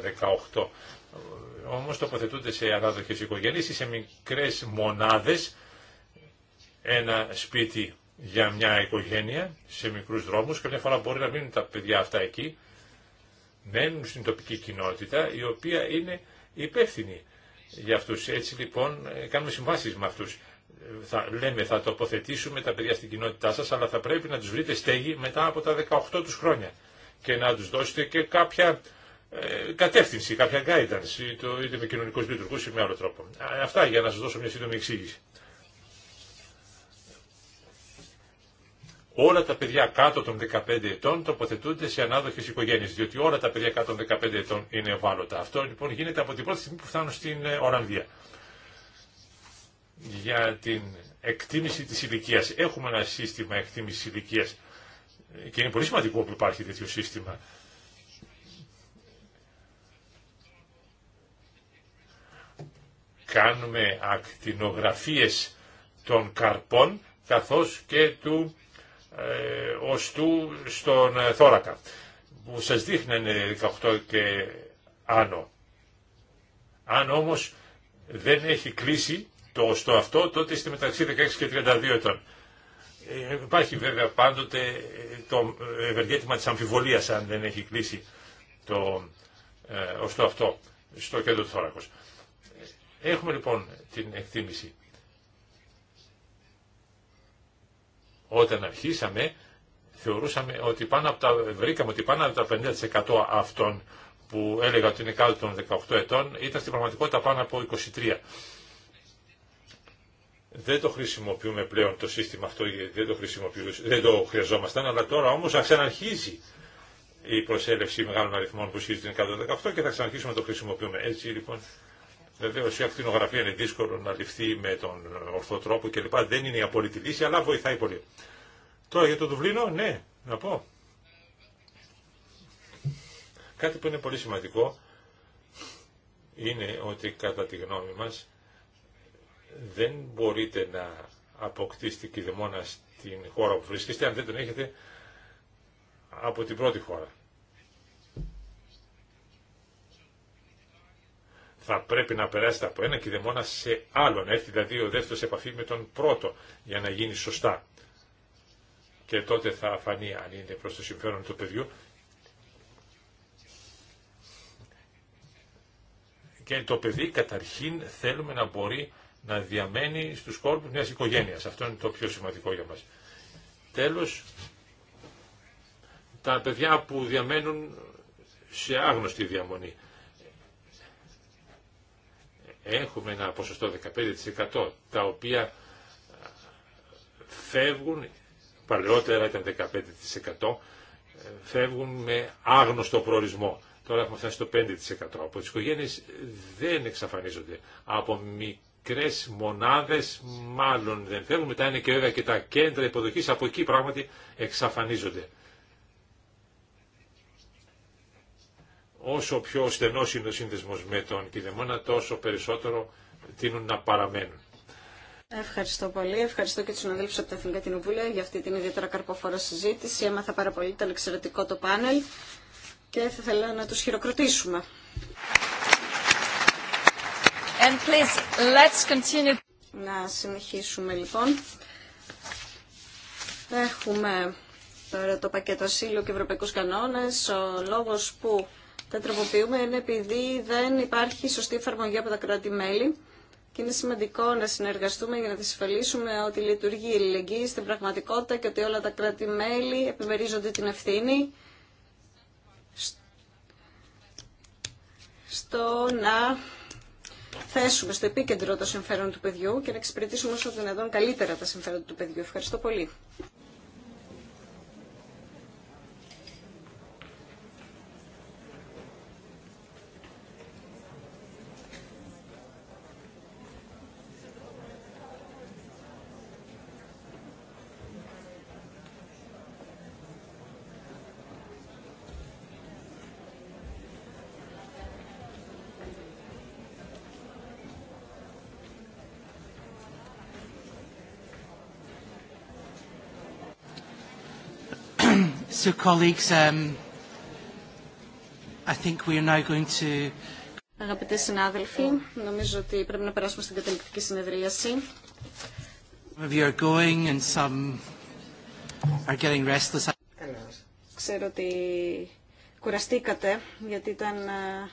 18. Όμω τοποθετούνται σε ανάδοχε οικογένειε, ή σε μικρέ μονάδε ένα σπίτι για μια οικογένεια, σε μικρού δρόμου και φορά μπορεί να μείνουν τα παιδιά αυτά εκεί, μένουν στην τοπική κοινότητα η οποία είναι υπεύθυνη για αυτούς. Έτσι λοιπόν ε, κάνουμε συμβάσεις με αυτούς. Θα, λέμε θα τοποθετήσουμε τα παιδιά στην κοινότητά σας αλλά θα πρέπει να τους βρείτε στέγη μετά από τα 18 τους χρόνια και να τους δώσετε και κάποια ε, κατεύθυνση, κάποια guidance είτε με κοινωνικούς λειτουργούς ή με άλλο τρόπο. Αυτά για να σας δώσω μια σύντομη εξήγηση. όλα τα παιδιά κάτω των 15 ετών τοποθετούνται σε ανάδοχε οικογένειε, διότι όλα τα παιδιά κάτω των 15 ετών είναι ευάλωτα. Αυτό λοιπόν γίνεται από την πρώτη στιγμή που φτάνουν στην ε, Ολλανδία. Για την εκτίμηση τη ηλικία. Έχουμε ένα σύστημα εκτίμηση ηλικία ε, και είναι πολύ σημαντικό που υπάρχει τέτοιο σύστημα. Κάνουμε ακτινογραφίες των καρπών καθώς και του οστού ε, στον ε, θώρακα που σας δείχνανε 18 και άνω. Αν όμως δεν έχει κλείσει το οστό αυτό, τότε είστε μεταξύ 16 και 32 ετών. Ε, υπάρχει βέβαια πάντοτε το ευεργέτημα της αμφιβολίας αν δεν έχει κλείσει το οστό αυτό στο κέντρο του θώρακος. Έχουμε λοιπόν την εκτίμηση Όταν αρχίσαμε, θεωρούσαμε ότι πάνω από τα, βρήκαμε ότι πάνω από τα 50% αυτών που έλεγα ότι είναι κάτω των 18 ετών ήταν στην πραγματικότητα πάνω από 23. Δεν το χρησιμοποιούμε πλέον το σύστημα αυτό, δεν το, δεν το χρειαζόμασταν, αλλά τώρα όμως θα ξαναρχίζει η προσέλευση μεγάλων αριθμών που σχίζει την 118 και θα ξαναρχίσουμε να το χρησιμοποιούμε. Έτσι λοιπόν Βεβαίω η ακτινογραφία είναι δύσκολο να ληφθεί με τον ορθό τρόπο κλπ. Δεν είναι η απόλυτη λύση, αλλά βοηθάει πολύ. Τώρα για το Δουβλίνο, ναι, να πω. Κάτι που είναι πολύ σημαντικό είναι ότι κατά τη γνώμη μας δεν μπορείτε να αποκτήσετε κηδεμόνα στην χώρα που βρίσκεστε αν δεν τον έχετε από την πρώτη χώρα. θα πρέπει να περάσετε από ένα κηδεμόνα σε άλλον, έρθει δηλαδή ο δεύτερος σε επαφή με τον πρώτο για να γίνει σωστά. Και τότε θα φανεί αν είναι προς το συμφέρον του παιδιού. Και το παιδί καταρχήν θέλουμε να μπορεί να διαμένει στους κόρπους μιας οικογένειας. Αυτό είναι το πιο σημαντικό για μας. Τέλος, τα παιδιά που διαμένουν σε άγνωστη διαμονή. Έχουμε ένα ποσοστό 15% τα οποία ε, φεύγουν, παλαιότερα ήταν 15%, ε, φεύγουν με άγνωστο προορισμό. Τώρα έχουμε φτάσει στο 5%. Από τις οικογένειες δεν εξαφανίζονται. Από μικρές μονάδες μάλλον δεν φεύγουν. Μετά είναι και βέβαια και τα κέντρα υποδοχής. Από εκεί πράγματι εξαφανίζονται. όσο πιο στενός είναι ο σύνδεσμος με τον κηδεμόνα, τόσο περισσότερο τείνουν να παραμένουν. Ευχαριστώ πολύ. Ευχαριστώ και του συναδέλφου από τα Εθνικά Κοινοβούλια για αυτή την ιδιαίτερα καρποφόρα συζήτηση. Έμαθα πάρα πολύ, ήταν εξαιρετικό το πάνελ και θα ήθελα να του χειροκροτήσουμε. And please, let's continue. Να συνεχίσουμε λοιπόν. Έχουμε τώρα το πακέτο ασύλου και ευρωπαϊκούς κανόνες. Ο λόγος που τα τροποποιούμε είναι επειδή δεν υπάρχει σωστή εφαρμογή από τα κράτη-μέλη και είναι σημαντικό να συνεργαστούμε για να δυσφαλίσουμε ότι λειτουργεί η ελληνική στην πραγματικότητα και ότι όλα τα κράτη-μέλη επιμερίζονται την ευθύνη στο να θέσουμε στο επίκεντρο το συμφέρον του παιδιού και να εξυπηρετήσουμε όσο δυνατόν καλύτερα τα συμφέροντα του παιδιού. Ευχαριστώ πολύ. So, colleagues, um, I think we are now going to... Αγαπητοί συνάδελφοι, νομίζω ότι πρέπει να περάσουμε στην καταληκτική συνεδρίαση. Ξέρω ότι κουραστήκατε γιατί ήταν ε,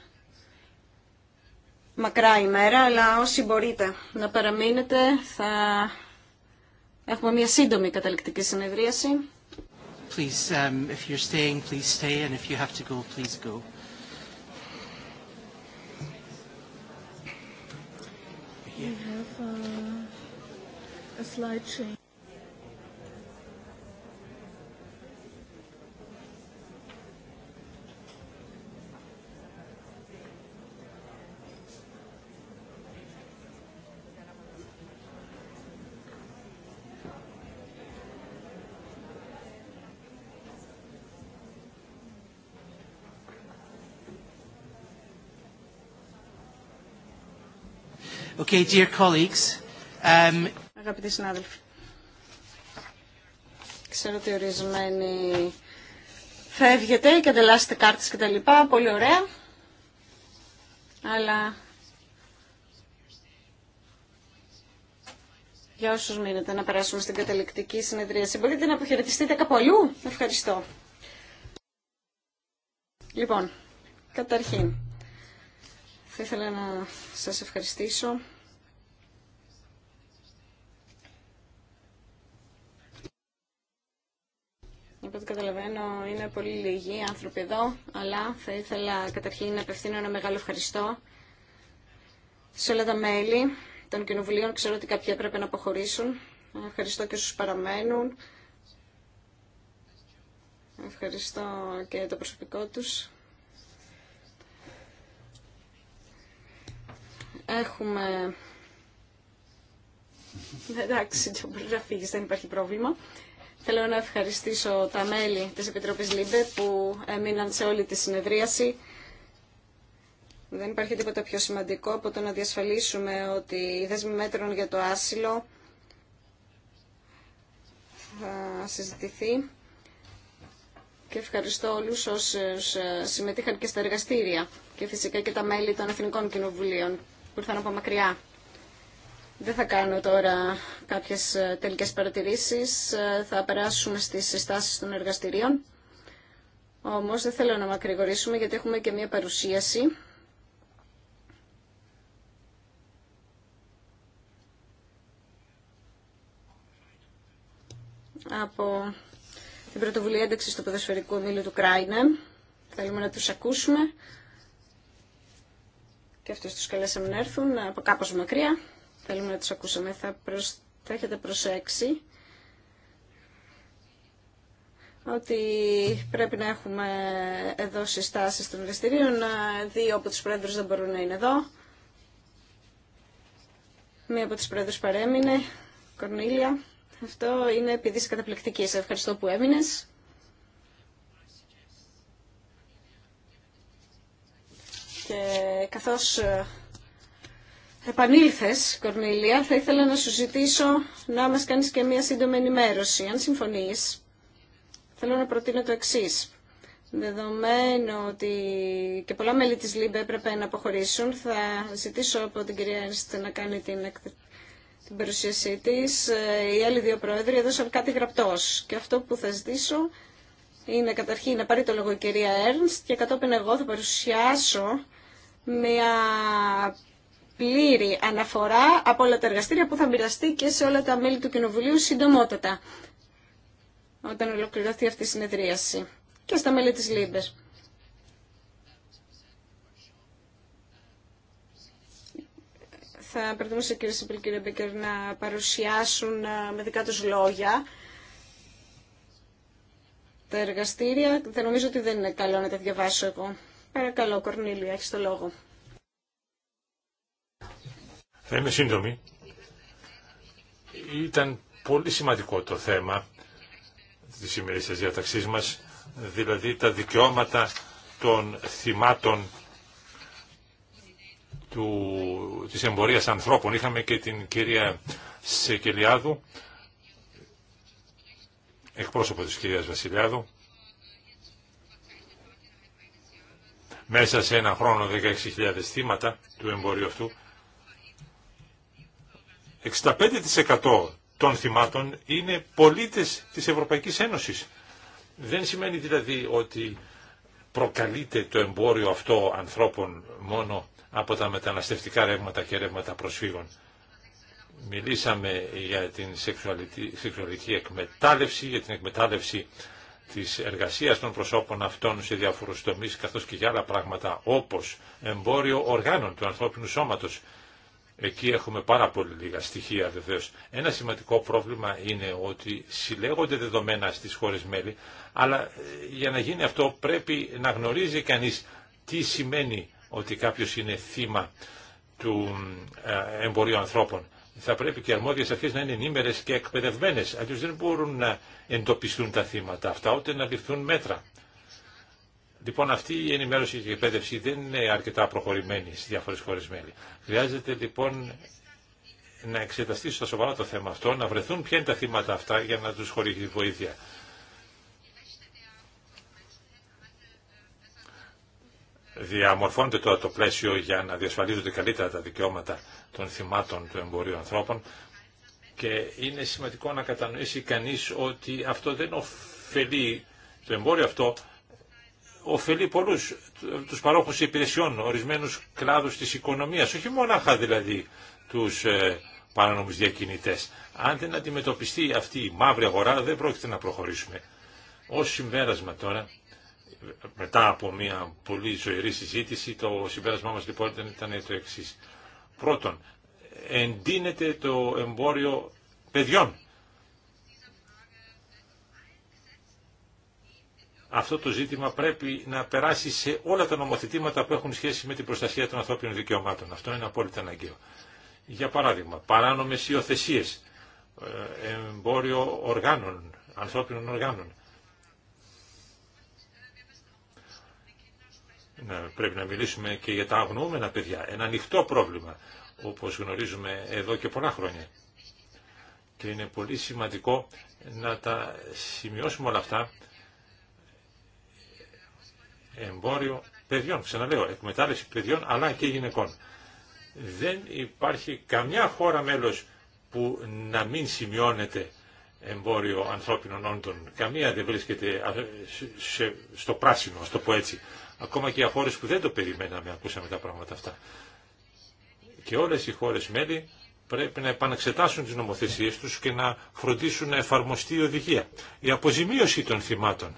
μακρά ημέρα, αλλά όσοι μπορείτε να παραμείνετε θα έχουμε μια σύντομη καταληκτική συνεδρίαση. Please, um, if you're staying, please stay, and if you have to go, please go. We have a slide change. Okay, dear colleagues, um... Αγαπητοί συνάδελφοι, ξέρω ότι ορισμένοι φεύγετε και αντελάστε κάρτες και τα λοιπά, πολύ ωραία, αλλά για όσους μείνετε να περάσουμε στην καταληκτική συνεδρία, μπορείτε να αποχαιρετιστείτε κάπου αλλού. Ευχαριστώ. Λοιπόν, καταρχήν, θα ήθελα να σας ευχαριστήσω. Από καταλαβαίνω είναι πολύ λίγοι άνθρωποι εδώ, αλλά θα ήθελα καταρχήν να απευθύνω ένα μεγάλο ευχαριστώ σε όλα τα μέλη των κοινοβουλίων. Ξέρω ότι κάποιοι έπρεπε να αποχωρήσουν. Ευχαριστώ και όσους παραμένουν. Ευχαριστώ και το προσωπικό τους. Έχουμε... Εντάξει, το δεν υπάρχει πρόβλημα. Θέλω να ευχαριστήσω τα μέλη της Επιτροπής ΛΥΜΠΕ που έμειναν σε όλη τη συνεδρίαση. Δεν υπάρχει τίποτα πιο σημαντικό από το να διασφαλίσουμε ότι οι δέσμοι μέτρων για το άσυλο θα συζητηθεί και ευχαριστώ όλους όσους συμμετείχαν και στα εργαστήρια και φυσικά και τα μέλη των Εθνικών Κοινοβουλίων που ήρθαν από μακριά. Δεν θα κάνω τώρα κάποιες ε, τελικές παρατηρήσεις, ε, θα περάσουμε στις συστάσεις των εργαστηρίων. Όμως δεν θέλω να μακρηγορήσουμε γιατί έχουμε και μία παρουσίαση. από την πρωτοβουλία ένταξη του ποδοσφαιρικού ομίλου του Κράινε. Θέλουμε να τους ακούσουμε και αυτούς τους καλέσαμε να έρθουν ε, από κάπως μακριά. Θέλουμε να τους ακούσουμε. Θα, προσ... θα έχετε προσέξει ότι πρέπει να έχουμε εδώ συστάσεις των εργαστηρίων. Ε, δύο από τους πρόεδρους δεν μπορούν να είναι εδώ. Μία από τους πρόεδρους παρέμεινε, Κορνίλια. Αυτό είναι επειδή είσαι καταπληκτική. Σε ευχαριστώ που έμεινες. Και καθώς ε, επανήλθες, Κορνήλια, θα ήθελα να σου ζητήσω να μας κάνεις και μία σύντομη ενημέρωση. Αν συμφωνείς, θέλω να προτείνω το εξής. Δεδομένου ότι και πολλά μέλη της ΛΥΜΠΕ έπρεπε να αποχωρήσουν, θα ζητήσω από την κυρία Ένστε να κάνει την, την παρουσίασή της. Ε, οι άλλοι δύο πρόεδροι έδωσαν κάτι γραπτός. Και αυτό που θα ζητήσω είναι καταρχήν να πάρει το λόγο η κυρία Έρνστ και κατόπιν εγώ θα παρουσιάσω μια πλήρη αναφορά από όλα τα εργαστήρια που θα μοιραστεί και σε όλα τα μέλη του Κοινοβουλίου συντομότατα όταν ολοκληρωθεί αυτή η συνεδρίαση και στα μέλη της ΛΥΜΠΕΡ. Θα πρέπει κύριε Σιμπλ κύριε Μπέκερ να παρουσιάσουν με δικά τους λόγια τα εργαστήρια. Δεν νομίζω ότι δεν είναι καλό να τα διαβάσω εγώ. Παρακαλώ, Κορνίλια, έχει το λόγο. Θα είμαι σύντομη. Ήταν πολύ σημαντικό το θέμα της σημερινής διαταξή διαταξής μας, δηλαδή τα δικαιώματα των θυμάτων του, της εμπορίας ανθρώπων. Είχαμε και την κυρία Σεκελιάδου, εκπρόσωπο της κυρίας Βασιλιάδου, μέσα σε ένα χρόνο 16.000 θύματα του εμπορίου αυτού. 65% των θυμάτων είναι πολίτες της Ευρωπαϊκής Ένωσης. Δεν σημαίνει δηλαδή ότι προκαλείται το εμπόριο αυτό ανθρώπων μόνο από τα μεταναστευτικά ρεύματα και ρεύματα προσφύγων. Μιλήσαμε για την σεξουαλική εκμετάλλευση, για την εκμετάλλευση της εργασίας των προσώπων αυτών σε διάφορους τομείς καθώς και για άλλα πράγματα όπως εμπόριο οργάνων του ανθρώπινου σώματος. Εκεί έχουμε πάρα πολύ λίγα στοιχεία βεβαίως. Ένα σημαντικό πρόβλημα είναι ότι συλλέγονται δεδομένα στις χώρες μέλη, αλλά ε, για να γίνει αυτό πρέπει να γνωρίζει κανείς τι σημαίνει ότι κάποιος είναι θύμα του ε, εμπορίου ανθρώπων θα πρέπει και οι αρμόδιες αρχές να είναι ενήμερες και εκπαιδευμένες, αλλιώς δεν μπορούν να εντοπιστούν τα θύματα αυτά, ούτε να ληφθούν μέτρα. Λοιπόν, αυτή η ενημέρωση και η εκπαίδευση δεν είναι αρκετά προχωρημένη στις διάφορες χώρες μέλη. Χρειάζεται λοιπόν να εξεταστεί στο σοβαρά το θέμα αυτό, να βρεθούν ποια είναι τα θύματα αυτά για να τους χορηγεί βοήθεια. διαμορφώνεται τώρα το πλαίσιο για να διασφαλίζονται καλύτερα τα δικαιώματα των θυμάτων του εμπορίου ανθρώπων και είναι σημαντικό να κατανοήσει κανείς ότι αυτό δεν ωφελεί, το εμπόριο αυτό ωφελεί πολλούς, τους παρόχους υπηρεσιών, ορισμένους κλάδους της οικονομίας, όχι μονάχα δηλαδή τους ε, παρανομους διακινητές. Αν δεν αντιμετωπιστεί αυτή η μαύρη αγορά δεν πρόκειται να προχωρήσουμε. Ως συμπέρασμα τώρα, μετά από μια πολύ ζωηρή συζήτηση, το συμπέρασμά μας λοιπόν ήταν το εξή. Πρώτον, εντείνεται το εμπόριο παιδιών. Αυτό το ζήτημα πρέπει να περάσει σε όλα τα νομοθετήματα που έχουν σχέση με την προστασία των ανθρώπινων δικαιωμάτων. Αυτό είναι απόλυτα αναγκαίο. Για παράδειγμα, παράνομες υιοθεσίες ε, εμπόριο οργάνων, ανθρώπινων οργάνων, να, πρέπει να μιλήσουμε και για τα αγνοούμενα παιδιά. Ένα ανοιχτό πρόβλημα, όπως γνωρίζουμε εδώ και πολλά χρόνια. Και είναι πολύ σημαντικό να τα σημειώσουμε όλα αυτά. Εμπόριο παιδιών, ξαναλέω, εκμετάλλευση παιδιών αλλά και γυναικών. Δεν υπάρχει καμιά χώρα μέλος που να μην σημειώνεται εμπόριο ανθρώπινων όντων. Καμία δεν βρίσκεται στο πράσινο, το πω έτσι ακόμα και για χώρες που δεν το περιμέναμε, ακούσαμε τα πράγματα αυτά. Και όλες οι χώρες μέλη πρέπει να επαναξετάσουν τις νομοθεσίες τους και να φροντίσουν να εφαρμοστεί η οδηγία. Η αποζημίωση των θυμάτων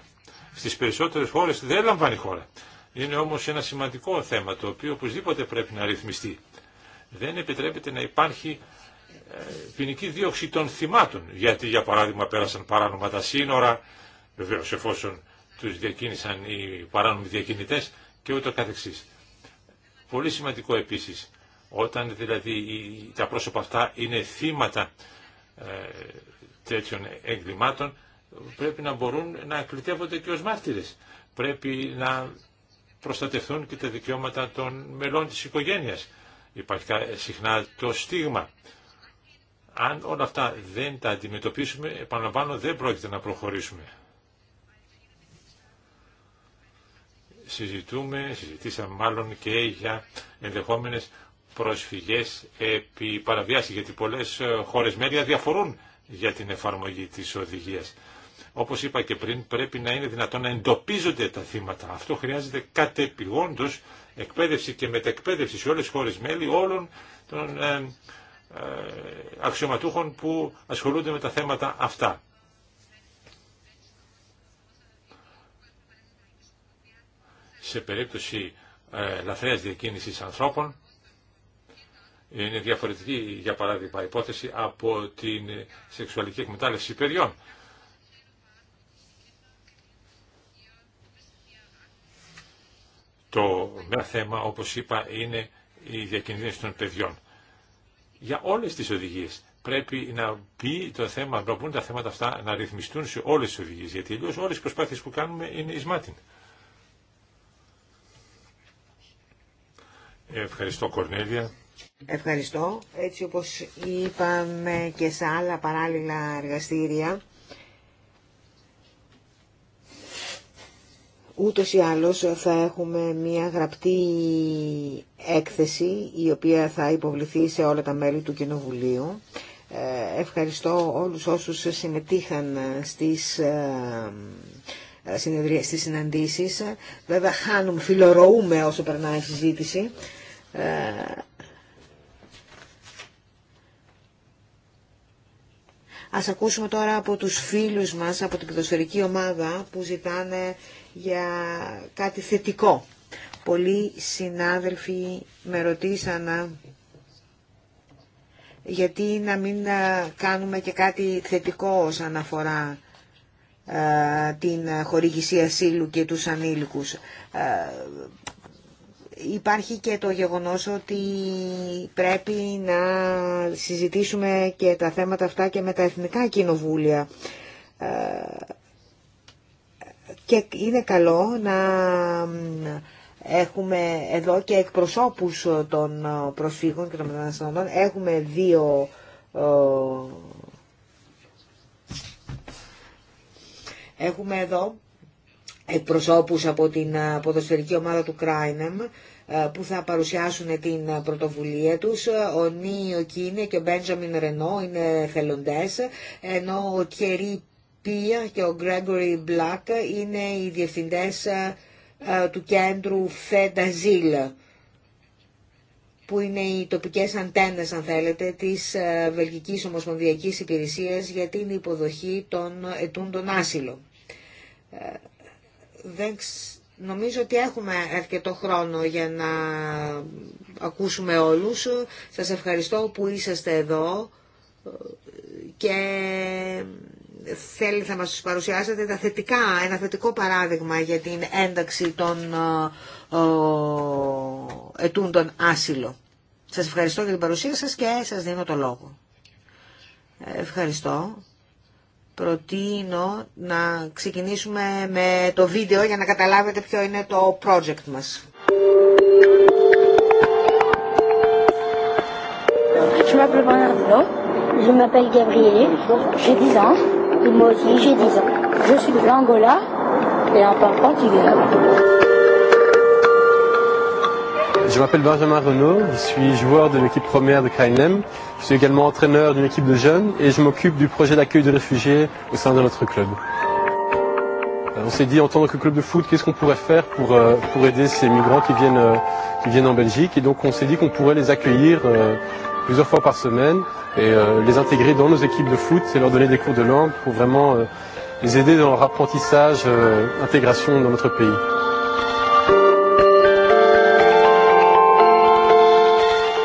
στις περισσότερες χώρες δεν λαμβάνει χώρα. Είναι όμως ένα σημαντικό θέμα το οποίο οπωσδήποτε πρέπει να ρυθμιστεί. Δεν επιτρέπεται να υπάρχει ε, ποινική δίωξη των θυμάτων, γιατί για παράδειγμα πέρασαν παράνομα τα σύνορα, βεβαίως εφόσον τους διακίνησαν οι παράνομοι διακινητές και ούτω καθεξής. Πολύ σημαντικό επίσης, όταν δηλαδή τα πρόσωπα αυτά είναι θύματα ε, τέτοιων εγκλημάτων, πρέπει να μπορούν να κλητεύονται και ως μάρτυρες. Πρέπει να προστατευτούν και τα δικαιώματα των μελών της οικογένειας. Υπάρχει συχνά το στίγμα. Αν όλα αυτά δεν τα αντιμετωπίσουμε, επαναλαμβάνω, δεν πρόκειται να προχωρήσουμε. συζητούμε, συζητήσαμε μάλλον και για ενδεχόμενες προσφυγές επί παραβιάση, γιατί πολλές ε, χώρες μέλη διαφορούν για την εφαρμογή της οδηγίας. Όπως είπα και πριν, πρέπει να είναι δυνατόν να εντοπίζονται τα θύματα. Αυτό χρειάζεται κατεπηγόντως εκπαίδευση και μετεκπαίδευση σε όλες τις χώρες μέλη όλων των ε, ε, αξιωματούχων που ασχολούνται με τα θέματα αυτά. σε περίπτωση ε, λαθρέας διακίνησης ανθρώπων. Είναι διαφορετική, για παράδειγμα, υπόθεση από την σεξουαλική εκμετάλλευση παιδιών. Το μέρα θέμα, όπως είπα, είναι η διακίνηση των παιδιών. Για όλες τις οδηγίες πρέπει να μπει το θέμα, να μπουν τα θέματα αυτά να ρυθμιστούν σε όλες τις οδηγίες, γιατί αλλιώς όλες οι προσπάθειες που κάνουμε είναι εισμάτιν. Ευχαριστώ Κορνέλια. Ευχαριστώ. Έτσι όπως είπαμε και σε άλλα παράλληλα εργαστήρια, ούτως ή άλλως θα έχουμε μια γραπτή έκθεση η οποία θα υποβληθεί σε όλα τα μέλη του Κοινοβουλίου. Ε, ευχαριστώ όλους όσους συμμετείχαν στις ε, συνεδρία, στις συναντήσεις. Βέβαια χάνουμε, φιλορροούμε όσο περνάει η συζήτηση. Ε, ας ακούσουμε τώρα από τους φίλους μας, από την ποδοσφαιρική ομάδα που ζητάνε για κάτι θετικό. Πολλοί συνάδελφοι με ρωτήσαν γιατί να μην ε, κάνουμε και κάτι θετικό όσον αφορά ε, την χορηγησία ασύλου και τους ανήλικους. Ε, υπάρχει και το γεγονός ότι πρέπει να συζητήσουμε και τα θέματα αυτά και με τα εθνικά κοινοβούλια. Ε, και είναι καλό να έχουμε εδώ και εκπροσώπους των προσφύγων και των μεταναστών. Έχουμε δύο Έχουμε εδώ εκπροσώπους από την ε, ποδοσφαιρική ομάδα του Κράινεμ ε, που θα παρουσιάσουν την ε, πρωτοβουλία τους. Ο Νίο Κίνε και ο Μπέντζαμιν Ρενό είναι θελοντές, ενώ ο Τιερί Πία και ο Γκρέγκορι Μπλακ είναι οι διευθυντές του κέντρου Φενταζίλ που είναι οι τοπικές αντένες, αν θέλετε, της ε, Βελγικής Ομοσπονδιακής Υπηρεσίας για την υποδοχή των ετούντων άσυλων. Ε, δεν Νομίζω ότι έχουμε αρκετό χρόνο για να ακούσουμε όλους. Σας ευχαριστώ που είσαστε εδώ ε, και θέλει να μας παρουσιάσετε τα θετικά, ένα θετικό παράδειγμα για την ένταξη των τον άσυλο. Σας ευχαριστώ για την παρουσία σας και σας δίνω το λόγο. Ευχαριστώ. Προτείνω να ξεκινήσουμε με το βίντεο για να καταλάβετε ποιο είναι το project μας. Je je m'appelle Gabriel, j'ai 10 suis de et Je m'appelle Benjamin Renault, je suis joueur de l'équipe première de KNM, je suis également entraîneur d'une équipe de jeunes et je m'occupe du projet d'accueil de réfugiés au sein de notre club. On s'est dit en tant que club de foot, qu'est-ce qu'on pourrait faire pour, pour aider ces migrants qui viennent, qui viennent en Belgique et donc on s'est dit qu'on pourrait les accueillir plusieurs fois par semaine et les intégrer dans nos équipes de foot et leur donner des cours de langue pour vraiment les aider dans leur apprentissage, intégration dans notre pays.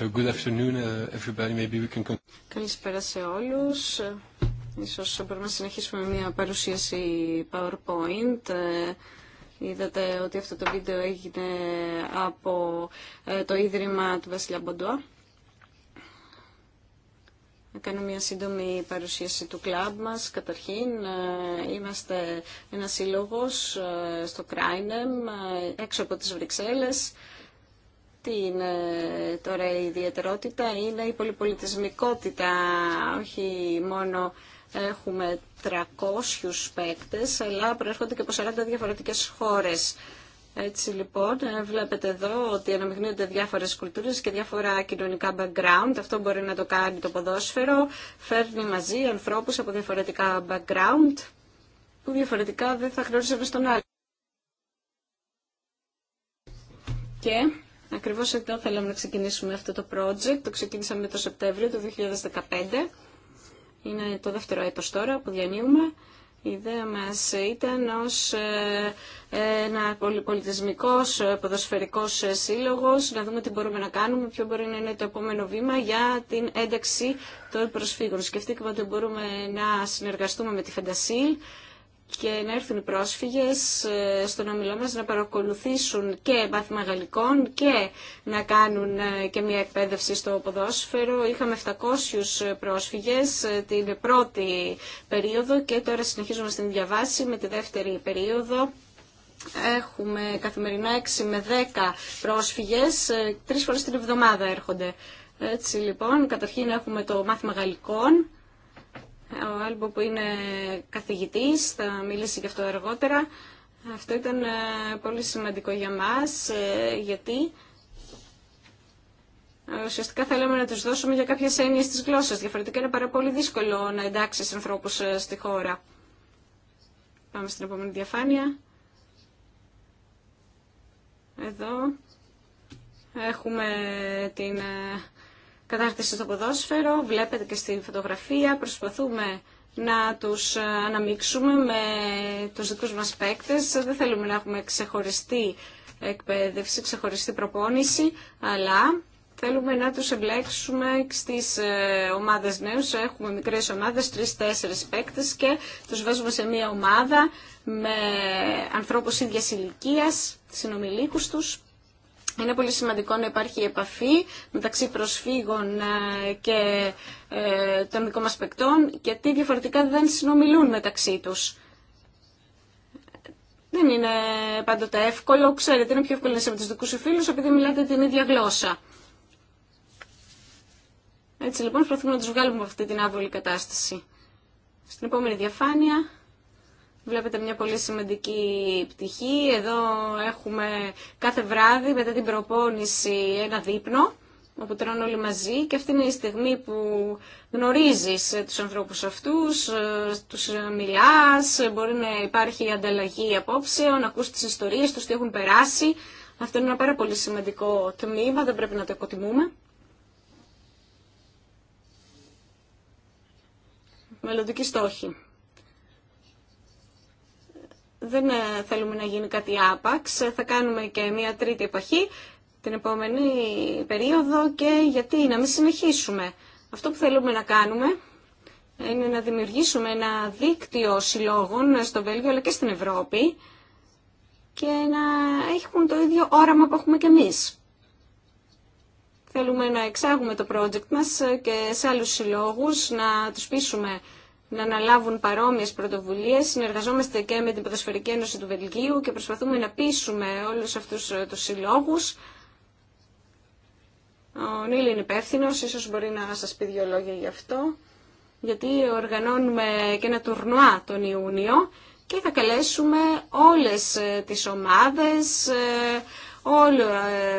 Uh, Καλησπέρα σε όλους. Ίσως μπορούμε να συνεχίσουμε μια παρουσίαση PowerPoint. Ε, είδατε ότι αυτό το βίντεο έγινε από ε, το Ίδρυμα του Βασιλιά Μποντουά. Να κάνω μια σύντομη παρουσίαση του κλαμπ μας. Καταρχήν, ε, είμαστε ένα σύλλογος στο Κράινεμ, έξω από τις Βρυξέλλες. Αυτή είναι τώρα η ιδιαιτερότητα, είναι η πολυπολιτισμικότητα, όχι μόνο έχουμε 300 παίκτες, αλλά προέρχονται και από 40 διαφορετικές χώρες. Έτσι λοιπόν, ε, βλέπετε εδώ ότι αναμειγνύονται διάφορες κουλτούρες και διάφορα κοινωνικά background. Αυτό μπορεί να το κάνει το ποδόσφαιρο. Φέρνει μαζί ανθρώπους από διαφορετικά background που διαφορετικά δεν θα γνώριζαν στον άλλο. Και Ακριβώς εδώ θέλαμε να ξεκινήσουμε αυτό το project. Το ξεκίνησαμε το Σεπτέμβριο του 2015. Είναι το δεύτερο έτος τώρα που διανύουμε. Η ιδέα μας ήταν ως ε, ένα πολυπολιτισμικός ε, ποδοσφαιρικός ε, σύλλογος να δούμε τι μπορούμε να κάνουμε, ποιο μπορεί να είναι το επόμενο βήμα για την ένταξη των προσφύγων. Σκεφτήκαμε ότι μπορούμε να συνεργαστούμε με τη Φεντασίλ και να έρθουν οι πρόσφυγες ε, στον ομιλό μας να παρακολουθήσουν και μάθημα γαλλικών και να κάνουν ε, και μια εκπαίδευση στο ποδόσφαιρο. Είχαμε 700 ε, πρόσφυγες την πρώτη περίοδο και τώρα συνεχίζουμε στην διαβάση με τη δεύτερη περίοδο. Έχουμε καθημερινά 6 με 10 πρόσφυγες, τρεις φορές την εβδομάδα έρχονται. Έτσι λοιπόν, καταρχήν έχουμε το μάθημα γαλλικών ο Άλμπο που είναι καθηγητής, θα μιλήσει γι' αυτό αργότερα. Αυτό ήταν ε, πολύ σημαντικό για μας, ε, γιατί ουσιαστικά θέλαμε να τους δώσουμε για κάποιες έννοιες της γλώσσας. Διαφορετικά είναι πάρα πολύ δύσκολο να εντάξεις ανθρώπους ε, στη χώρα. Πάμε στην επόμενη διαφάνεια. Εδώ έχουμε την κατάρτιση στο ποδόσφαιρο, βλέπετε και στην φωτογραφία, προσπαθούμε να τους ε, αναμίξουμε με τους δικούς μας παίκτες. Δεν θέλουμε να έχουμε ξεχωριστή εκπαίδευση, ξεχωριστή προπόνηση, αλλά θέλουμε να τους εμπλέξουμε στις ε, ομάδες νέους. Έχουμε μικρές ομάδες, τρεις-τέσσερις παίκτες και τους βάζουμε σε μια ομάδα με ανθρώπους ίδιας ηλικίας, συνομιλίκους τους είναι πολύ σημαντικό να υπάρχει επαφή μεταξύ προσφύγων ε, και ε, των δικών μας παικτών, γιατί διαφορετικά δεν συνομιλούν μεταξύ τους. Δεν είναι πάντοτε εύκολο, ξέρετε, είναι πιο εύκολο να είσαι με τους δικούς σου φίλους, επειδή μιλάτε την ίδια γλώσσα. Έτσι λοιπόν, προσπαθούμε να τους βγάλουμε από αυτή την άβολη κατάσταση. Στην επόμενη διαφάνεια Βλέπετε μια πολύ σημαντική πτυχή. Εδώ έχουμε κάθε βράδυ μετά την προπόνηση ένα δείπνο όπου τρώνε όλοι μαζί και αυτή είναι η στιγμή που γνωρίζεις τους ανθρώπους αυτούς, τους μιλάς, μπορεί να υπάρχει ανταλλαγή απόψεων, ακούς τις ιστορίες τους, τι έχουν περάσει. Αυτό είναι ένα πάρα πολύ σημαντικό τμήμα, δεν πρέπει να το εκοτιμούμε. Μελλοντική στόχη δεν ε, θέλουμε να γίνει κάτι άπαξ, θα κάνουμε και μια τρίτη εποχή την επόμενη περίοδο και γιατί να μην συνεχίσουμε. Αυτό που θέλουμε να κάνουμε είναι να δημιουργήσουμε ένα δίκτυο συλλόγων στο Βέλγιο αλλά και στην Ευρώπη και να έχουν το ίδιο όραμα που έχουμε και εμείς. Θέλουμε να εξάγουμε το project μας και σε άλλους συλλόγους, να τους πείσουμε να αναλάβουν παρόμοιες πρωτοβουλίες. Συνεργαζόμαστε και με την Ποδοσφαιρική Ένωση του Βελγίου και προσπαθούμε να πείσουμε όλους αυτούς ε, τους συλλόγους. Ο Νίλ είναι υπεύθυνο, ίσως μπορεί να σας πει δύο λόγια γι' αυτό, γιατί οργανώνουμε και ένα τουρνουά τον Ιούνιο και θα καλέσουμε όλες ε, τις ομάδες, ε, όλοι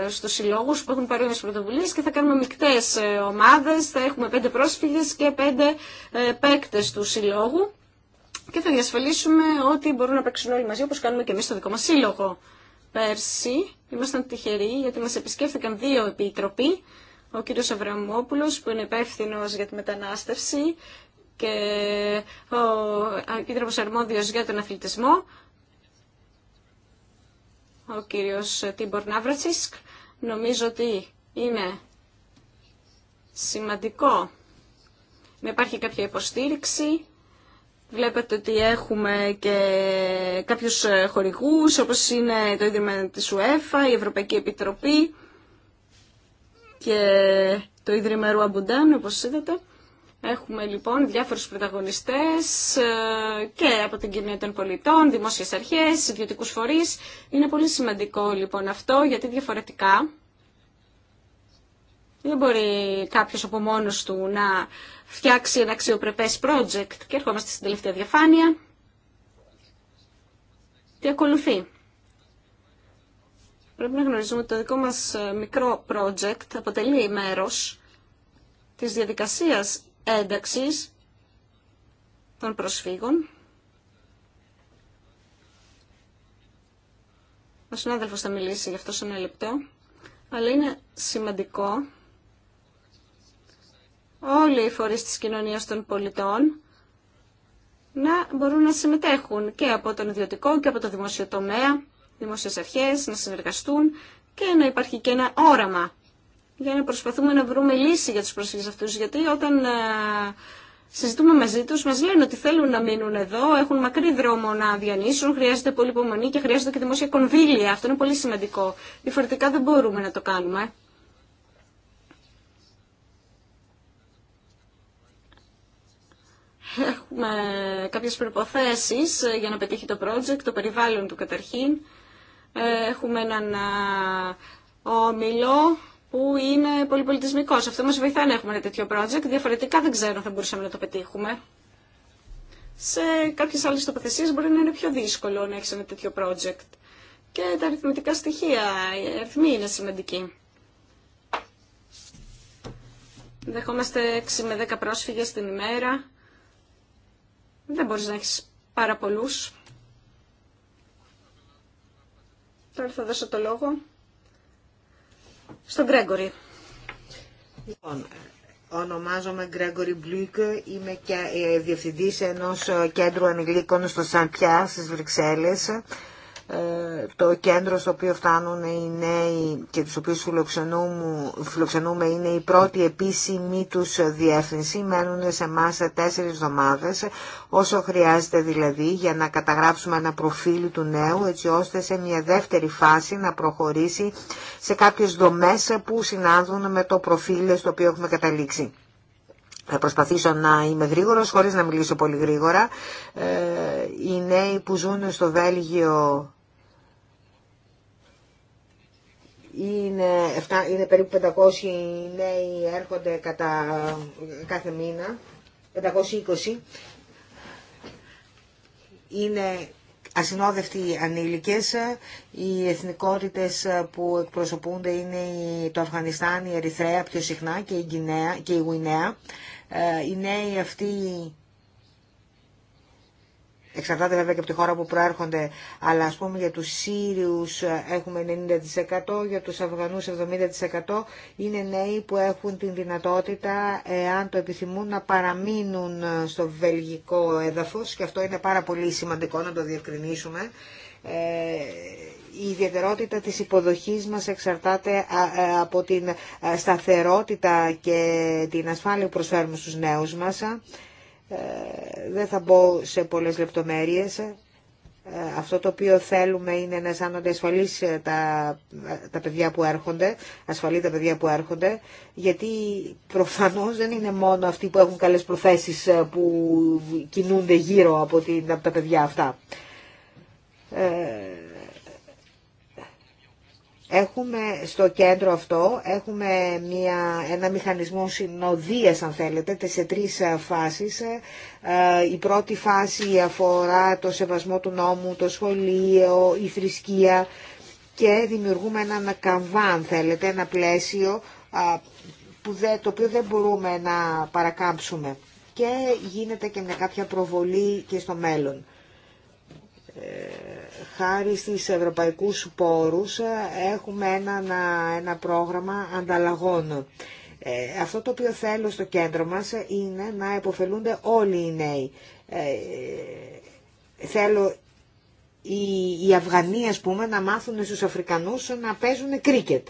ε, στους συλλόγους που έχουν τις πρωτοβουλίες και θα κάνουμε μικτές ε, ομάδες, θα έχουμε πέντε πρόσφυγες και πέντε ε, παίκτες του συλλόγου και θα διασφαλίσουμε ότι μπορούν να παίξουν όλοι μαζί όπως κάνουμε και εμείς στο δικό μας σύλλογο. Πέρσι ήμασταν τυχεροί γιατί μας επισκέφθηκαν δύο επίτροποι, ο κύριος Αβραμόπουλος που είναι υπεύθυνο για τη μετανάστευση και ο επίτροπος αρμόδιος για τον αθλητισμό ο κύριος Τίμπορ Ναύρατσισκ. Νομίζω ότι είναι σημαντικό να υπάρχει κάποια υποστήριξη. Βλέπετε ότι έχουμε και κάποιους χορηγούς, όπως είναι το Ίδρυμα της ΟΕΦΑ, η Ευρωπαϊκή Επιτροπή και το Ίδρυμα Ρουαμπουντάν, όπως είδατε. Έχουμε λοιπόν διάφορους πρωταγωνιστές ε, και από την κοινωνία των πολιτών, δημόσιες αρχές, ιδιωτικούς φορείς. Είναι πολύ σημαντικό λοιπόν αυτό γιατί διαφορετικά δεν μπορεί κάποιος από μόνος του να φτιάξει ένα αξιοπρεπές project. Και ερχόμαστε στην τελευταία διαφάνεια. Τι ακολουθεί. Πρέπει να γνωρίζουμε ότι το δικό μας ε, μικρό project αποτελεί μέρος της διαδικασίας ένταξης των προσφύγων. Ο συνάδελφος θα μιλήσει γι' αυτό σε ένα λεπτό, αλλά είναι σημαντικό όλοι οι φορείς της κοινωνίας των πολιτών να μπορούν να συμμετέχουν και από τον ιδιωτικό και από το δημόσιο τομέα, δημόσιες αρχές, να συνεργαστούν και να υπάρχει και ένα όραμα για να προσπαθούμε να βρούμε λύση για τους πρόσφυγες αυτούς. Γιατί όταν ε, συζητούμε μαζί τους, μας λένε ότι θέλουν να μείνουν εδώ, έχουν μακρύ δρόμο να διανύσουν, χρειάζεται πολύ υπομονή και χρειάζεται και δημόσια κονδύλια. Αυτό είναι πολύ σημαντικό. Διαφορετικά δεν μπορούμε να το κάνουμε. Έχουμε κάποιες προϋποθέσεις ε, για να πετύχει το project, το περιβάλλον του καταρχήν. Ε, έχουμε έναν ομιλό που είναι πολυπολιτισμικός. Αυτό μας βοηθάει να έχουμε ένα τέτοιο project, διαφορετικά δεν ξέρω αν θα μπορούσαμε να το πετύχουμε. Σε κάποιες άλλες τοποθεσίε μπορεί να είναι πιο δύσκολο να έχει ένα τέτοιο project. Και τα αριθμητικά στοιχεία, οι αριθμοί είναι σημαντικοί. Δεχόμαστε 6 με 10 πρόσφυγε την ημέρα. Δεν μπορεί να έχει πάρα πολλού. Τώρα θα δώσω το λόγο στον Γκρέγκορη. Λοιπόν, ονομάζομαι Γκρέγκορη Μπλουικ, είμαι και ε, διευθυντής ενός ε, κέντρου ανηλίκων στο Σαν Πιά στις Βρυξέλλες ε, το κέντρο στο οποίο φτάνουν οι νέοι και τους οποίους φιλοξενούμε είναι η πρώτη επίσημη τους διεύθυνση. Μένουν σε εμά τέσσερις εβδομάδες, όσο χρειάζεται δηλαδή για να καταγράψουμε ένα προφίλ του νέου, έτσι ώστε σε μια δεύτερη φάση να προχωρήσει σε κάποιες δομές που συνάδουν με το προφίλ στο οποίο έχουμε καταλήξει. Θα προσπαθήσω να είμαι γρήγορος, χωρίς να μιλήσω πολύ γρήγορα. Ε, οι νέοι που ζουν στο Βέλγιο είναι, είναι περίπου 500 νέοι έρχονται κατά, κάθε μήνα, 520. Είναι ασυνόδευτοι ανήλικες, οι εθνικότητες που εκπροσωπούνται είναι το Αφγανιστάν, η Ερυθρέα πιο συχνά και η, Γουινέα. Ε, οι νέοι αυτοί Εξαρτάται βέβαια και από τη χώρα που προέρχονται, αλλά ας πούμε για τους Σύριους ε, έχουμε 90%, για τους Αφγανούς 70% είναι νέοι που έχουν την δυνατότητα, εάν το επιθυμούν, να παραμείνουν ε, στο βελγικό έδαφος και αυτό είναι πάρα πολύ σημαντικό να το διευκρινίσουμε. Ε, η ιδιαιτερότητα της υποδοχής μας εξαρτάται από την σταθερότητα και την ασφάλεια που προσφέρουμε στους νέους μας. Ε, δεν θα μπω σε πολλές λεπτομέρειες. Ε, αυτό το οποίο θέλουμε είναι να αισθάνονται ασφαλείς ε, τα, τα παιδιά που έρχονται, ασφαλεί τα παιδιά που έρχονται, γιατί προφανώς δεν είναι μόνο αυτοί που έχουν καλές προθέσεις που κινούνται γύρω από την, από τα παιδιά αυτά. Έχουμε στο κέντρο αυτό έχουμε μια, ένα μηχανισμό συνοδείας αν θέλετε σε τρεις ε, φάσεις. Ε, ε, η πρώτη φάση αφορά το σεβασμό του νόμου, το σχολείο, η θρησκεία και δημιουργούμε έναν καμβά αν θέλετε, ένα πλαίσιο που δεν, το οποίο δεν μπορούμε να παρακάμψουμε και γίνεται και με κάποια προβολή και στο μέλλον χάρη στις ευρωπαϊκούς πόρους ε, έχουμε ένα, ένα πρόγραμμα ανταλλαγών. Ε, αυτό το οποίο θέλω στο κέντρο μας είναι να επωφελούνται όλοι οι νέοι. Ε, θέλω οι, οι ας πούμε, να μάθουν στους Αφρικανούς να παίζουν κρίκετ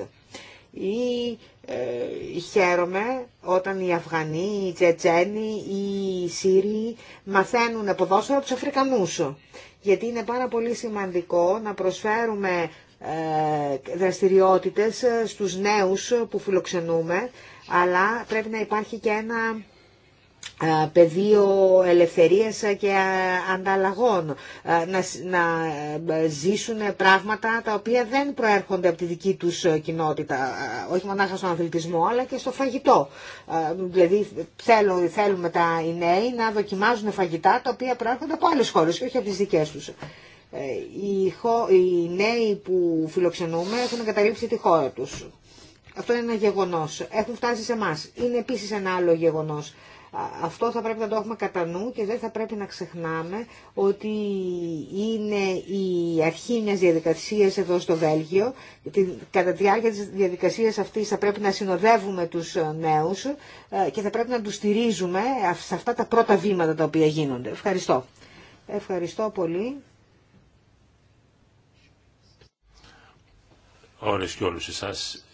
ε, χαίρομαι όταν οι Αφγανοί, οι Τσετσένοι, οι Σύριοι μαθαίνουν ποδόσφαιρο από τους Αφρικανούς. Γιατί είναι πάρα πολύ σημαντικό να προσφέρουμε ε, δραστηριότητες ε, στους νέους που φιλοξενούμε, αλλά πρέπει να υπάρχει και ένα πεδίο ελευθερίας και ανταλλαγών, να, να ε, ζήσουν πράγματα τα οποία δεν προέρχονται από τη δική τους κοινότητα, όχι μονάχα στον αθλητισμό αλλά και στο φαγητό. Δηλαδή θέλουν, θέλουμε τα οι νέοι να δοκιμάζουν φαγητά τα οποία προέρχονται από άλλες χώρες και όχι από τις δικές τους. Ε, οι, νέοι που φιλοξενούμε έχουν καταλήψει τη χώρα τους. Αυτό είναι ένα γεγονός. Έχουν φτάσει σε εμά. Είναι επίσης ένα άλλο γεγονός. Αυτό θα πρέπει να το έχουμε κατά νου και δεν θα πρέπει να ξεχνάμε ότι είναι η αρχή μιας διαδικασίας εδώ στο Βέλγιο. Κατά τη διάρκεια της διαδικασίας αυτής θα πρέπει να συνοδεύουμε τους ε, νέους ε, και θα πρέπει να τους στηρίζουμε σε αυτά τα πρώτα βήματα τα οποία γίνονται. Ευχαριστώ. Ευχαριστώ πολύ. όλες και όλους εσάς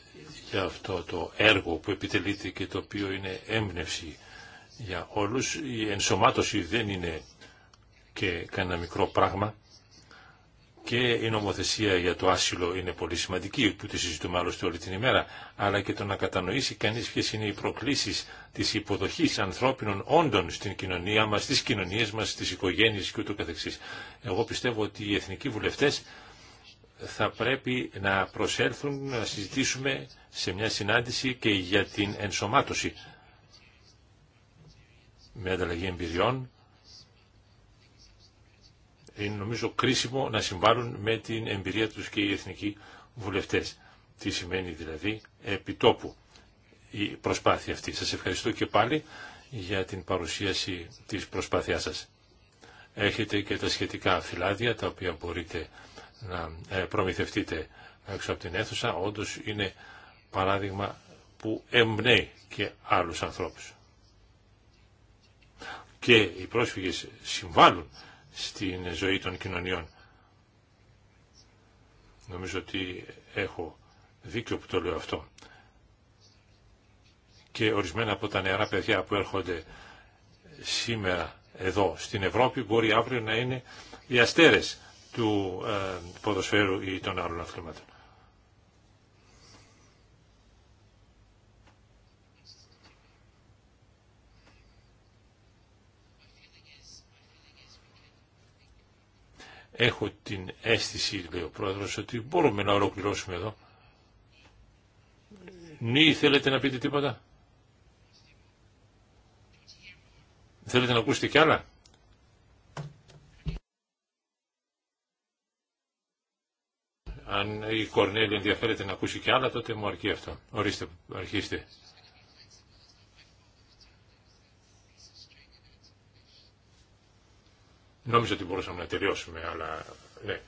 για αυτό το έργο που επιτελείται και το οποίο είναι έμπνευση για όλους. Η ενσωμάτωση δεν είναι και κανένα μικρό πράγμα και η νομοθεσία για το άσυλο είναι πολύ σημαντική, που τη συζητούμε άλλωστε όλη την ημέρα, αλλά και το να κατανοήσει κανείς ποιες είναι οι προκλήσεις της υποδοχής ανθρώπινων όντων στην κοινωνία μας, στις κοινωνίες μας, στις οικογένειες και ούτω καθεξής. Εγώ πιστεύω ότι οι εθνικοί βουλευτές θα πρέπει να προσέλθουν να συζητήσουμε σε μια συνάντηση και για την ενσωμάτωση με ανταλλαγή εμπειριών είναι νομίζω κρίσιμο να συμβάλλουν με την εμπειρία τους και οι εθνικοί βουλευτές. Τι σημαίνει δηλαδή επιτόπου η προσπάθεια αυτή. Σας ευχαριστώ και πάλι για την παρουσίαση της προσπάθειάς σας. Έχετε και τα σχετικά φυλάδια τα οποία μπορείτε να ε, προμηθευτείτε έξω από την αίθουσα. Όντως είναι παράδειγμα που εμπνέει και άλλους ανθρώπους και οι πρόσφυγες συμβάλλουν στην ζωή των κοινωνιών. Νομίζω ότι έχω δίκιο που το λέω αυτό. Και ορισμένα από τα νεαρά παιδιά που έρχονται σήμερα εδώ στην Ευρώπη μπορεί αύριο να είναι οι αστέρες του ε, ποδοσφαίρου ή των άλλων αθλημάτων. Έχω την αίσθηση, λέει ο πρόεδρος, ότι μπορούμε να ολοκληρώσουμε εδώ. Νι, θέλετε να πείτε τίποτα. Θέλετε να ακούσετε κι άλλα. Αν η Κορνέλη ενδιαφέρεται να ακούσει κι άλλα, τότε μου αρκεί αυτό. Ορίστε, αρχίστε. Νόμιζα ότι μπορούσαμε να τελειώσουμε, αλλά ναι.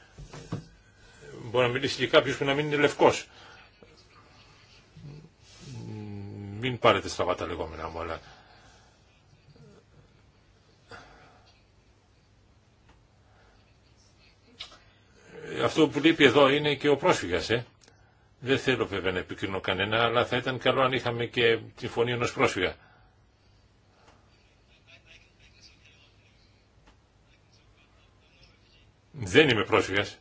Μπορεί να μιλήσει και κάποιο που να μην είναι λευκό. Μην πάρετε στραβά τα λεγόμενά μου, αλλά. Αυτό που λείπει εδώ είναι και ο πρόσφυγας, ε. Δεν θέλω βέβαια να επικρίνω κανένα, αλλά θα ήταν καλό αν είχαμε και τη φωνή ενό πρόσφυγα. Δεν είμαι πρόσφυγας.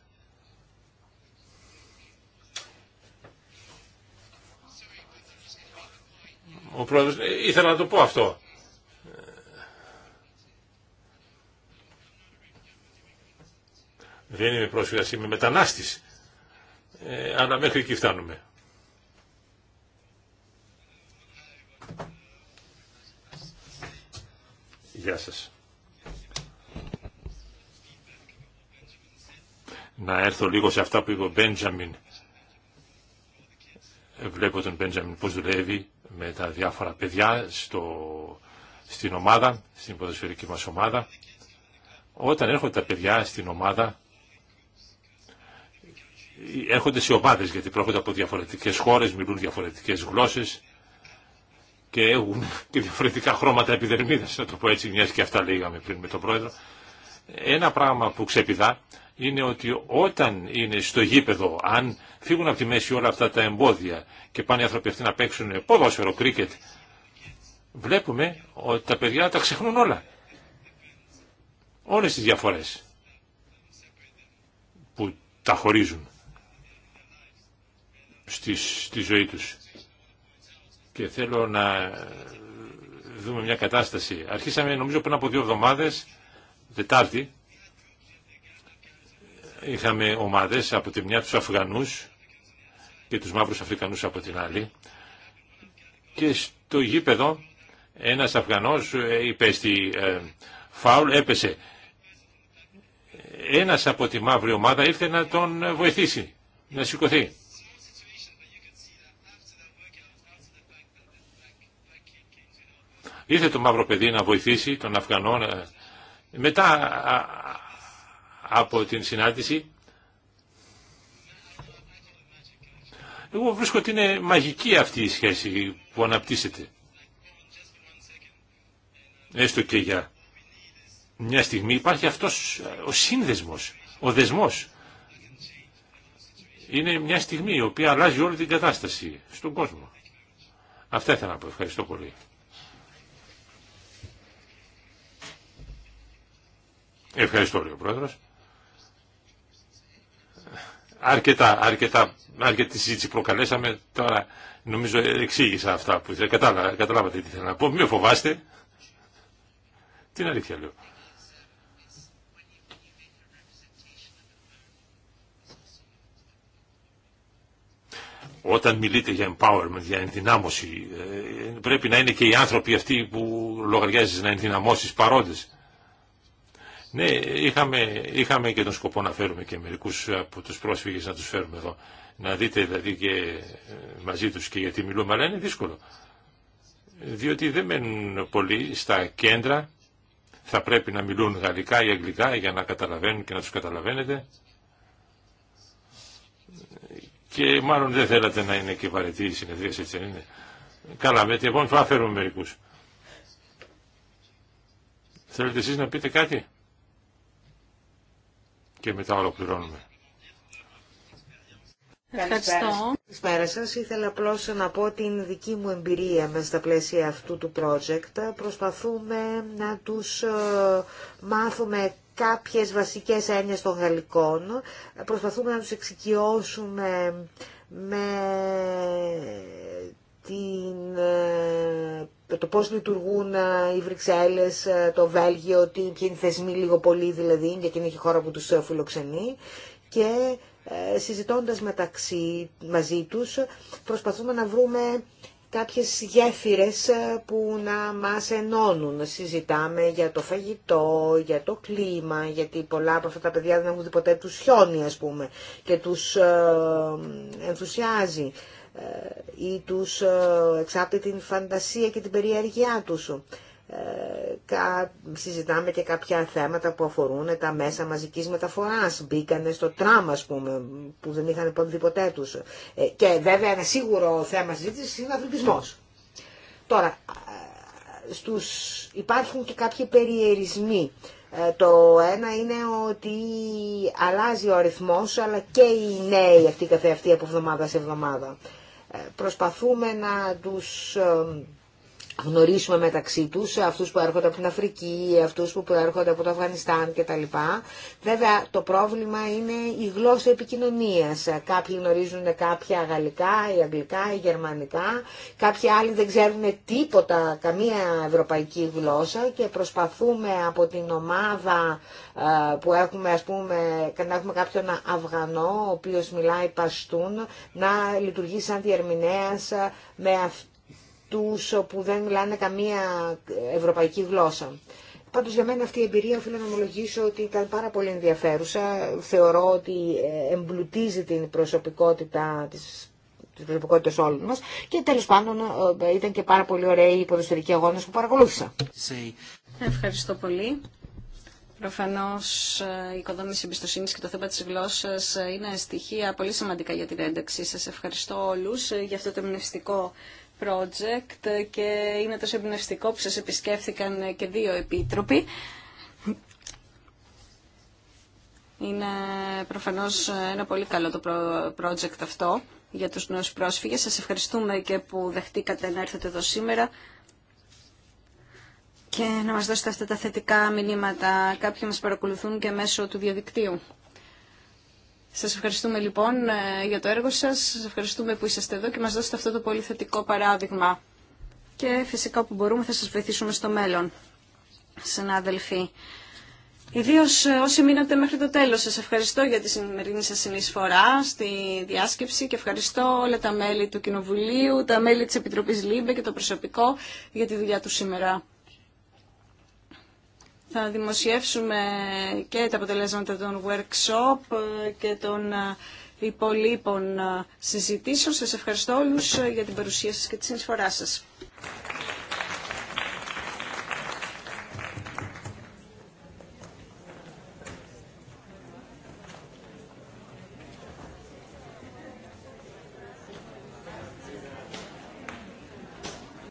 Ο πρόεδρος, ε, ήθελα να το πω αυτό. Δεν είμαι πρόσφυγας, είμαι μετανάστης. Ε, αλλά μέχρι εκεί φτάνουμε. Γεια σας. να έρθω λίγο σε αυτά που είπε ο Μπέντζαμιν. Βλέπω τον Μπέντζαμιν πώς δουλεύει με τα διάφορα παιδιά στο, στην ομάδα, στην ποδοσφαιρική μας ομάδα. Όταν έρχονται τα παιδιά στην ομάδα, έρχονται σε ομάδες γιατί πρόκειται από διαφορετικές χώρες, μιλούν διαφορετικές γλώσσες και έχουν και διαφορετικά χρώματα επιδερμίδας, να το πω έτσι, μιας και αυτά λέγαμε πριν με τον πρόεδρο. Ένα πράγμα που ξεπηδά είναι ότι όταν είναι στο γήπεδο, αν φύγουν από τη μέση όλα αυτά τα εμπόδια και πάνε οι άνθρωποι αυτοί να παίξουν ποδόσφαιρο, κρίκετ, βλέπουμε ότι τα παιδιά τα ξεχνούν όλα. Όλες τις διαφορές που τα χωρίζουν στη, στη ζωή τους. Και θέλω να δούμε μια κατάσταση. Αρχίσαμε νομίζω πριν από δύο εβδομάδες, Τετάρτη, είχαμε ομάδες από τη μια τους Αφγανούς και τους μαύρους Αφρικανούς από την άλλη και στο γήπεδο ένας Αφγανός ε, υπέστη ε, φάουλ, έπεσε. Ένας από τη μαύρη ομάδα ήρθε να τον βοηθήσει, να σηκωθεί. Ήρθε το μαύρο παιδί να βοηθήσει τον Αφγανό. Ε, μετά από την συνάντηση. Εγώ βρίσκω ότι είναι μαγική αυτή η σχέση που αναπτύσσεται. Έστω και για μια στιγμή υπάρχει αυτός ο σύνδεσμος, ο δεσμός. Είναι μια στιγμή η οποία αλλάζει όλη την κατάσταση στον κόσμο. Αυτά ήθελα να πω. Ευχαριστώ πολύ. Ευχαριστώ, λέει ο αρκετά, αρκετά, αρκετή συζήτηση προκαλέσαμε. Τώρα νομίζω εξήγησα αυτά που ήθελα. κατάλαβα, καταλάβατε τι θέλω να πω. Μην φοβάστε. Την αλήθεια λέω. Όταν μιλείτε για empowerment, για ενδυνάμωση, ε, πρέπει να είναι και οι άνθρωποι αυτοί που λογαριάζεις να ενδυναμώσεις παρόντες. Ναι, είχαμε, είχαμε και τον σκοπό να φέρουμε και μερικούς από τους πρόσφυγες να τους φέρουμε εδώ. Να δείτε δηλαδή και ε, μαζί τους και γιατί μιλούμε, αλλά είναι δύσκολο. Διότι δεν μένουν πολλοί στα κέντρα, θα πρέπει να μιλούν γαλλικά ή αγγλικά για να καταλαβαίνουν και να τους καταλαβαίνετε. Και μάλλον δεν θέλατε να είναι και βαρετή η συνεδρία, έτσι δεν είναι. Καλά, με την επόμενη φορά φέρουμε μερικούς. Θέλετε εσείς να πείτε κάτι και μετά ολοκληρώνουμε. Καλησπέρα Σα. Ήθελα απλώ να πω την δική μου εμπειρία μέσα στα πλαίσια αυτού του project. Προσπαθούμε να τους ε, μάθουμε κάποιες βασικές έννοιες των γαλλικών. Προσπαθούμε να τους εξοικειώσουμε με την ε, το πώς λειτουργούν ε, οι Βρυξέλλες, ε, το Βέλγιο, τι είναι θεσμοί λίγο πολύ δηλαδή, γιατί είναι και χώρα που τους ε, φιλοξενεί και συζητώντας μεταξύ, μαζί τους προσπαθούμε να βρούμε κάποιες γέφυρες που να μας ενώνουν. Συζητάμε για το φαγητό, για το κλίμα, γιατί πολλά από αυτά τα παιδιά δεν έχουν δει ποτέ τους χιόνι, ας πούμε, και τους ενθουσιάζει ή τους ε, εξάπτει την φαντασία και την περιέργειά τους. Ε, συζητάμε και κάποια θέματα που αφορούν τα μέσα μαζικής μεταφοράς. Μπήκανε στο τραμ, ας πούμε, που δεν είχαν ποτέ ποτέ τους. Ε, και βέβαια ένα σίγουρο θέμα συζήτησης είναι ο αθλητισμός. Τώρα, στους, υπάρχουν και κάποιοι περιερισμοί. Το ένα είναι ότι αλλάζει ο αριθμός, αλλά και οι νέοι αυτοί καθεαυτοί από εβδομάδα σε εβδομάδα προσπαθούμε να τους ε, γνωρίσουμε μεταξύ τους, αυτούς που έρχονται από την Αφρική, αυτούς που έρχονται από το Αφγανιστάν κτλ. Βέβαια το πρόβλημα είναι η γλώσσα επικοινωνίας. Κάποιοι γνωρίζουν κάποια γαλλικά ή αγγλικά ή γερμανικά, κάποιοι άλλοι δεν ξέρουν τίποτα, καμία ευρωπαϊκή γλώσσα και προσπαθούμε από την ομάδα ε, που έχουμε ας πούμε, να έχουμε κάποιον Αφγανό ο οποίος μιλάει παστούν να λειτουργεί σαν διερμηνέας ε, με αυτό τους που δεν μιλάνε καμία ευρωπαϊκή γλώσσα. Πάντως για μένα αυτή η εμπειρία οφείλω να ομολογήσω ότι ήταν πάρα πολύ ενδιαφέρουσα. Θεωρώ ότι ε, εμπλουτίζει την προσωπικότητα της τη προσωπικότητα όλων μα. Και τέλο πάντων ε, ήταν και πάρα πολύ ωραίοι οι ποδοσφαιρικοί αγώνε που παρακολούθησα. Ευχαριστώ πολύ. Προφανώ ε, η οικοδόμηση εμπιστοσύνη και το θέμα τη γλώσσα είναι στοιχεία πολύ σημαντικά για την ένταξη. Σα ευχαριστώ όλου για αυτό το εμπνευστικό project και είναι τόσο εμπνευστικό που σας επισκέφθηκαν και δύο επίτροποι. Είναι προφανώς ένα πολύ καλό το project αυτό για τους νέους πρόσφυγες. Σας ευχαριστούμε και που δεχτήκατε να έρθετε εδώ σήμερα και να μας δώσετε αυτά τα θετικά μηνύματα. Κάποιοι μας παρακολουθούν και μέσω του διαδικτύου. Σας ευχαριστούμε λοιπόν ε, για το έργο σας, σας ευχαριστούμε που είσαστε εδώ και μας δώσετε αυτό το πολύ θετικό παράδειγμα. Και φυσικά που μπορούμε θα σας βοηθήσουμε στο μέλλον, συνάδελφοι. Ιδίω ε, όσοι μείνατε μέχρι το τέλος, σας ευχαριστώ για τη σημερινή σας συνεισφορά στη διάσκεψη και ευχαριστώ όλα τα μέλη του Κοινοβουλίου, τα μέλη της Επιτροπής ΛΥΜΠΕ και το προσωπικό για τη δουλειά του σήμερα. Θα δημοσιεύσουμε και τα αποτελέσματα των workshop και των ε, υπολείπων ε, συζητήσεων. Σας ευχαριστώ όλους ε, για την παρουσία σας και τη συνεισφορά σας.